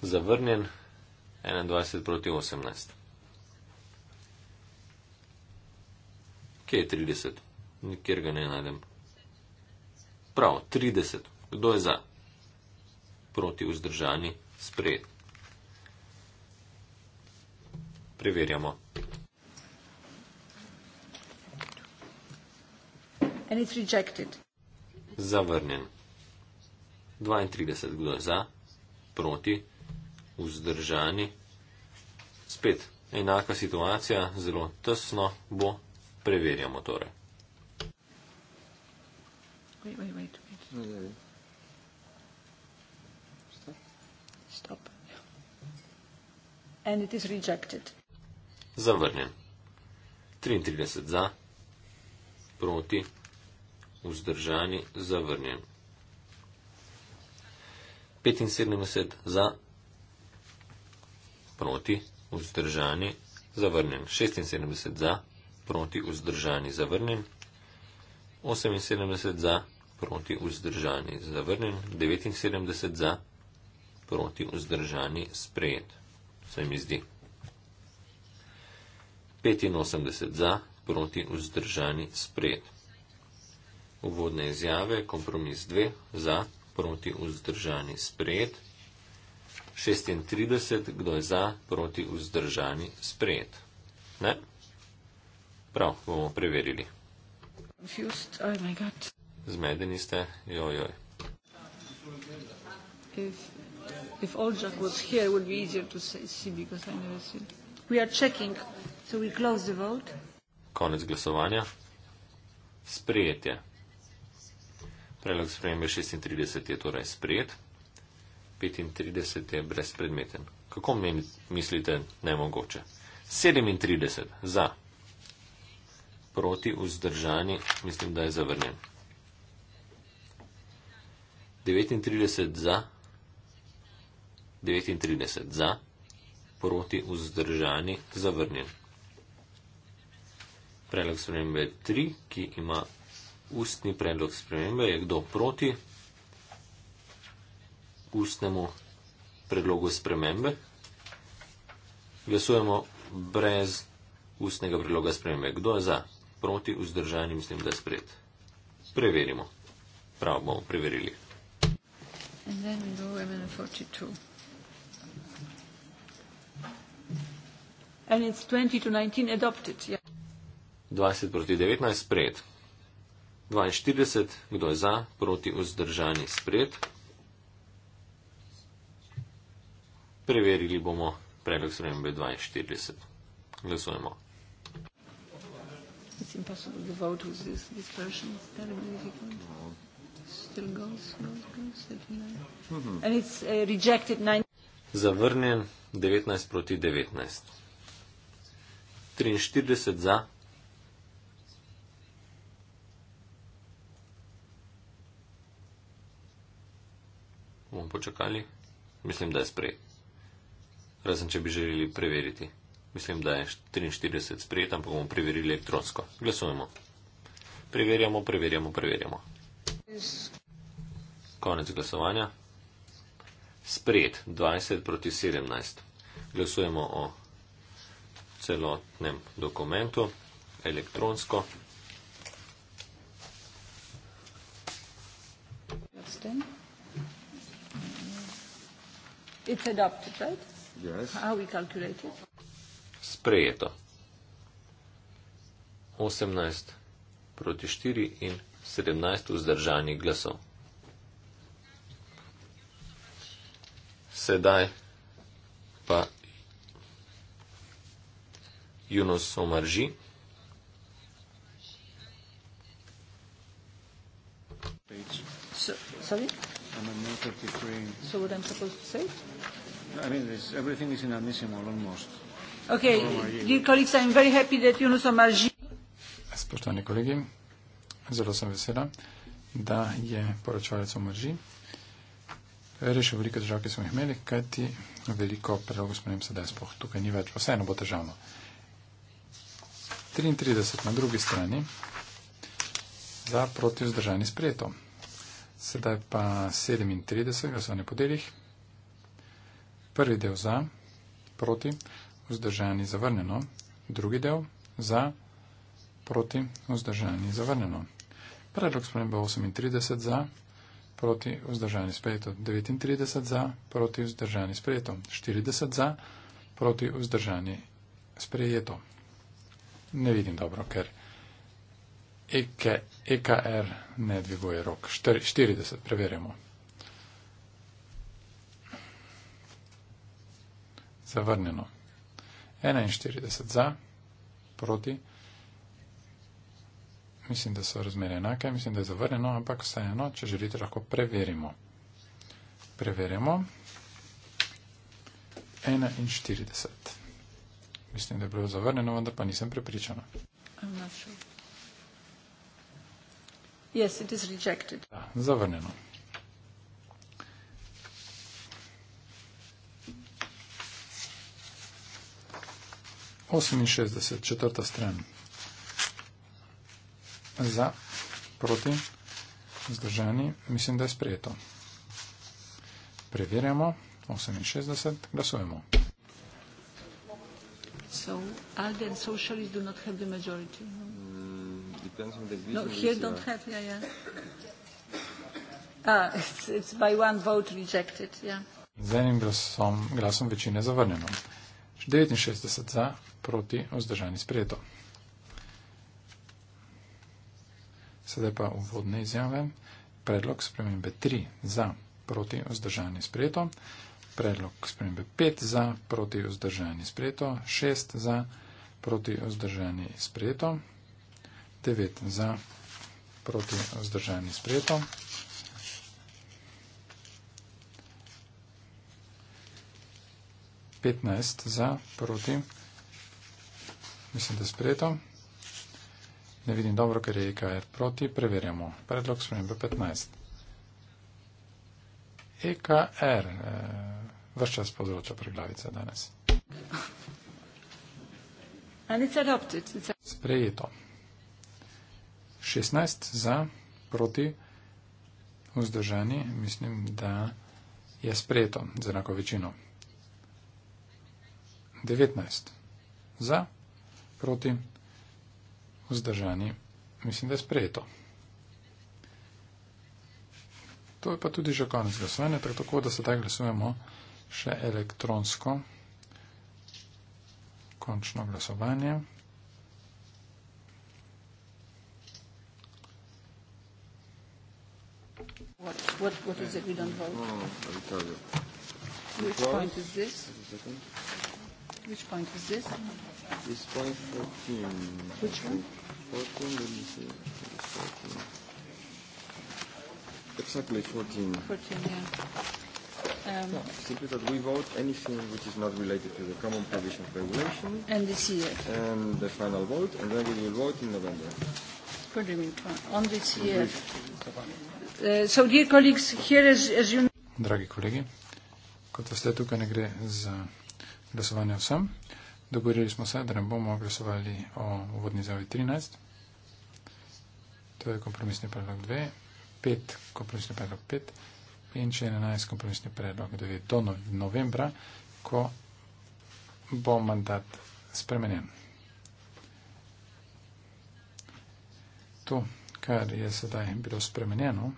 Zavrnjen 21 proti 18. Kje je 30? Nikjer ga ne najdem. Prav, 30. Kdo je za? Proti vzdržani, sprejet. Preverjamo. Zavrnjen. 32. Kdo je za? Proti vzdržani. Spet enaka situacija, zelo tesno bo preverjamo torej. Zavrnjen. 33 za, proti, vzdržani, zavrnjen. 75 za, proti, vzdržani, zavrnjen. 76 za proti vzdržani zavrnjen, 78 za proti vzdržani zavrnjen, 79 za proti vzdržani sprejet, se mi zdi. 85 za proti vzdržani sprejet. Uvodne izjave, kompromis 2 za proti vzdržani sprejet. 36, kdo je za, proti vzdržani sprejet. Ne? Prav, bomo preverili. Oh Zmedeni ste, joj, joj. If, if here, see, Konec glasovanja. Sprejetje. Predlog sprejembe 36 je torej sprejet, 35 je brezpredmeten. Kako meni, mislite, ne mogoče? 37 za proti vzdržani, mislim, da je zavrnjen. 39 za, 39 za, proti vzdržani, zavrnjen. Predlog spremembe 3, ki ima ustni predlog spremembe, je kdo proti ustnemu predlogu spremembe. Glasujemo brez ustnega predloga spremembe. Kdo je za? proti vzdržanju mislim, da je spred. Preverimo. Prav bomo preverili. And it's 20, to 19 adopted, yeah. 20 proti 19 sprejet. 42, kdo je za, proti vzdržani sprejet. Preverili bomo predlog sprejembe 42. Glasujemo it's impossible. The vote with this dispersion is terribly difficult. Still goes, goes, goes, and it's uh, rejected nine. Zavrnjen 19 proti 19. 43 za. 43 za. Bomo počakali. Mislim, da je sprejet. Razen, če bi želeli preveriti. Mislim, da je 43 sprejet, ampak bomo preverili elektronsko. Glasujemo. Preverjamo, preverjamo, preverjamo. Konec glasovanja. Sprejet 20 proti 17. Glasujemo o celotnem dokumentu elektronsko. It's adopted, right? Yes. How ah, we calculate it? sprejeto. 18 proti 4 in 17 vzdržanih glasov. Sedaj pa Junos omrži. So, so what I'm supposed to say? No, I mean, this, everything is inadmissible almost. No, no, no, Spoštovani kolegi, zelo sem vesela, da je poročevalec o marži rešil velike težave, ki smo jih imeli, kajti veliko predlogov smo jim sedaj spoh. Tukaj ni več, vseeno bo težavno. 33 na drugi strani za proti vzdržani sprejeto. Sedaj pa 37, glasovanje po delih. Prvi del za, proti, vzdržani zavrnjeno, drugi del za proti vzdržani zavrnjeno. Predlog spremembe 38 za proti vzdržani sprejeto, 39 za proti vzdržani sprejeto, 40 za proti vzdržani sprejeto. Ne vidim dobro, ker EK, EKR ne dviguje rok. 40, preverjamo. Zavrnjeno. 41 za, proti. Mislim, da so razmere enake, mislim, da je zavrnjeno, ampak vseeno, če želite, lahko preverimo. Preverimo. 41. Mislim, da je bilo zavrnjeno, vendar pa nisem prepričana. Sure. Yes, da, zavrnjeno. 68, četrta stran. Za, proti, zdržani, mislim, da je sprejeto. Preverjamo, 68, glasujemo. So, ALDE and socialists do not have the majority. Mm, depends on the no, here don't have, yeah, yeah. Ah, it's, it's by one vote rejected, yeah. Z enim glasom, glasom večine zavrnjeno. 69 za, proti, vzdržani sprejeto. Sedaj pa uvodne izjave. Predlog spremembe 3 za, proti, vzdržani sprejeto. Predlog spremembe 5 za, proti, vzdržani sprejeto. 6 za, proti, vzdržani sprejeto. 9 za, proti, vzdržani sprejeto. 15 za, proti. Mislim, da je sprejeto. Ne vidim dobro, ker je EKR proti. Preverjamo. Predlog spremembe 15. EKR. Vrš čas področja preglavice danes. Sprejeto. 16 za, proti. Vzdržani. Mislim, da je sprejeto z enako večino. 19 za, proti, vzdržani, mislim, da je sprejeto. To je pa tudi že konec glasovanja, tako da se zdaj glasujemo še elektronsko končno glasovanje. What, what, what is it we don't vote? Oh, I'll tell you. Which point is this? Which point is this? This point 14. Which one? 14, let me see. 14. Exactly, 14. 14, yeah. Um, no, simply that we vote anything which is not related to the common provision of regulation. And this year. And the final vote, and then we will vote in November. What do you mean, on this year. Uh, so, dear colleagues, here as, as you know... Dragi kolegi, kot veste, tukaj ne gre za glasovanje vsem. Dogovorili smo se, da ne bomo glasovali o uvodni zavi 13. To je kompromisni predlog 2, 5, kompromisni predlog 5 in še 11, kompromisni predlog 9 do no-, novembra, ko bo mandat spremenjen. To, kar je sedaj bilo spremenjeno,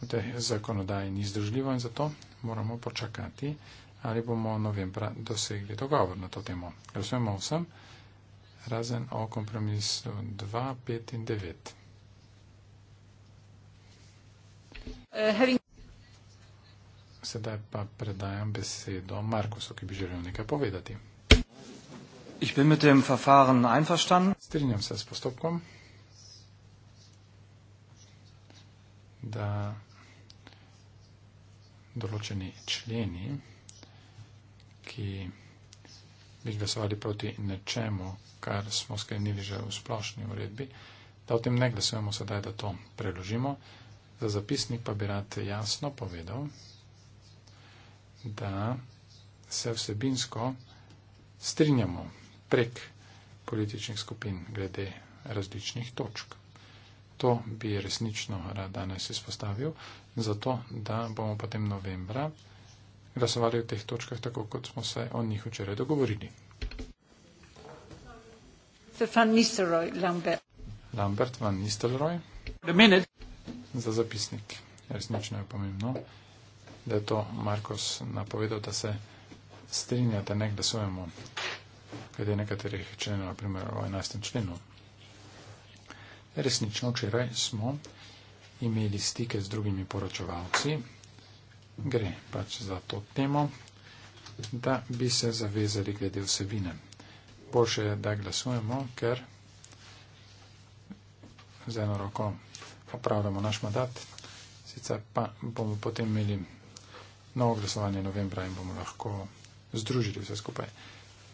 v tej zakonodaji ni združljivo in zato moramo počakati, ali bomo novembra dosegli dogovor na to temo. Glasujemo vsem, razen o kompromisu 2, 5 in 9. Eh, Sedaj pa predajam besedo Markusu, ki bi želel nekaj povedati. Ich bin mit dem Verfahren einverstanden. Strinjam se s postopkom, da določeni členi ki bi glasovali proti nečemu, kar smo sklenili že v splošni uredbi, da o tem ne glasujemo sedaj, da to preložimo. Za zapisnik pa bi rad jasno povedal, da se vsebinsko strinjamo prek političnih skupin glede različnih točk. To bi resnično rad danes izpostavil, zato da bomo potem novembra glasovali v teh točkah, tako kot smo se o njih včeraj dogovorili. Lambert van Nistelrooy. Za zapisnik. Resnično je pomembno, da je to Markos napovedal, da se strinja, da ne glasujemo, kaj je nekaterih členov, naprimer o 11. členu. Resnično, včeraj smo imeli stike z drugimi poročevalci, gre pač za to temo, da bi se zavezali glede vsebine. Boljše je, da glasujemo, ker z eno roko opravljamo naš mandat, sicer pa bomo potem imeli novo glasovanje novembra in bomo lahko združili vse skupaj.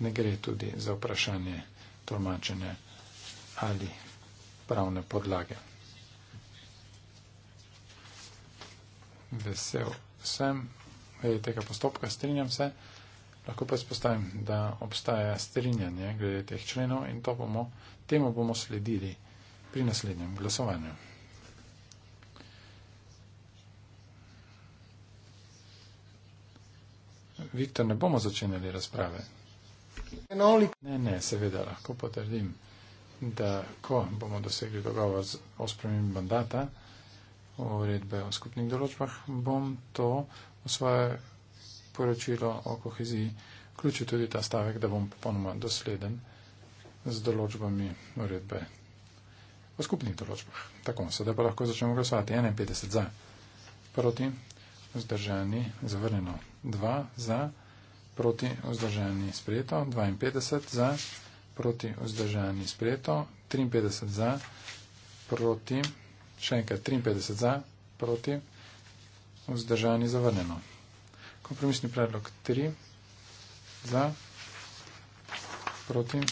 Ne gre tudi za vprašanje tolmačenja ali pravne podlage. Vesel sem, glede tega postopka strinjam se, lahko pa izpostavim, da obstaja strinjanje glede teh členov in to bomo, temu bomo sledili pri naslednjem glasovanju. Viktor, ne bomo začenjali razprave. Ne, ne, seveda lahko potrdim, da ko bomo dosegli dogovor o spremembi mandata, uredbe o skupnih določbah, bom to v svoje poročilo o koheziji vključil tudi ta stavek, da bom popolnoma dosleden z določbami uredbe o skupnih določbah. Tako, sedaj pa lahko začnemo glasovati. 51 za, proti, vzdržani, zavrnjeno. 2 za, proti, vzdržani, sprejeto. 52 za, proti, vzdržani, sprejeto. 53 za, proti, Še enkrat 53 za, proti, vzdržani zavrnjeno. Kompromisni predlog 3 za, proti,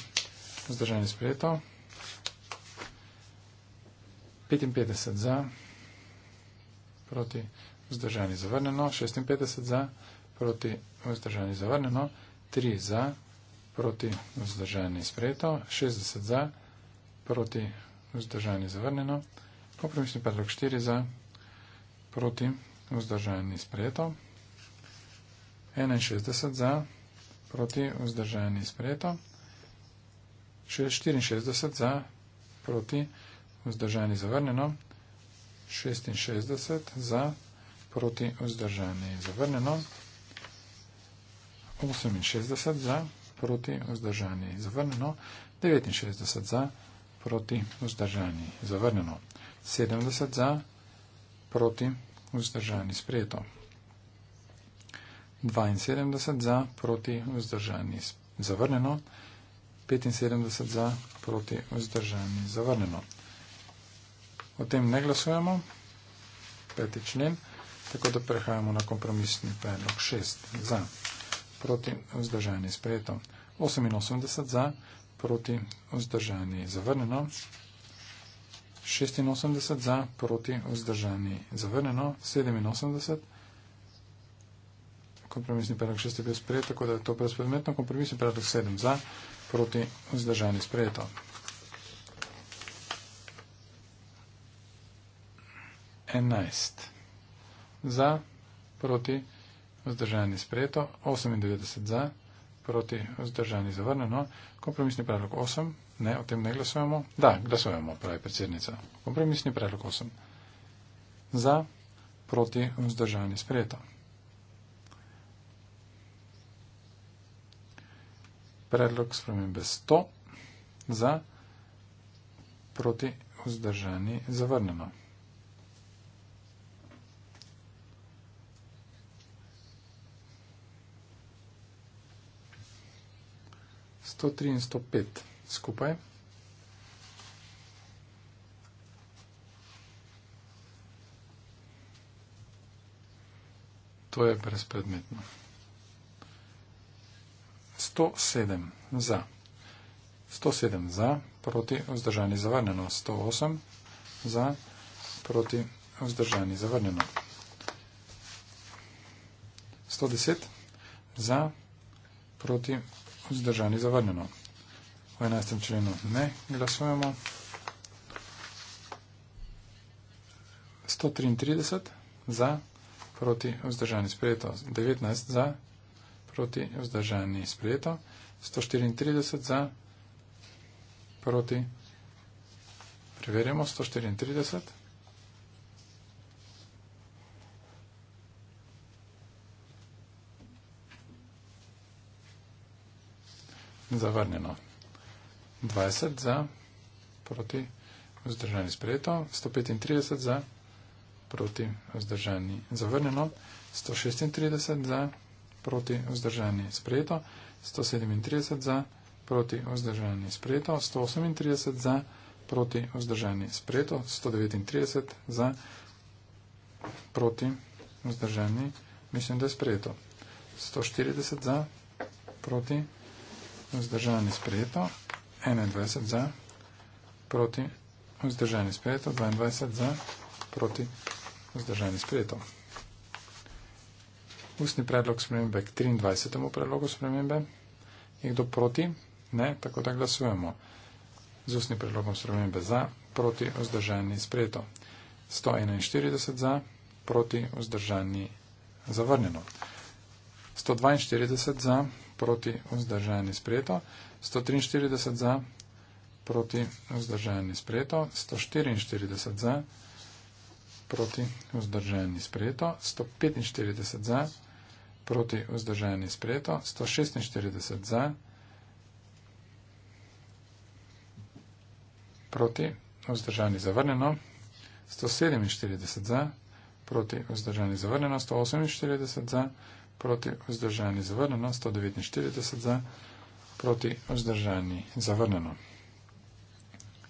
vzdržani sprejeto. 55 za, proti, vzdržani zavrnjeno. 56 za, proti, vzdržani zavrnjeno. 3 za, proti, vzdržani sprejeto. 60 za, proti, vzdržani zavrnjeno. 3 za, proti, vzdržani zavrnjeno. Popremišni predlog 4 za proti vzdržajni sprejeto. 61 za proti vzdržajni sprejeto. 64 za proti vzdržajni zavrnjeno. 66 za proti vzdržajni zavrnjeno. 68 za proti vzdržajni zavrnjeno. 69 za proti vzdržajni zavrnjeno. 70 za, proti, vzdržani, sprejeto. 72 za, proti, vzdržani, zavrnjeno. 75 za, proti, vzdržani, zavrnjeno. O tem ne glasujemo, peti člen, tako da prehajamo na kompromisni predlog 6 za, proti, vzdržani, sprejeto. 88 za, proti, vzdržani, zavrnjeno. 86 za, proti vzdržani, zavrnjeno 87. Kompromisni predlog 6 je bil sprejet, tako da je to brezpredmetno. Kompromisni predlog 7 za, proti vzdržani, sprejeto. Enajst za, proti vzdržani sprejeto, 98 za, proti vzdržani zavrneno, kompromisni predlog 8, Ne, o tem ne glasujemo. Da, glasujemo, pravi predsednica. Kompromisni predlog 8. Za, proti, vzdržanje sprejeto. Predlog spremembe 100. Za, proti, vzdržanje zavrnjeno. Сто три и сто пять skupaj. To je brezpredmetno. 107 za. 107 za, proti vzdržani zavrnjeno. 108 za, proti vzdržani zavrnjeno. 110 za, proti vzdržani zavrnjeno. V 11. členu ne glasujemo. 133 za, proti vzdržani sprejeto. 19 za, proti vzdržani sprejeto. 134 za, proti. Preverjamo 134. Zavrnjeno. 20 za, proti, vzdržani sprejeto, 135 za, proti, vzdržani zavrnjeno, 136 za, proti, vzdržani sprejeto, 137 za, proti, vzdržani sprejeto, 138 za, proti, vzdržani sprejeto, 139 za, proti, vzdržani, mislim, da je sprejeto, 140 za, proti, vzdržani sprejeto, 21 za, proti vzdržanje sprejeto, 22 za, proti vzdržanje sprejeto. Ustni predlog spremembe k 23. predlogu spremembe. Je kdo proti? Ne, tako da glasujemo. Z ustni predlogom spremembe za, proti vzdržanje sprejeto. 141 za, proti vzdržanje zavrnjeno. 142 za, proti vzdržajni sprejeto, 143 za, proti vzdržajni sprejeto, 144 za, proti vzdržajni sprejeto, 145 za, proti vzdržajni sprejeto, 146 za, proti vzdržajni zavrnjeno, 147 za, proti vzdržajni zavrnjeno, 148 za, proti vzdržani zavrnjeno, 149 za, proti vzdržani zavrnjeno.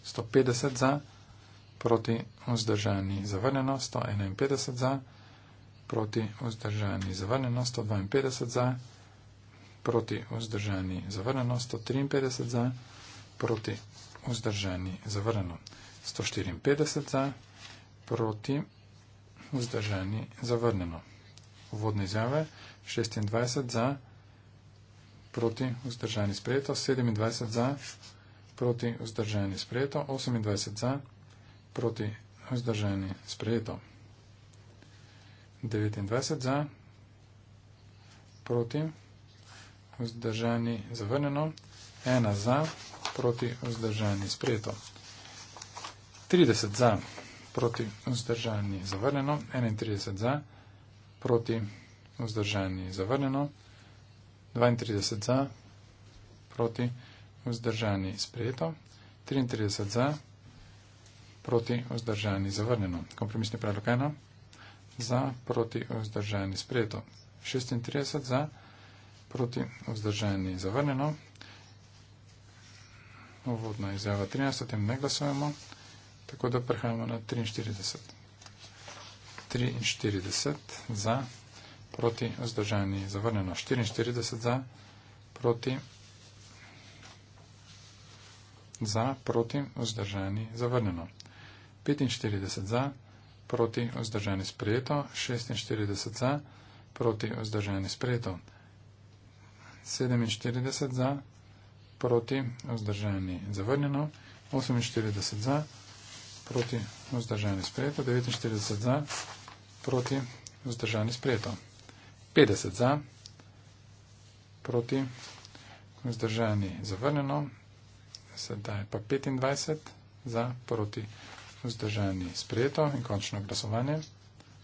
150 za, proti vzdržani zavrnjeno, 151 za, proti vzdržani zavrnjeno, 152 za, proti vzdržani zavrnjeno, 153 za, proti vzdržani zavrnjeno, 154 za, proti vzdržani zavrnjeno. Vodne izjave 26 za, proti vzdržani sprejeto, 27 za, proti vzdržani sprejeto, 28 za, proti vzdržani sprejeto, 29 za, proti vzdržani zavrneno, 1 za, proti vzdržani sprejeto, 30 za, proti vzdržani zavrneno, 31 za, proti vzdržani sprejeto, vzdržani zavrnjeno, 32 za, proti, vzdržani sprejeto, 33 za, proti, vzdržani zavrnjeno. Kompromisni predlog 1, za, proti, vzdržani sprejeto, 36 za, proti, vzdržani zavrnjeno, uvodna izjava 13, o tem ne glasujemo, tako da prehajamo na 43. 43 za, proti zdržani zavrneno 44 za proti za proti vzdržani zavrneno 45 za proti vzdržani sprejeto 46 za proti vzdržani sprejeto 47 za proti vzdržani zavrneno 48 za proti vzdržani sprejeto 49 za proti vzdržani sprejeto 50 za, proti, vzdržani zavrnjeno, sedaj pa 25 za, proti, vzdržani sprejeto in končno glasovanje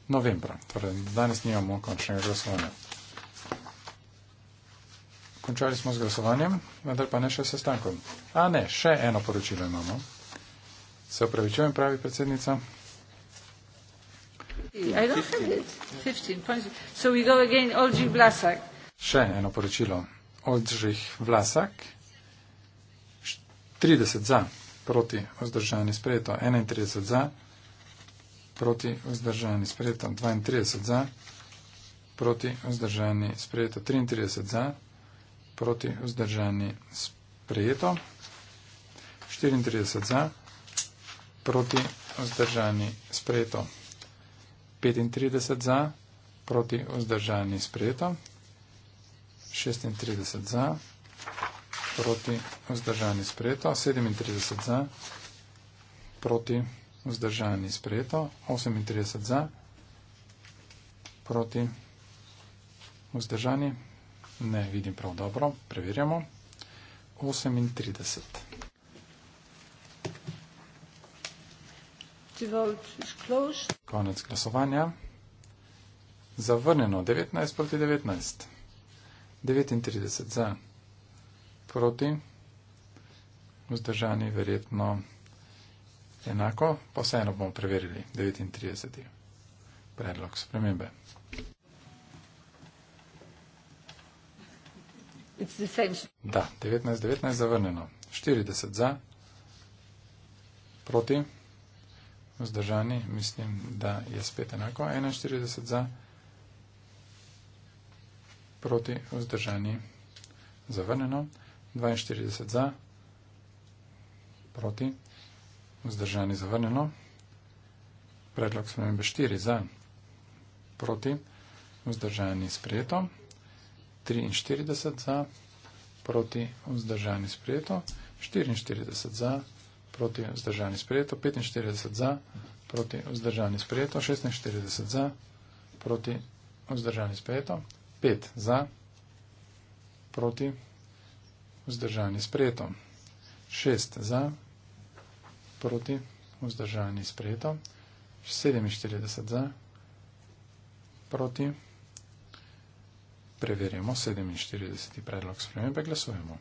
novembra. Torej, danes nimamo končnega glasovanja. Končali smo z glasovanjem, vendar pa ne še s sestankom. A ne, še eno poročilo imamo. Se opravičujem, pravi predsednica. I don't have it. 15 points. So we go again, Olji Vlasak. Še eno poročilo. Oldžih Vlasak. 30 za, proti vzdržanje sprejeto. 31 za, proti vzdržanje sprejeto. 32 za, proti vzdržanje sprejeto. 33 za, proti vzdržanje sprejeto. 34 za, proti vzdržanje sprejeto. 35 za, proti vzdržanje sprejeto. 36 za, proti vzdržanje sprejeto. 37 za, proti vzdržanje sprejeto. 38 za, proti vzdržanje. Ne vidim prav dobro, preverjamo. 38. Konec glasovanja. Zavrnjeno 19 proti 19. 39 za. Proti. Vzdržani verjetno enako, pa vseeno bomo preverili 39. predlog spremembe. Da, 19-19 zavrnjeno. 40 za. Proti vzdržani, mislim, da je spet enako. 41 za, proti, vzdržani, zavrneno. 42 za, proti, vzdržani, zavrneno. Predlog spremembe 4 za, proti, vzdržani, sprejeto. 43 za, proti, vzdržani, sprejeto. 44 za, proti, vzdržani, sprejeto proti vzdržani sprejeto, 45 za, proti vzdržani sprejeto, 46 za, proti vzdržani sprejeto, 5 za, proti vzdržani sprejeto, 6 za, proti vzdržani sprejeto, 47 za, proti preverjamo 47 predlog spremembe, glasujemo.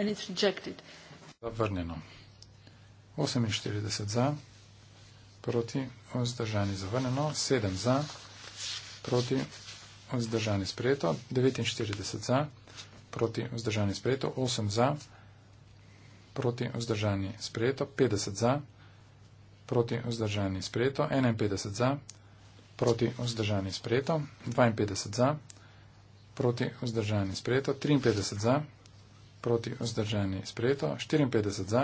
and it's rejected. Zavrnjeno. 48 za, proti, vzdržani zavrnjeno, 7 za, proti, vzdržani sprejeto, 49 za, proti, vzdržani sprejeto, 8 za, proti, vzdržani sprejeto, 50 za, proti, vzdržani sprejeto, 51 za, proti, vzdržani sprejeto, 52 za, proti, vzdržani sprejeto, 53 za, proti vzdržani sprejeto, 54 za,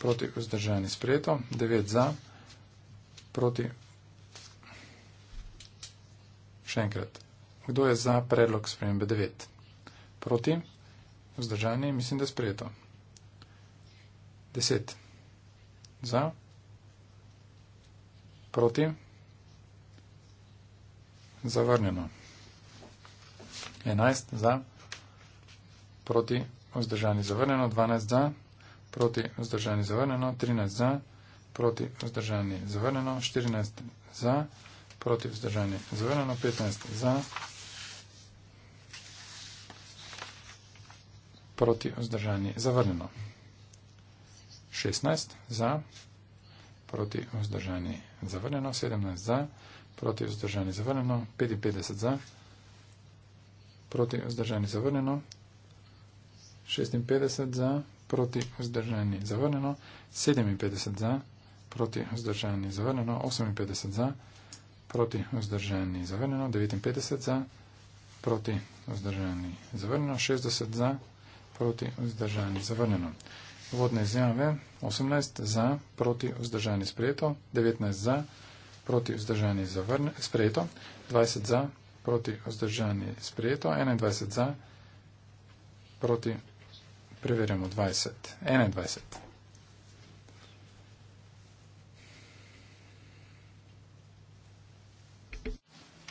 proti vzdržani sprejeto, 9 za, proti. Še enkrat, kdo je za predlog spremembe 9? Proti, vzdržani, mislim, da sprejeto. 10 za, proti, zavrnjeno. 11 za, proti, vzdržani vzdržani zavrnjeno, 12 za, proti vzdržani zavrnjeno, 13 za, proti vzdržani zavrnjeno, 14 za, proti vzdržani zavrnjeno, 15 za, proti vzdržani zavrnjeno, 16 za, proti vzdržani zavrnjeno, 17 za, proti vzdržani zavrnjeno, 55 za, proti vzdržani zavrnjeno, 56 za, proti vzdržani zavrnjeno, 57 za, proti vzdržani zavrnjeno, 58 za, proti vzdržani zavrnjeno, 59 za, proti vzdržani zavrnjeno, 60 za, proti vzdržani zavrnjeno. Vodne izjave 18 za, proti vzdržani sprejeto, 19 za, proti vzdržani sprejeto, 20 za, proti vzdržani sprejeto, 21 za, proti Preverjamo 20, 21.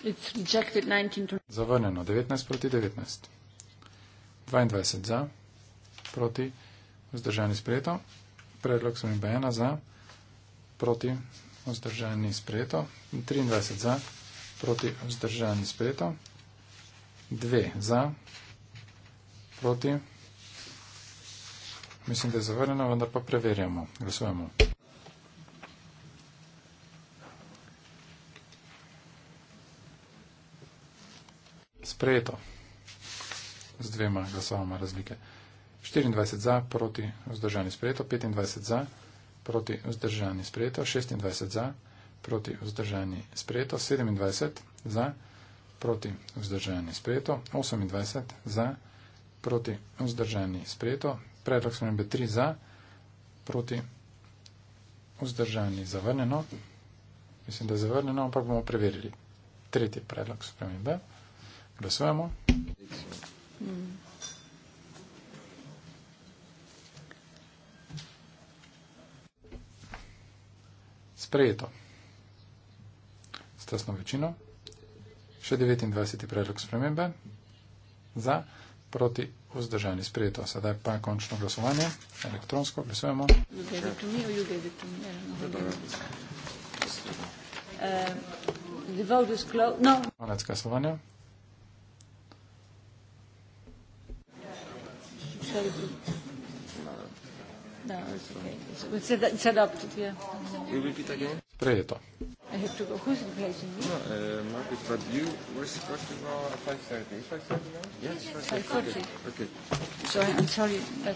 It's rejected 19 to... Zavrnjeno 19 proti 19. 22 za, proti, vzdržani sprejeto. Predlog sem imba ena za, proti, vzdržani sprejeto. 23 za, proti, vzdržani sprejeto. 2 za, proti, vzdržani sprejeto. Mislim, da je zavrnjeno, vendar pa preverjamo. Glasujemo. Sprejeto. Z dvema glasovama razlike. 24 za, proti, vzdržani sprejeto. 25 za, proti, vzdržani sprejeto. 26 za, proti, vzdržani sprejeto. 27 za, proti, vzdržani sprejeto. 28 za, proti, vzdržani sprejeto predlog smo imeli tri za, proti vzdržani zavrneno. Mislim, da je zavrneno, ampak bomo preverili. Tretji predlog spremembe. Glasujemo. Sprejeto. Stresno večino. Še 29. predlog spremembe. Za, proti vzdržani sprejeto. Sedaj pa končno glasovanje. Elektronsko glasujemo. Konec glasovanja. No, sprejeto. I have to go. Who's replacing me? No, uh, Margaret, but you, where's the question? Uh, no, 530. Is 530 now? Yes, 530. Okay. okay. So I'm sorry, but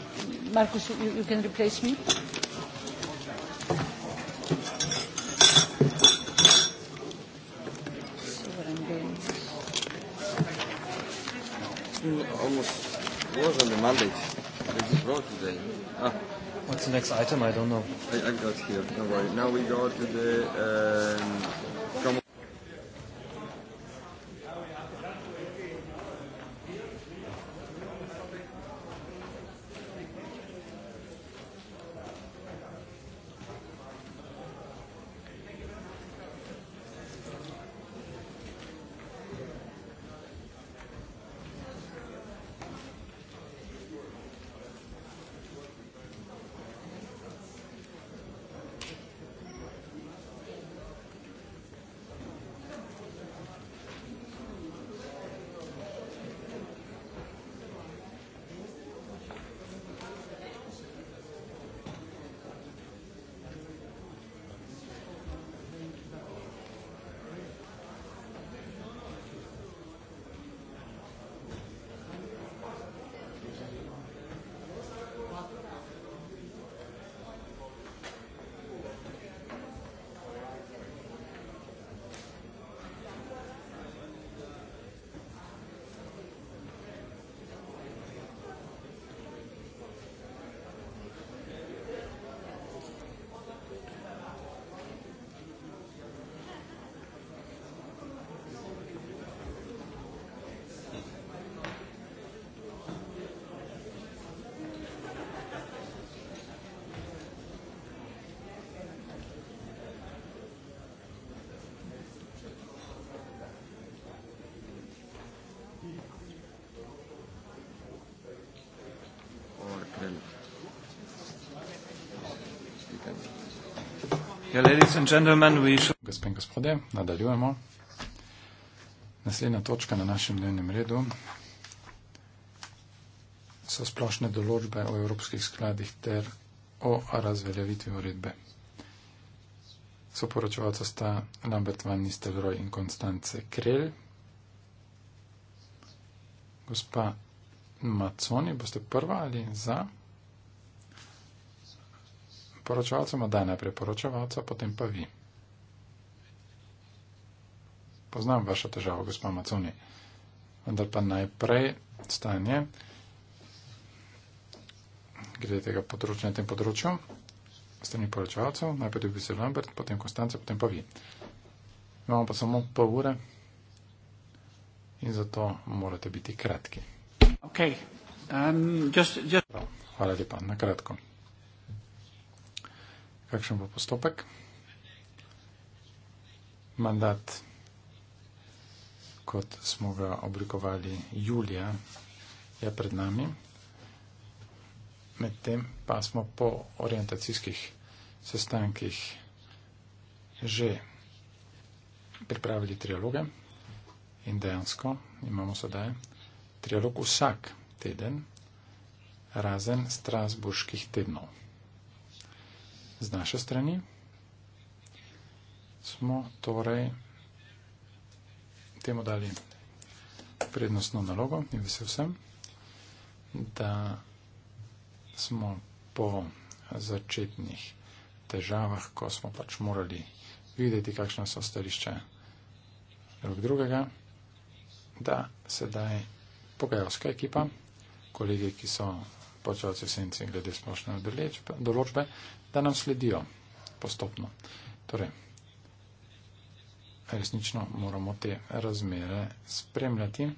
Marcus, you, you can replace me? almost was on the mandate that you brought today. Ah. What's the next item? I don't know. I, I've got here. Don't no worry. Now we go to the. Um, come Gospe in gospode, nadaljujemo. Naslednja točka na našem dnevnem redu so splošne določbe o evropskih skladih ter o razveljavitvi uredbe. Soporočevalca sta Lambert van Nistelrooy in Konstance Krelj. Gospa Maconi, boste prva ali za? poročevalcem, da je najprej poročevalca, potem pa vi. Poznam vašo težavo, gospod Macuni. Vendar pa najprej stanje, glede tega področja na tem področju, strani poročevalcev, najprej dobi se Lambert, potem Konstance, potem pa vi. Imamo pa samo pol ure in zato morate biti kratki. Okay. Um, just, just... Hvala lepa, na kratko kakšen bo postopek. Mandat, kot smo ga oblikovali julija, je pred nami. Medtem pa smo po orientacijskih sestankih že pripravili trialoge in dejansko imamo sedaj trialog vsak teden, razen strasburških tednov z naše strani, smo torej temu dali prednostno nalogo in vesel sem, da smo po začetnih težavah, ko smo pač morali videti, kakšne so stališče drug drugega, da sedaj pogajalska ekipa, kolegi, ki so počevalci v senci glede splošne določbe, da nam sledijo postopno. Torej, resnično moramo te razmere spremljati.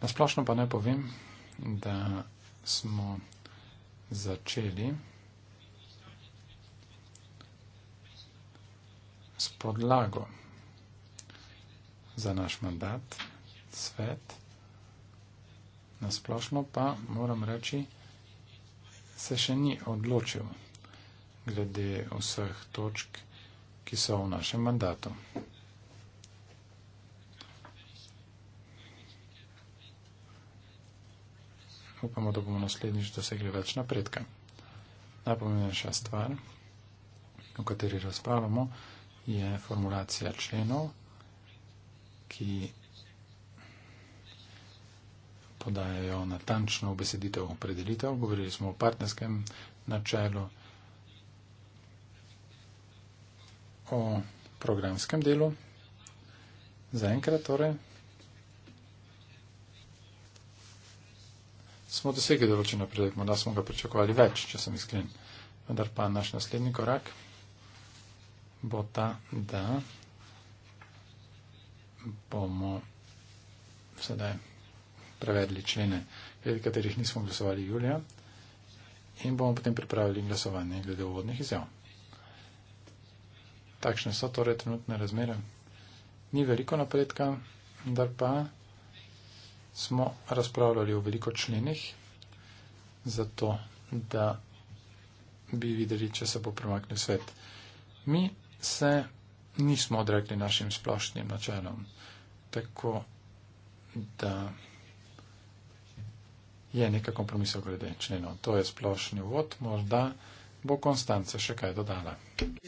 Nasplošno pa naj povem, da smo začeli s podlago za naš mandat, svet, nasplošno pa moram reči, se še ni odločil glede vseh točk, ki so v našem mandatu. Upamo, da bomo naslednjič dosegli več napredka. Najpomembnejša stvar, o kateri razpravljamo, je formulacija členov, ki podajajo natančno obeseditev opredelitev. Govorili smo o partnerskem načelu, o programskem delu. Zaenkrat torej smo dosegli določen napredek, morda smo ga pričakovali več, če sem iskren. Vendar pa naš naslednji korak bo ta, da bomo sedaj prevedli člene, glede katerih nismo glasovali julija in bomo potem pripravili glasovanje glede uvodnih izjav. Takšne so torej trenutne razmere. Ni veliko napredka, vendar pa smo razpravljali o veliko členih, zato da bi videli, če se bo premaknil svet. Mi se nismo odrekli našim splošnim načelom, tako da je nekaj kompromisov glede členov. To je splošni uvod, morda bo Konstance še kaj dodala.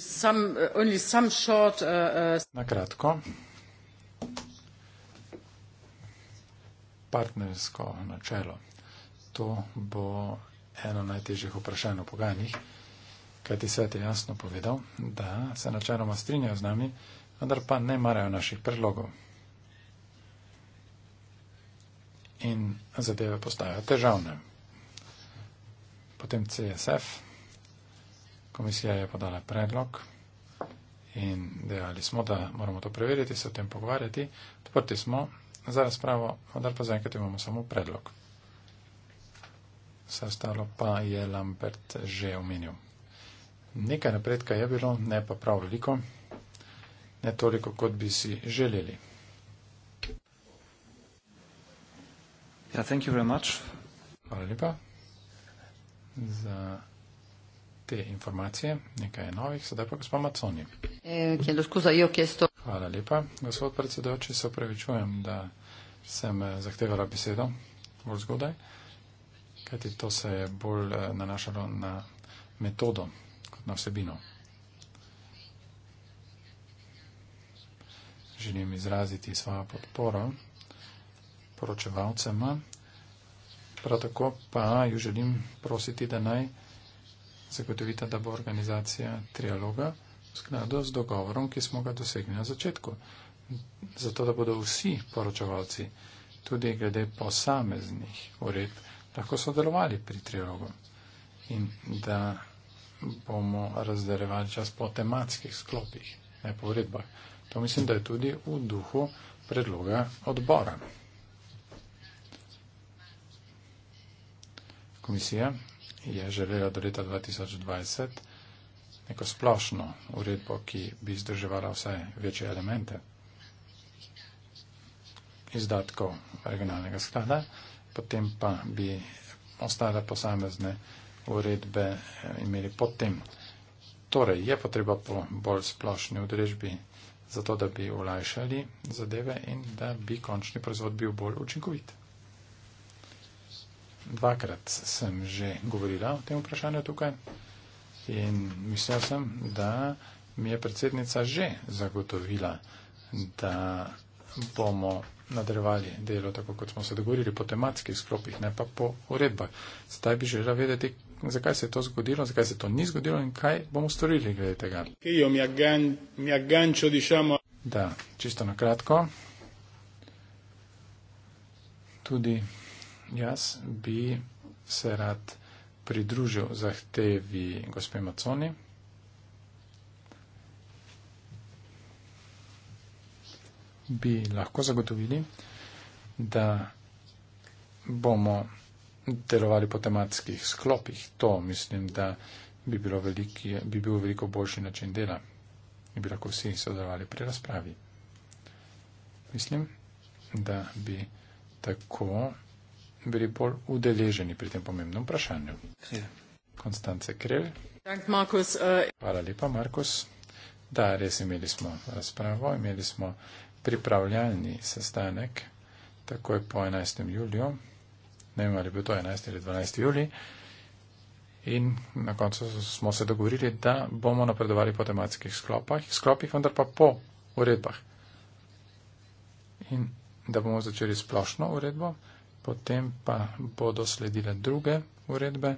Some, uh, some short, uh, uh... Na kratko. Partnersko načelo. To bo eno najtežjih vprašanj o pogajanjih, kajti svet je jasno povedal, da se načeloma strinjajo z nami, vendar pa ne marajo naših predlogov. in zadeve postajajo težavne. Potem CSF, komisija je podala predlog in dejali smo, da moramo to preveriti, se o tem pogovarjati. Odprti smo za razpravo, vendar pa zaenkrat imamo samo predlog. Vse ostalo pa je Lambert že omenil. Nekaj napredka je bilo, ne pa prav veliko, ne toliko, kot bi si želeli. Ja, thank you very much. Hvala lepa za te informacije. Nekaj novih, sedaj pa gospod Maconi. Eh, Hvala lepa, gospod predsedoči, se upravičujem, da sem eh, zahtevala besedo bolj zgodaj, kajti to se je bolj eh, nanašalo na metodo kot na vsebino. Želim izraziti svojo podporo poročevalcema. Prav tako pa ju želim prositi, da naj zagotovite, da bo organizacija trialoga v skladu z dogovorom, ki smo ga dosegli na začetku. Zato, da bodo vsi poročevalci, tudi glede posameznih ured, lahko sodelovali pri trialogu in da bomo razdelevali čas po tematskih sklopih, ne po uredbah. To mislim, da je tudi v duhu predloga odbora. komisije je želela do leta 2020 neko splošno uredbo, ki bi združevala vse večje elemente izdatkov regionalnega sklada, potem pa bi ostale posamezne uredbe imeli potem. Torej, je potreba po bolj splošni odrežbi za to, da bi olajšali zadeve in da bi končni proizvod bil bolj učinkovit dvakrat sem že govorila o tem vprašanju tukaj in mislil sem, da mi je predsednica že zagotovila, da bomo nadaljevali delo tako, kot smo se dogovorili po tematskih sklopih, ne pa po uredbah. Zdaj bi želela vedeti, zakaj se je to zgodilo, zakaj se to ni zgodilo in kaj bomo storili glede tega. Da, čisto na kratko. Tudi jaz bi se rad pridružil zahtevi gospe Maconi. Bi lahko zagotovili, da bomo delovali po tematskih sklopih. To mislim, da bi, bilo veliki, bi bil veliko boljši način dela in bi lahko vsi sodelovali pri razpravi. Mislim, da bi tako bili bolj udeleženi pri tem pomembnem vprašanju. Ja. Konstance Krelj. Dank, Markus, uh... Hvala lepa, Markus. Da, res imeli smo razpravo, imeli smo pripravljalni sestanek takoj po 11. juliju. Ne vem, ali je bil to 11. ali 12. juli. In na koncu smo se dogovorili, da bomo napredovali po tematskih sklopah, sklopih, vendar pa po uredbah. In da bomo začeli splošno uredbo potem pa bodo sledile druge uredbe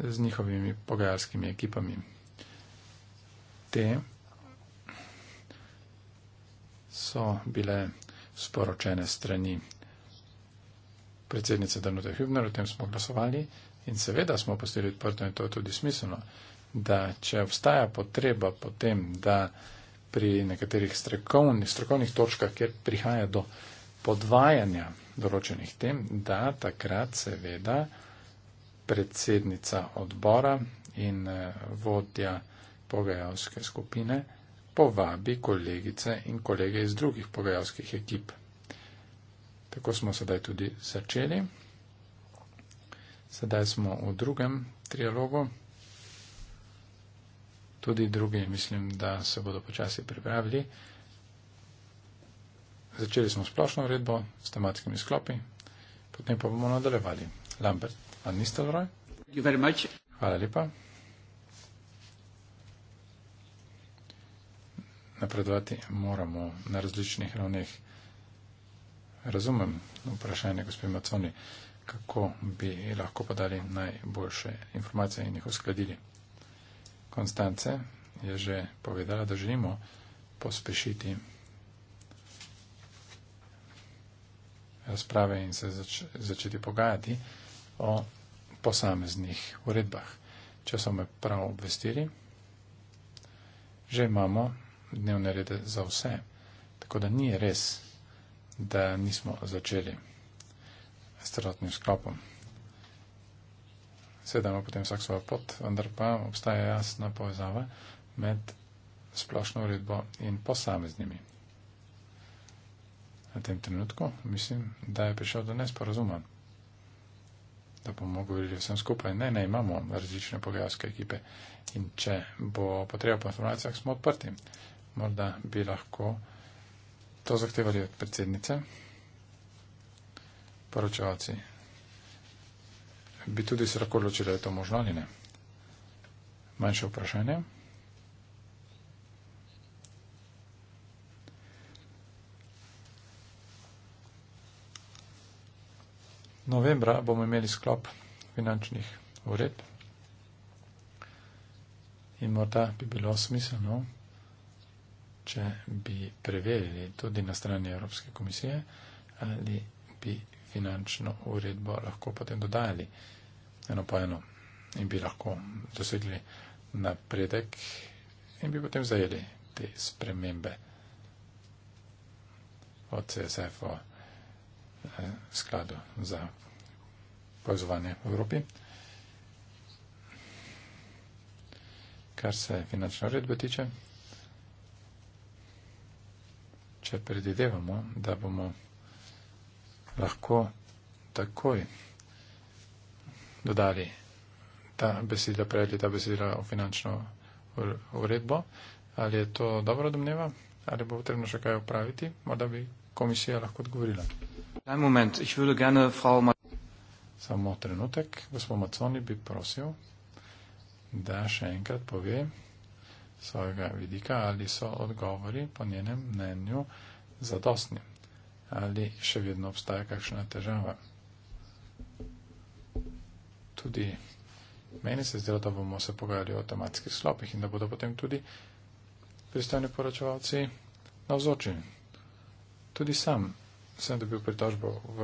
z njihovimi pogajalskimi ekipami. Te so bile sporočene strani predsednice Danute Hübner, o tem smo glasovali in seveda smo postili odprto in to je tudi smiselno, da če obstaja potreba potem, da pri nekaterih strokovnih, strokovnih točkah, kjer prihaja do podvajanja določenih tem, da takrat seveda predsednica odbora in eh, vodja pogajalske skupine povabi kolegice in kolege iz drugih pogajalskih ekip. Tako smo sedaj tudi začeli. Sedaj smo v drugem trialogu. Tudi drugi, mislim, da se bodo počasi pripravili. Začeli smo splošno uredbo s tematskimi sklopi, potem pa bomo nadaljevali. Lambert, ali niste vroj? Hvala lepa. Napredovati moramo na različnih ravneh. Razumem vprašanje gospe Maconi, kako bi lahko podali najboljše informacije in jih uskladili. Konstance je že povedala, da želimo pospešiti razprave in se zač začeti pogajati o posameznih uredbah. Če so me prav obvestili, že imamo dnevne rede za vse, tako da ni res, da nismo začeli s celotnim sklopom. Sedamo potem vsak svojo pot, vendar pa obstaja jasna povezava med splošno uredbo in posameznimi na tem trenutku, mislim, da je prišel do nesporazuma, da bomo govorili vsem skupaj. Ne, ne, imamo različne pogajalske ekipe in če bo potreba po informacijah, smo odprti. Morda bi lahko to zahtevali od predsednice, poročevalci. Bi tudi se lahko odločili, da je to možno ali ne. Manjše vprašanje. novembra bomo imeli sklop finančnih ured in morda bi bilo smiselno, če bi preverili tudi na strani Evropske komisije, ali bi finančno uredbo lahko potem dodajali eno po eno in bi lahko dosegli napredek in bi potem zajeli te spremembe od CSF-a. Eh, skladu za povezovanje v Evropi. Kar se finančne uredbe tiče, če predvidevamo, da bomo lahko takoj dodali ta besedila, prejeli ta besedila v finančno uredbo, ali je to dobro domneva, ali bo potrebno še kaj upraviti, morda bi komisija lahko odgovorila. Ein Moment, ich würde gerne Frau Samo trenutek, gospod Maconi bi prosil, da še enkrat pove svojega vidika, ali so odgovori po njenem mnenju zadostni, ali še vedno obstaja kakšna težava. Tudi meni se zdelo, da bomo se pogajali o tematskih slopih in da bodo potem tudi pristojni poročevalci navzočeni. Tudi sam sem dobil pritožbo v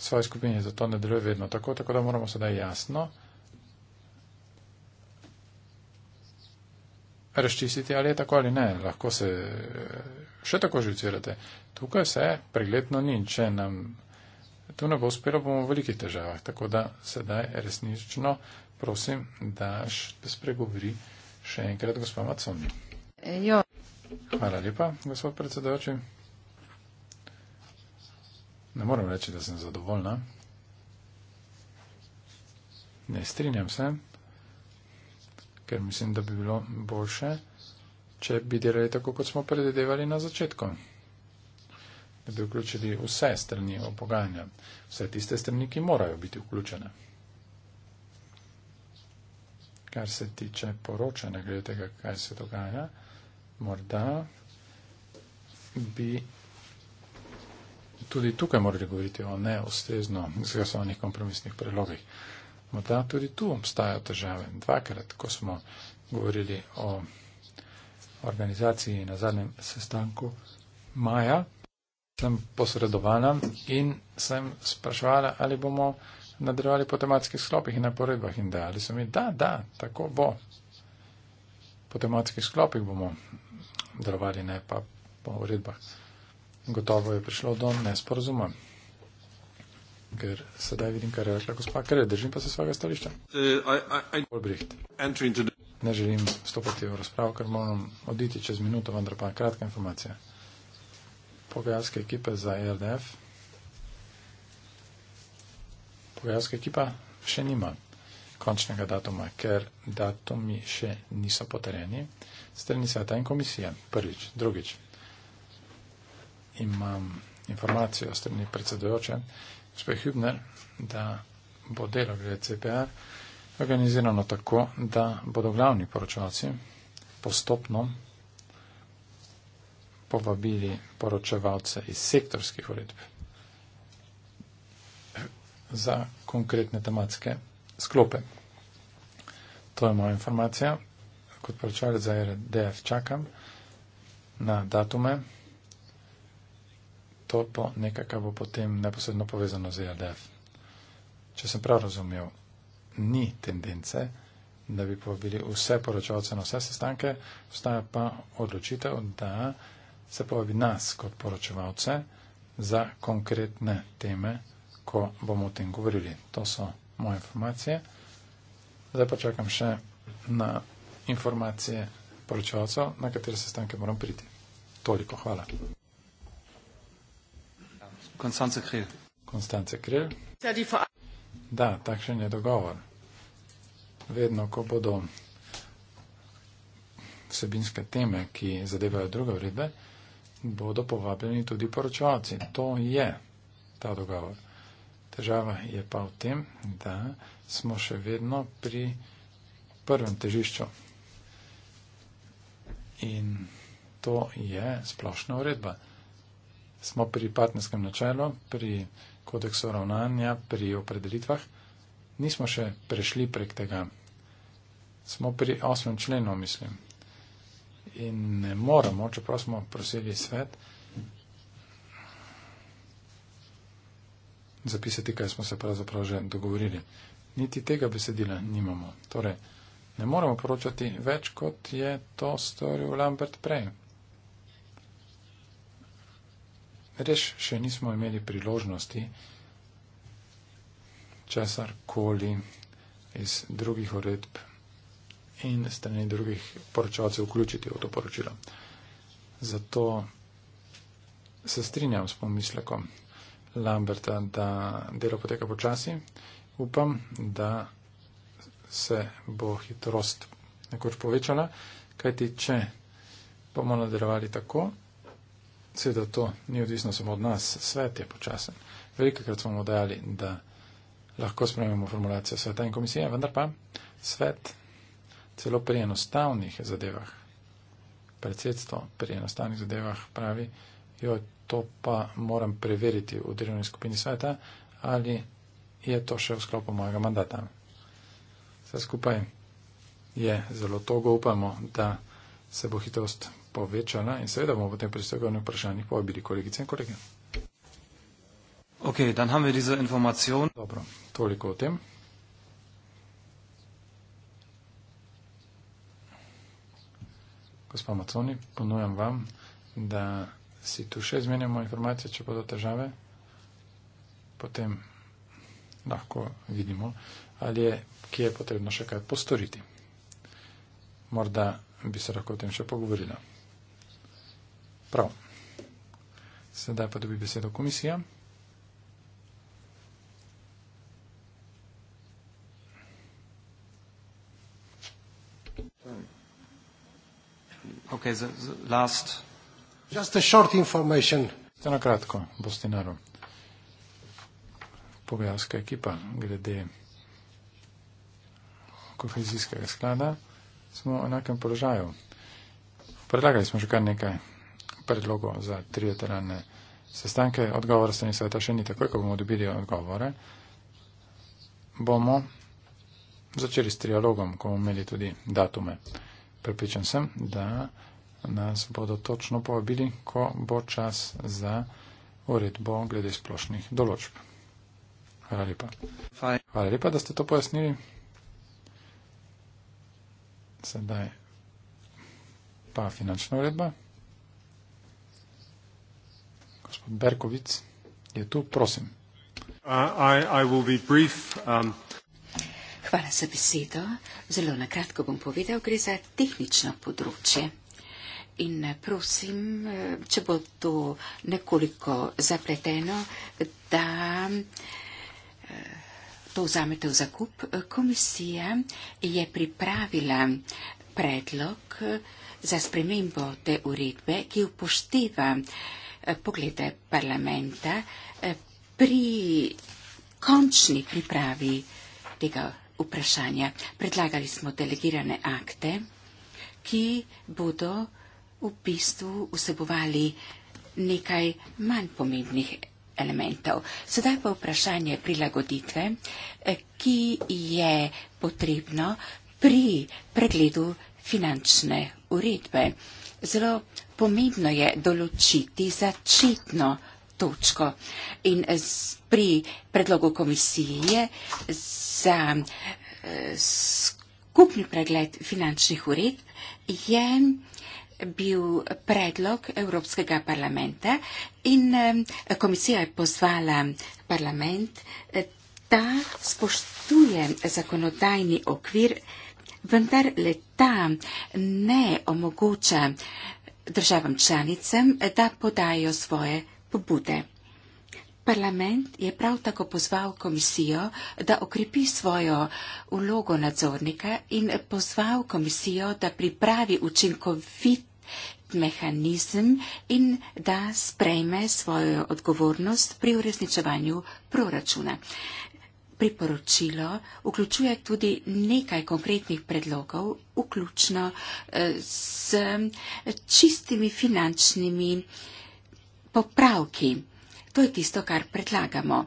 svoji skupini, zato ne deluje vedno tako, tako da moramo sedaj jasno razčistiti, ali je tako ali ne. Lahko se eh, še tako živcirate. Tukaj se pregledno ni, če nam tu ne bo uspelo, bomo v velikih težavah. Tako da sedaj resnično prosim, da spregovori še enkrat gospod Macon. Hvala lepa, gospod predsedujoči. Ne morem reči, da sem zadovoljna. Ne strinjam se, ker mislim, da bi bilo boljše, če bi delali tako, kot smo predvidevali na začetku. Da bi vključili vse strani opogajanja, vse tiste strani, ki morajo biti vključene. Kar se tiče poročanja, glede tega, kaj se dogaja, morda bi tudi tukaj morali govoriti o neustrezno izglasovanih kompromisnih predlogih. Morda tudi tu obstajajo težave. Dvakrat, ko smo govorili o organizaciji na zadnjem sestanku maja, sem posredovala in sem spraševala, ali bomo nadaljevali po tematskih sklopih in na poredbah in da, ali so mi, da, da, tako bo. Po tematskih sklopih bomo delovali, ne pa po uredbah gotovo je prišlo do nesporazuma. Ker sedaj vidim, kar je rekla gospa Kere, držim pa se svojega stališča. Uh, I, I, I... Ne želim vstopiti v razpravo, ker moram oditi čez minuto, vendar pa kratka informacija. Pogajalske ekipe za e RDF. Pogajalska ekipa še nima končnega datuma, ker datumi še niso potrjeni. Strani sveta in komisije. Prvič. Drugič imam informacijo s temni predsedojoče, gospod Hübner, da bo delo glede CPR organizirano tako, da bodo glavni poročevalci postopno povabili poročevalce iz sektorskih uredb za konkretne tematske sklope. To je moja informacija. Kot poročevalec za RDF čakam na datume to bo nekaj, kar bo potem neposredno povezano z JDF. E Če sem prav razumel, ni tendence, da bi povabili vse poročevalce na vse sestanke, vstaja pa odločitev, da se povabi nas kot poročevalce za konkretne teme, ko bomo o tem govorili. To so moje informacije. Zdaj pa čakam še na informacije poročevalcev, na katere sestanke moram priti. Toliko, hvala. Konstance Krill. Konstance Krill. Da, takšen je dogovor. Vedno, ko bodo vsebinske teme, ki zadevajo druge uredbe, bodo povabljeni tudi poročevalci. To je ta dogovor. Težava je pa v tem, da smo še vedno pri prvem težišču. In to je splošna uredba smo pri partnerskem načelu, pri kodeksu ravnanja, pri opredelitvah. Nismo še prešli prek tega. Smo pri osmem členu, mislim. In ne moramo, čeprav smo prosili svet, zapisati, kaj smo se pravzaprav že dogovorili. Niti tega besedila nimamo. Torej, ne moramo poročati več, kot je to storil Lambert prej. Res še nismo imeli priložnosti česar koli iz drugih uredb in strani drugih poročevalcev vključiti v to poročilo. Zato se strinjam s pomislekom Lamberta, da delo poteka počasi. Upam, da se bo hitrost nekoč povečala, kajti če bomo nadaljevali tako, seveda to ni odvisno samo od nas, svet je počasen. Veliko krat smo mu dali, da lahko spremenimo formulacijo sveta in komisije, vendar pa svet celo pri enostavnih zadevah, predsedstvo pri enostavnih zadevah pravi, jo to pa moram preveriti v delovni skupini sveta, ali je to še v sklopu mojega mandata. Vse skupaj je zelo togo, upamo, da se bo hitrost povečala in seveda bomo potem pristopili na vprašanje, pa bili kolegice in kolege. Ok, dan imamo diese informacijon. Dobro, toliko o tem. Gospod Maconi, ponujam vam, da si tu še izmenjamo informacije, če bodo težave, potem lahko vidimo, ali je kje je potrebno še kaj postoriti. Morda bi se lahko o tem še pogovorila. Prav. Sedaj pa dobi besedo komisija. Okay, the, the last. Just a short information. Ste na kratko, boste naro. Pogajalska ekipa glede kohezijskega sklada smo v enakem položaju. Predlagali smo že kar nekaj predlogu za trijateralne sestanke. Odgovor strani sveta še ni takoj, ko bomo dobili odgovore. Bomo začeli s trialogom, ko bomo imeli tudi datume. Pripričan sem, da nas bodo točno povabili, ko bo čas za uredbo glede splošnih določb. Hvala lepa. Hvala lepa, da ste to pojasnili. Sedaj pa finančna uredba. Gospod Berkovic je tu, prosim. Uh, um, Hvala za besedo. Zelo na kratko bom povedal, gre za tehnično področje. In eh, prosim, eh, če bo to nekoliko zapleteno, da eh, to vzamete v zakup. Komisija je pripravila predlog za spremembo te uredbe, ki upošteva Eh, poglede parlamenta eh, pri končni pripravi tega vprašanja. Predlagali smo delegirane akte, ki bodo v bistvu vsebovali nekaj manj pomembnih elementov. Sedaj pa vprašanje prilagoditve, eh, ki je potrebno pri pregledu finančne uredbe. Zelo pomembno je določiti začetno točko in pri predlogu komisije za eh, skupni pregled finančnih ured je bil predlog Evropskega parlamenta in eh, komisija je pozvala parlament, eh, da spoštuje zakonodajni okvir vendar le ta ne omogoča državam članicam, da podajo svoje pobude. Parlament je prav tako pozval komisijo, da okrepi svojo ulogo nadzornika in pozval komisijo, da pripravi učinkovit mehanizem in da sprejme svojo odgovornost pri uresničevanju proračuna priporočilo vključuje tudi nekaj konkretnih predlogov, vključno eh, s čistimi finančnimi popravki. To je tisto, kar predlagamo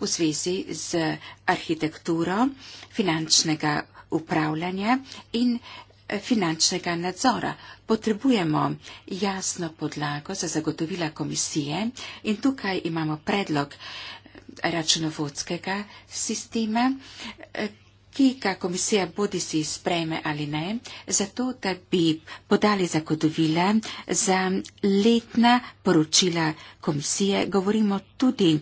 v zvezi z arhitekturo finančnega upravljanja in eh, finančnega nadzora. Potrebujemo jasno podlago za zagotovila komisije in tukaj imamo predlog eh, računovodskega sistema, eh, ki ga komisija bodi si sprejme ali ne, zato da bi podali zagotovila za letna poročila komisije. Govorimo tudi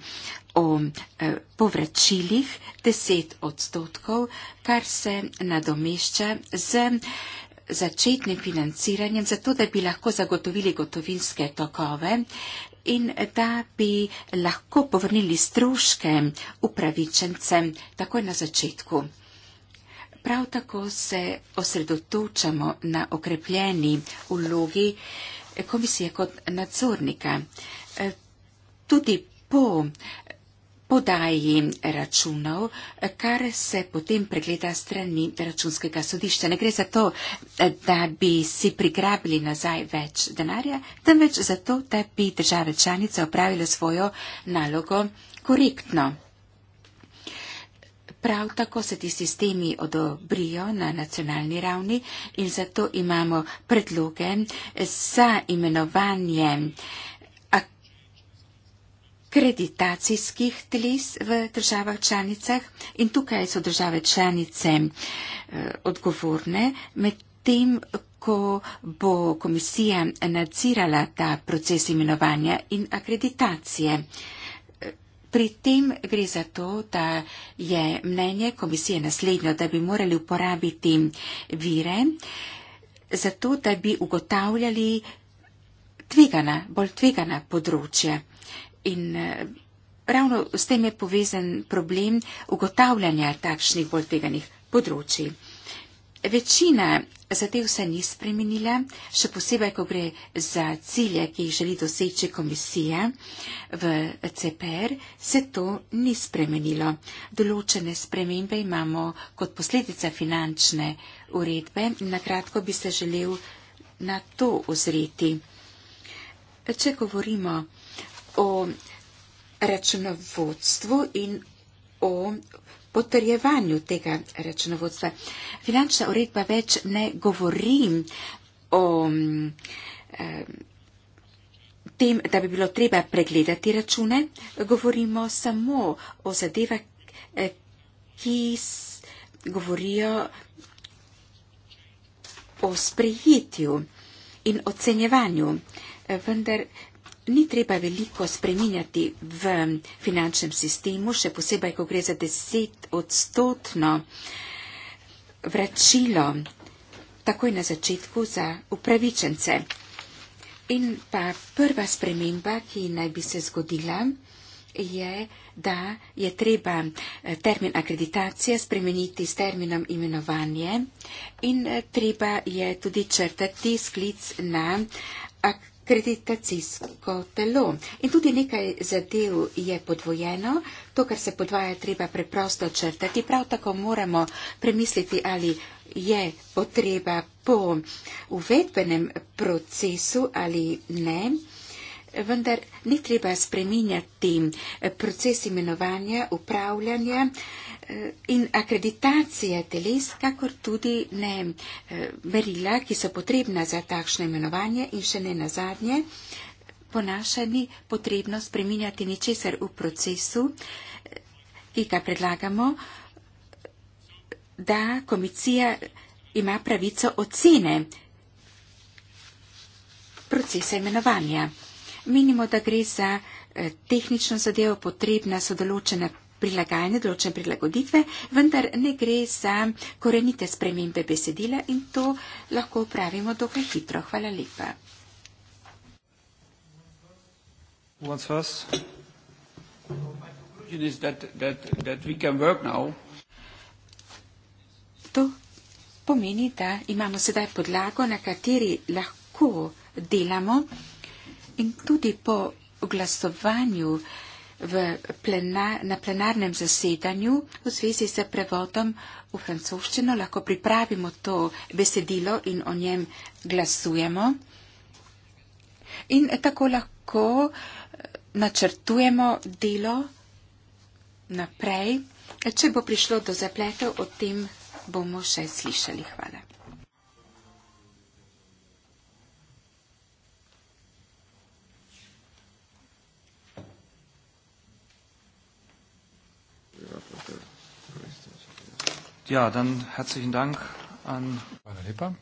o eh, povračilih 10 odstotkov, kar se nadomešča z začetnim financiranjem, zato da bi lahko zagotovili gotovinske tokove in da bi lahko povrnili stroške upravičencem takoj na začetku. Prav tako se osredotočamo na okrepljeni vlogi komisije kot nadzornika. Tudi po podaj jim računov, kar se potem pregleda strani računskega sodišča. Ne gre za to, da bi si prigrabili nazaj več denarja, temveč za to, da bi države članice opravile svojo nalogo korektno. Prav tako se ti sistemi odobrijo na nacionalni ravni in zato imamo predloge za imenovanje eh, kreditacijskih tlis v državah članicah in tukaj so države članice eh, odgovorne, medtem ko bo komisija nadzirala ta proces imenovanja in akreditacije. Pri tem gre za to, da je mnenje komisije naslednjo, da bi morali uporabiti vire, zato da bi ugotavljali tvegana, bolj tvegana področja in eh, ravno s tem je povezan problem ugotavljanja takšnih bolj teganih področji. Večina za te vse ni spremenila, še posebej, ko gre za cilje, ki jih želi doseči komisija v CPR, se to ni spremenilo. Določene spremembe imamo kot posledica finančne uredbe. Nakratko bi se želel na to ozreti. Če govorimo o računovodstvu in o potrjevanju tega računovodstva. Finančna uredba več ne govori o um, eh, tem, da bi bilo treba pregledati račune, govorimo samo o zadevah, eh, ki govorijo o sprejetju in ocenjevanju. Vendar ni treba veliko spreminjati v finančnem sistemu, še posebej, ko gre za deset odstotno vračilo takoj na začetku za upravičence. In pa prva sprememba, ki naj bi se zgodila, je, da je treba eh, termin akreditacija spremeniti s terminom imenovanje in eh, treba je tudi črtati sklic na akreditacijo kreditacijsko telo. In tudi nekaj zadev je podvojeno. To, kar se podvaja, treba preprosto črtati. Prav tako moramo premisliti, ali je potreba po uvedbenem procesu ali ne vendar ni treba spreminjati eh, proces imenovanja, upravljanja eh, in akreditacije teles, kakor tudi ne eh, merila, ki so potrebna za takšno imenovanje in še ne nazadnje. Po našem ni potrebno spreminjati ničesar v procesu, ki ga predlagamo, da komisija ima pravico ocene procesa imenovanja. Minimo, da gre za eh, tehnično zadevo, potrebna so določene prilagajanje, določene prilagoditve, vendar ne gre za korenite spremembe besedila in to lahko upravimo dokaj hitro. Hvala lepa. To pomeni, da imamo sedaj podlago, na kateri lahko delamo. In tudi po glasovanju plena, na plenarnem zasedanju v zvezi s prevodom v francoščino lahko pripravimo to besedilo in o njem glasujemo. In tako lahko eh, načrtujemo delo naprej. Če bo prišlo do zapletov, o tem bomo še slišali. Hvala. Ja, dan herzlichen Dank an. Hvala lepa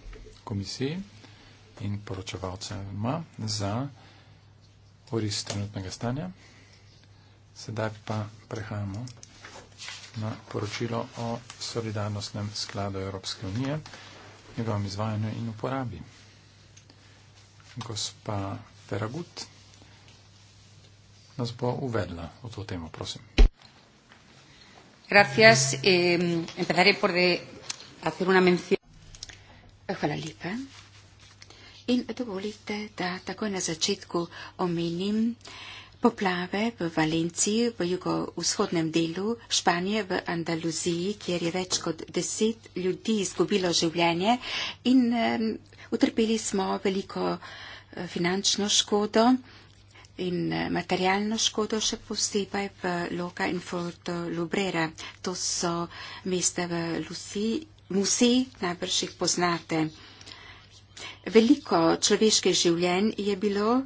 komisiji in poročevalcem za oris trenutnega stanja. Sedaj pa prehajamo na poročilo o solidarnostnem skladu Evropske unije, njegovem izvajanju in uporabi. Gospa Feragut nas bo uvedla v to temo, prosim. Gracias. Eh, empezaré por de hacer una mención. Hvala lepa. In dovolite, da takoj na začetku omenim poplave v Valenciji, v jugovzhodnem delu Španije, v Andaluziji, kjer je več kot deset ljudi izgubilo življenje in um, utrpeli smo veliko eh, finančno škodo in eh, materialno škodo še posebej v Loka in Forto Lubrera. To so mesta v Lusi, Musi, najbrž jih poznate. Veliko človeških življenj je bilo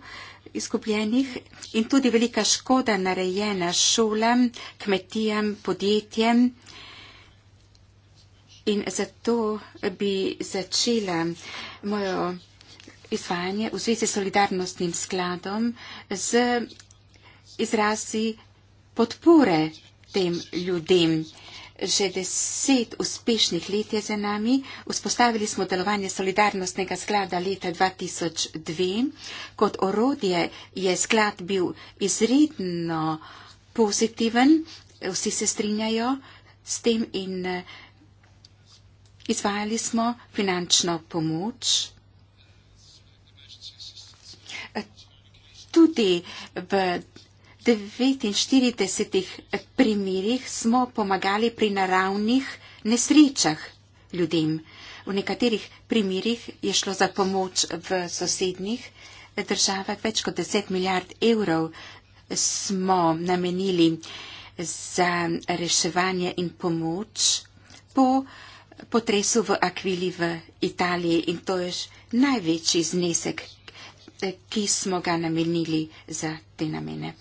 izgubljenih in tudi velika škoda narejena šolam, kmetijam, podjetjem. In zato bi začela mojo izvajanje v zvezi s solidarnostnim skladom z izrazi podpore tem ljudem. Že deset uspešnih let je za nami. Vzpostavili smo delovanje solidarnostnega sklada leta 2002. Kot orodje je sklad bil izredno pozitiven. Vsi se strinjajo s tem in eh, izvajali smo finančno pomoč tudi v 49 primerjih smo pomagali pri naravnih nesrečah ljudem. V nekaterih primerjih je šlo za pomoč v sosednjih državah. Več kot 10 milijard evrov smo namenili za reševanje in pomoč po potresu v Akvili v Italiji in to je največji znesek, ki smo ga namenili za te namene.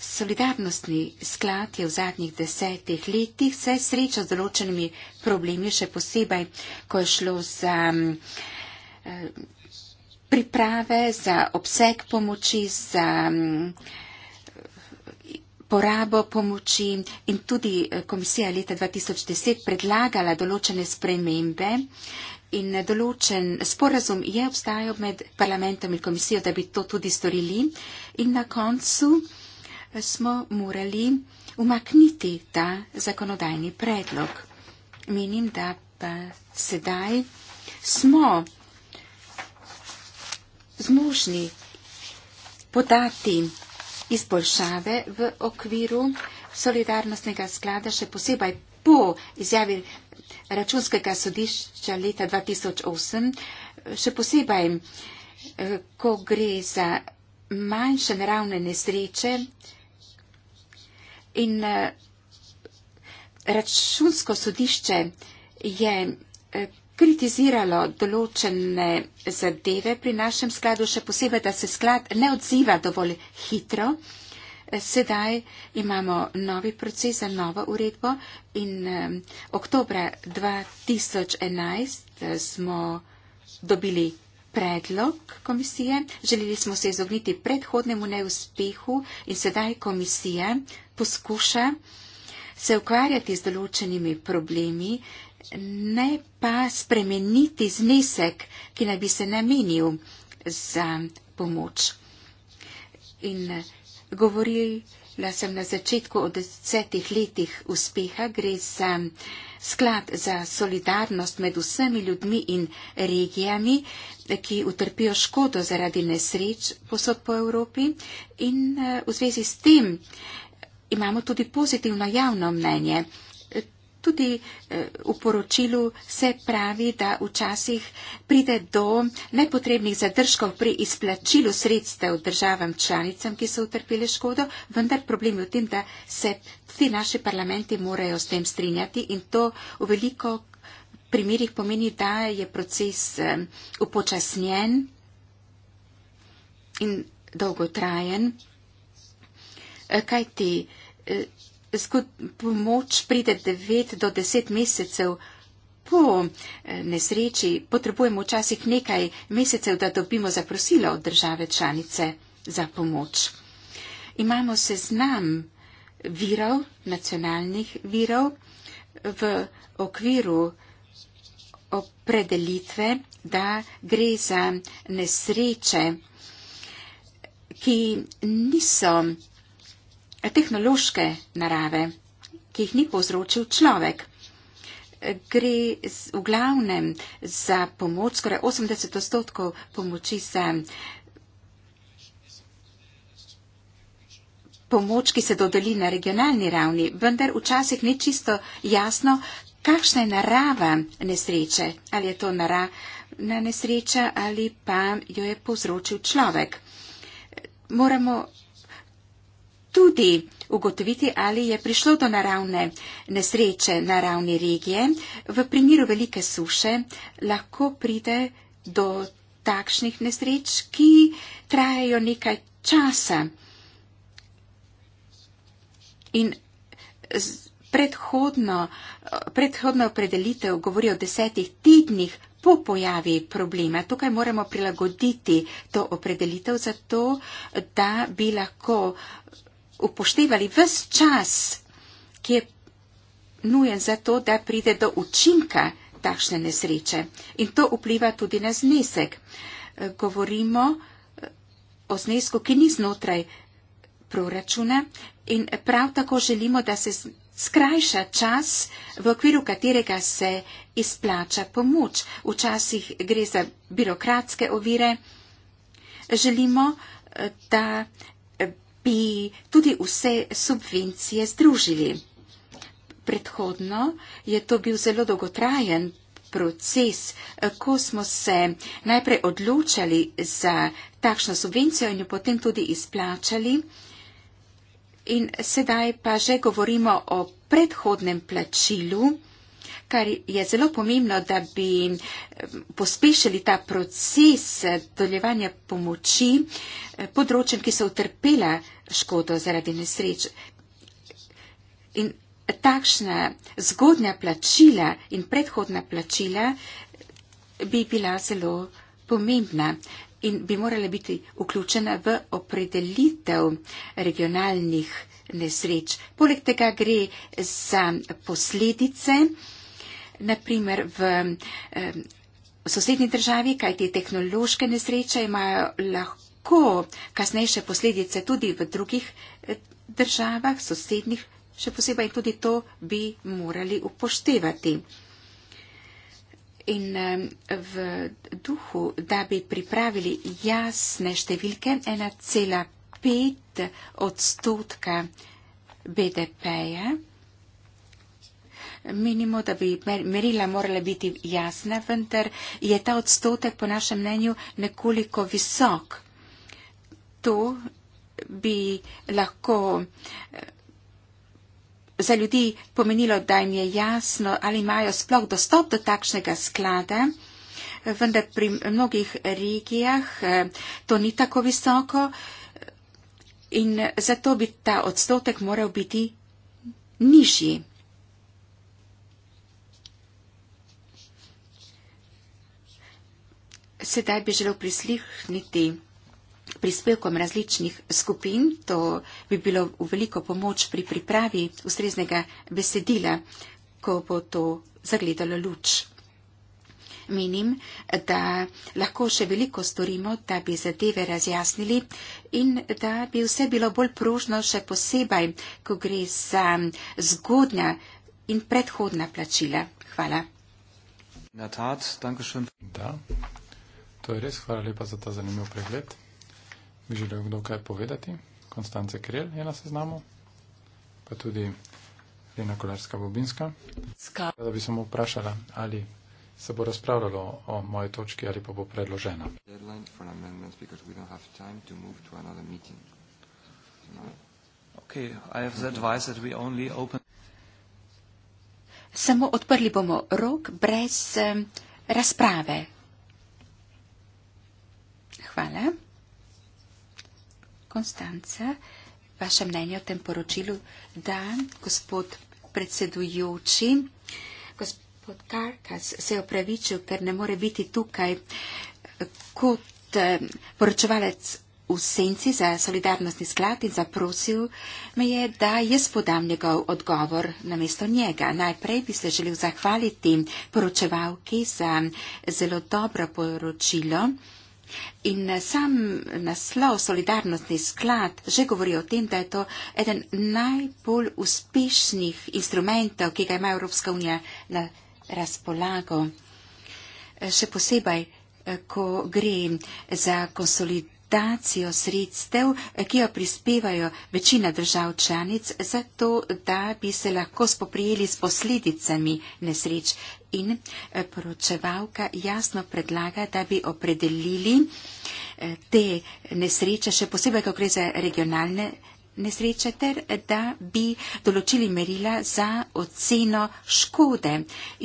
Solidarnostni sklad je v zadnjih desetih letih se srečal z določenimi problemi, še posebej, ko je šlo za mm, eh, priprave, za obseg pomoči, za mm, porabo pomoči in tudi eh, komisija leta 2010 predlagala določene spremembe, in določen sporazum je obstajal med parlamentom in komisijo, da bi to tudi storili. In na koncu eh, smo morali umakniti ta zakonodajni predlog. Menim, da pa sedaj smo zmožni podati izboljšave v okviru solidarnostnega sklada, še posebej po izjavi računskega sodišča leta 2008, še posebej, eh, ko gre za manjše naravne nesreče in eh, računsko sodišče je eh, kritiziralo določene zadeve pri našem skladu, še posebej, da se sklad ne odziva dovolj hitro sedaj imamo novi proces, novo uredbo in oktobra 2011 eh, smo dobili predlog komisije. Želeli smo se izogniti predhodnemu neuspehu in sedaj komisija poskuša se ukvarjati z določenimi problemi, ne pa spremeniti znesek, ki naj bi se namenil za pomoč. In Govorila sem na začetku o desetih letih uspeha, gre za sklad za solidarnost med vsemi ljudmi in regijami, ki utrpijo škodo zaradi nesreč posod po Evropi. In eh, v zvezi s tem imamo tudi pozitivno javno mnenje tudi eh, v poročilu se pravi, da včasih pride do nepotrebnih zadržkov pri izplačilu sredstev državam članicam, ki so utrpile škodo, vendar problem je v tem, da se tudi naši parlamenti morajo s tem strinjati in to v veliko primerih pomeni, da je proces eh, upočasnjen in dolgotrajen. Eh, Kaj ti? skozi pomoč pride 9 do 10 mesecev. Po eh, nesreči potrebujemo včasih nekaj mesecev, da dobimo zaprosilo od države članice za pomoč. Imamo seznam virov, nacionalnih virov, v okviru opredelitve, da gre za nesreče, ki niso tehnološke narave, ki jih ni povzročil človek. Gre v glavnem za pomoč, skoraj 80 odstotkov pomoči za pomoč, ki se dodeli na regionalni ravni, vendar včasih ni čisto jasno, kakšna je narava nesreče, ali je to naravna nesreča ali pa jo je povzročil človek. Moramo tudi ugotoviti, ali je prišlo do naravne nesreče na ravni regije. V primeru velike suše lahko pride do takšnih nesreč, ki trajajo nekaj časa. In predhodno, predhodno opredelitev govori o desetih tednih po pojavi problema. Tukaj moramo prilagoditi to opredelitev zato, da bi lahko upoštevali ves čas, ki je nujen za to, da pride do učinka takšne nesreče. In to vpliva tudi na znesek. Eh, govorimo eh, o znesku, ki ni znotraj proračuna in prav tako želimo, da se skrajša čas, v okviru katerega se izplača pomoč. Včasih gre za birokratske ovire. Želimo, eh, da bi tudi vse subvencije združili. Predhodno je to bil zelo dolgotrajen proces, ko smo se najprej odločali za takšno subvencijo in jo potem tudi izplačali. In sedaj pa že govorimo o predhodnem plačilu kar je zelo pomembno, da bi eh, pospešili ta proces doljevanja pomoči eh, področjem, ki so utrpela škodo zaradi nesreč. In takšna zgodnja plačila in predhodna plačila eh, bi bila zelo pomembna in bi morala biti vključena v opredelitev regionalnih nesreč. Poleg tega gre za posledice naprimer v sosednji državi, kaj te tehnološke nesreče imajo lahko kasnejše posledice tudi v drugih e, državah, sosednjih še posebej in tudi to bi morali upoštevati. In v duhu, da bi pripravili jasne številke, 1,5 odstotka BDP-ja minimo, da bi merila morala biti jasna, vendar je ta odstotek po našem mnenju nekoliko visok. To bi lahko eh, za ljudi pomenilo, da jim je jasno, ali imajo sploh dostop do takšnega sklada, vendar pri mnogih regijah eh, to ni tako visoko eh, in zato bi ta odstotek moral biti nižji. sedaj bi želel prislihniti prispevkom različnih skupin. To bi bilo v veliko pomoč pri pripravi ustreznega besedila, ko bo to zagledalo luč. Menim, da lahko še veliko storimo, da bi zadeve razjasnili in da bi vse bilo bolj prožno, še posebej, ko gre za zgodnja in predhodna plačila. Hvala. Na tat, danke schön. Da. To je res, hvala lepa za ta zanimiv pregled. Bi želel kdo kaj povedati? Konstance Krel je na seznamu, pa tudi Lena Kolarska Bobinska. Da bi samo vprašala, ali se bo razpravljalo o moje točki ali pa bo predložena. Samo odprli bomo rok brez um, razprave. Hvala. Konstanca, vaše mnenje o tem poročilu, da gospod predsedujoči, gospod Karkas se je opravičil, ker ne more biti tukaj eh, kot eh, poročevalec v senci za solidarnostni sklad in zaprosil me je, da jaz podam njegov odgovor na mesto njega. Najprej bi se želel zahvaliti poročevalki za zelo dobro poročilo. In eh, sam naslov solidarnostni sklad že govori o tem, da je to eden najbolj uspešnih instrumentov, ki ga ima Evropska unija na razpolago. Eh, še posebej, eh, ko gre za konsolidacijo sredstev, ki jo prispevajo večina držav članic, zato da bi se lahko spoprijeli s posledicami nesreč in eh, poročevalka jasno predlaga, da bi opredelili eh, te nesreče, še posebej, ko gre za regionalne nesreče, ter eh, da bi določili merila za oceno škode.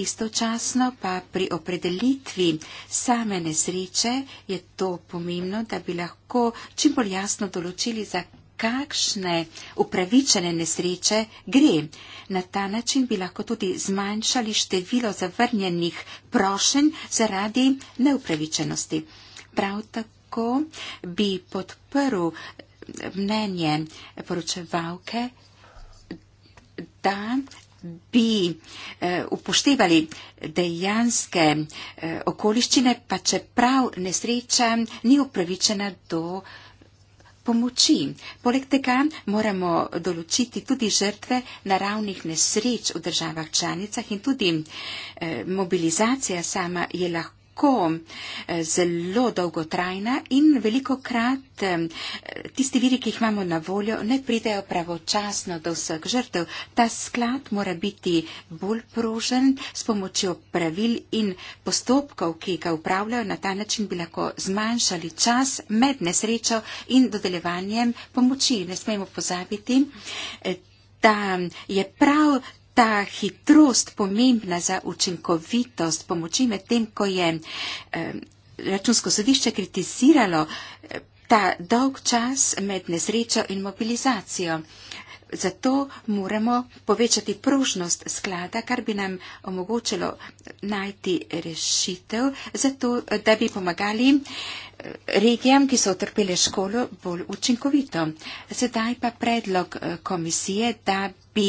Istočasno pa pri opredelitvi same nesreče je to pomembno, da bi lahko čim bolj jasno določili, zakaj kakšne upravičene nesreče gre. Na ta način bi lahko tudi zmanjšali število zavrnjenih prošenj zaradi neupravičenosti. Prav tako bi podprl mnenje poročevalke, da bi eh, upoštevali dejanske eh, okoliščine, pa čeprav nesreča ni upravičena do pomoči. Poleg tega moramo določiti tudi žrtve naravnih nesreč v državah članicah in tudi eh, mobilizacija sama je lahko lahko eh, zelo dolgotrajna in veliko krat eh, tisti viri, ki jih imamo na voljo, ne pridejo pravočasno do vseh žrtev. Ta sklad mora biti bolj prožen s pomočjo pravil in postopkov, ki ga upravljajo. Na ta način bi lahko zmanjšali čas med nesrečo in dodeljevanjem pomoči. Ne smemo pozabiti, eh, da je prav ta hitrost pomembna za učinkovitost pomoči med tem, ko je eh, računsko sodišče kritiziralo eh, ta dolg čas med nesrečo in mobilizacijo. Zato moramo povečati pružnost sklada, kar bi nam omogočilo najti rešitev, zato, da bi pomagali eh, regijam, ki so utrpele školo, bolj učinkovito. Sedaj pa predlog eh, komisije, da bi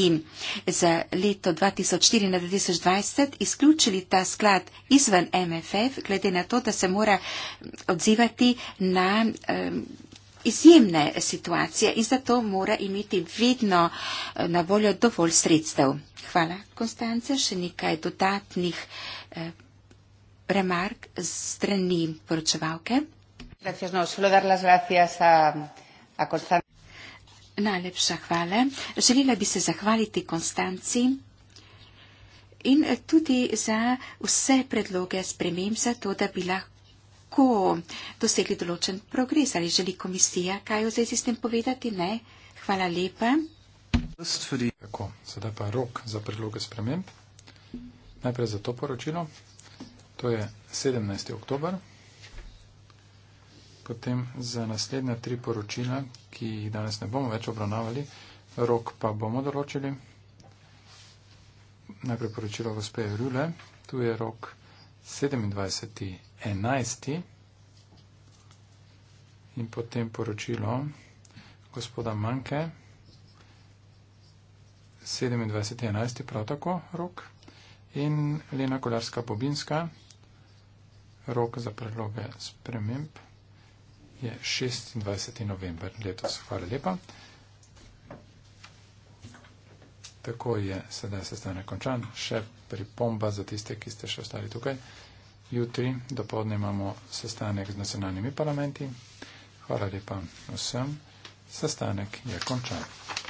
za leto 2004-2020 izključili ta sklad izven MFF, glede na to, da se mora odzivati na. Um, izjemne situacije in zato mora imeti vedno eh, na voljo dovolj sredstev. Hvala, Konstance, še nekaj dodatnih eh, remark strani poročevalke. No, Najlepša hvala. Želela bi se zahvaliti Konstanci in eh, tudi za vse predloge sprememb, za to, da bi lahko lahko dosegli določen progres. Ali želi komisija kaj v zvezi s tem povedati? Ne. Hvala lepa. Tako, sedaj pa rok za predloge sprememb. Najprej za to poročilo. To je 17. oktober. Potem za naslednja tri poročila, ki jih danes ne bomo več obravnavali, rok pa bomo določili. Najprej poročilo gospe Rule. Tu je rok 27. 11. In potem poročilo gospoda Manke, 27.11. prav tako rok. In Lena Kolarska Bobinska, rok za predloge sprememb je 26. november letos. Hvala lepa. Tako je sedaj sestanek končan. Še pripomba za tiste, ki ste še ostali tukaj jutri, do povdne imamo sestanek z nacionalnimi parlamenti. Hvala lepa vsem. Sestanek je končan.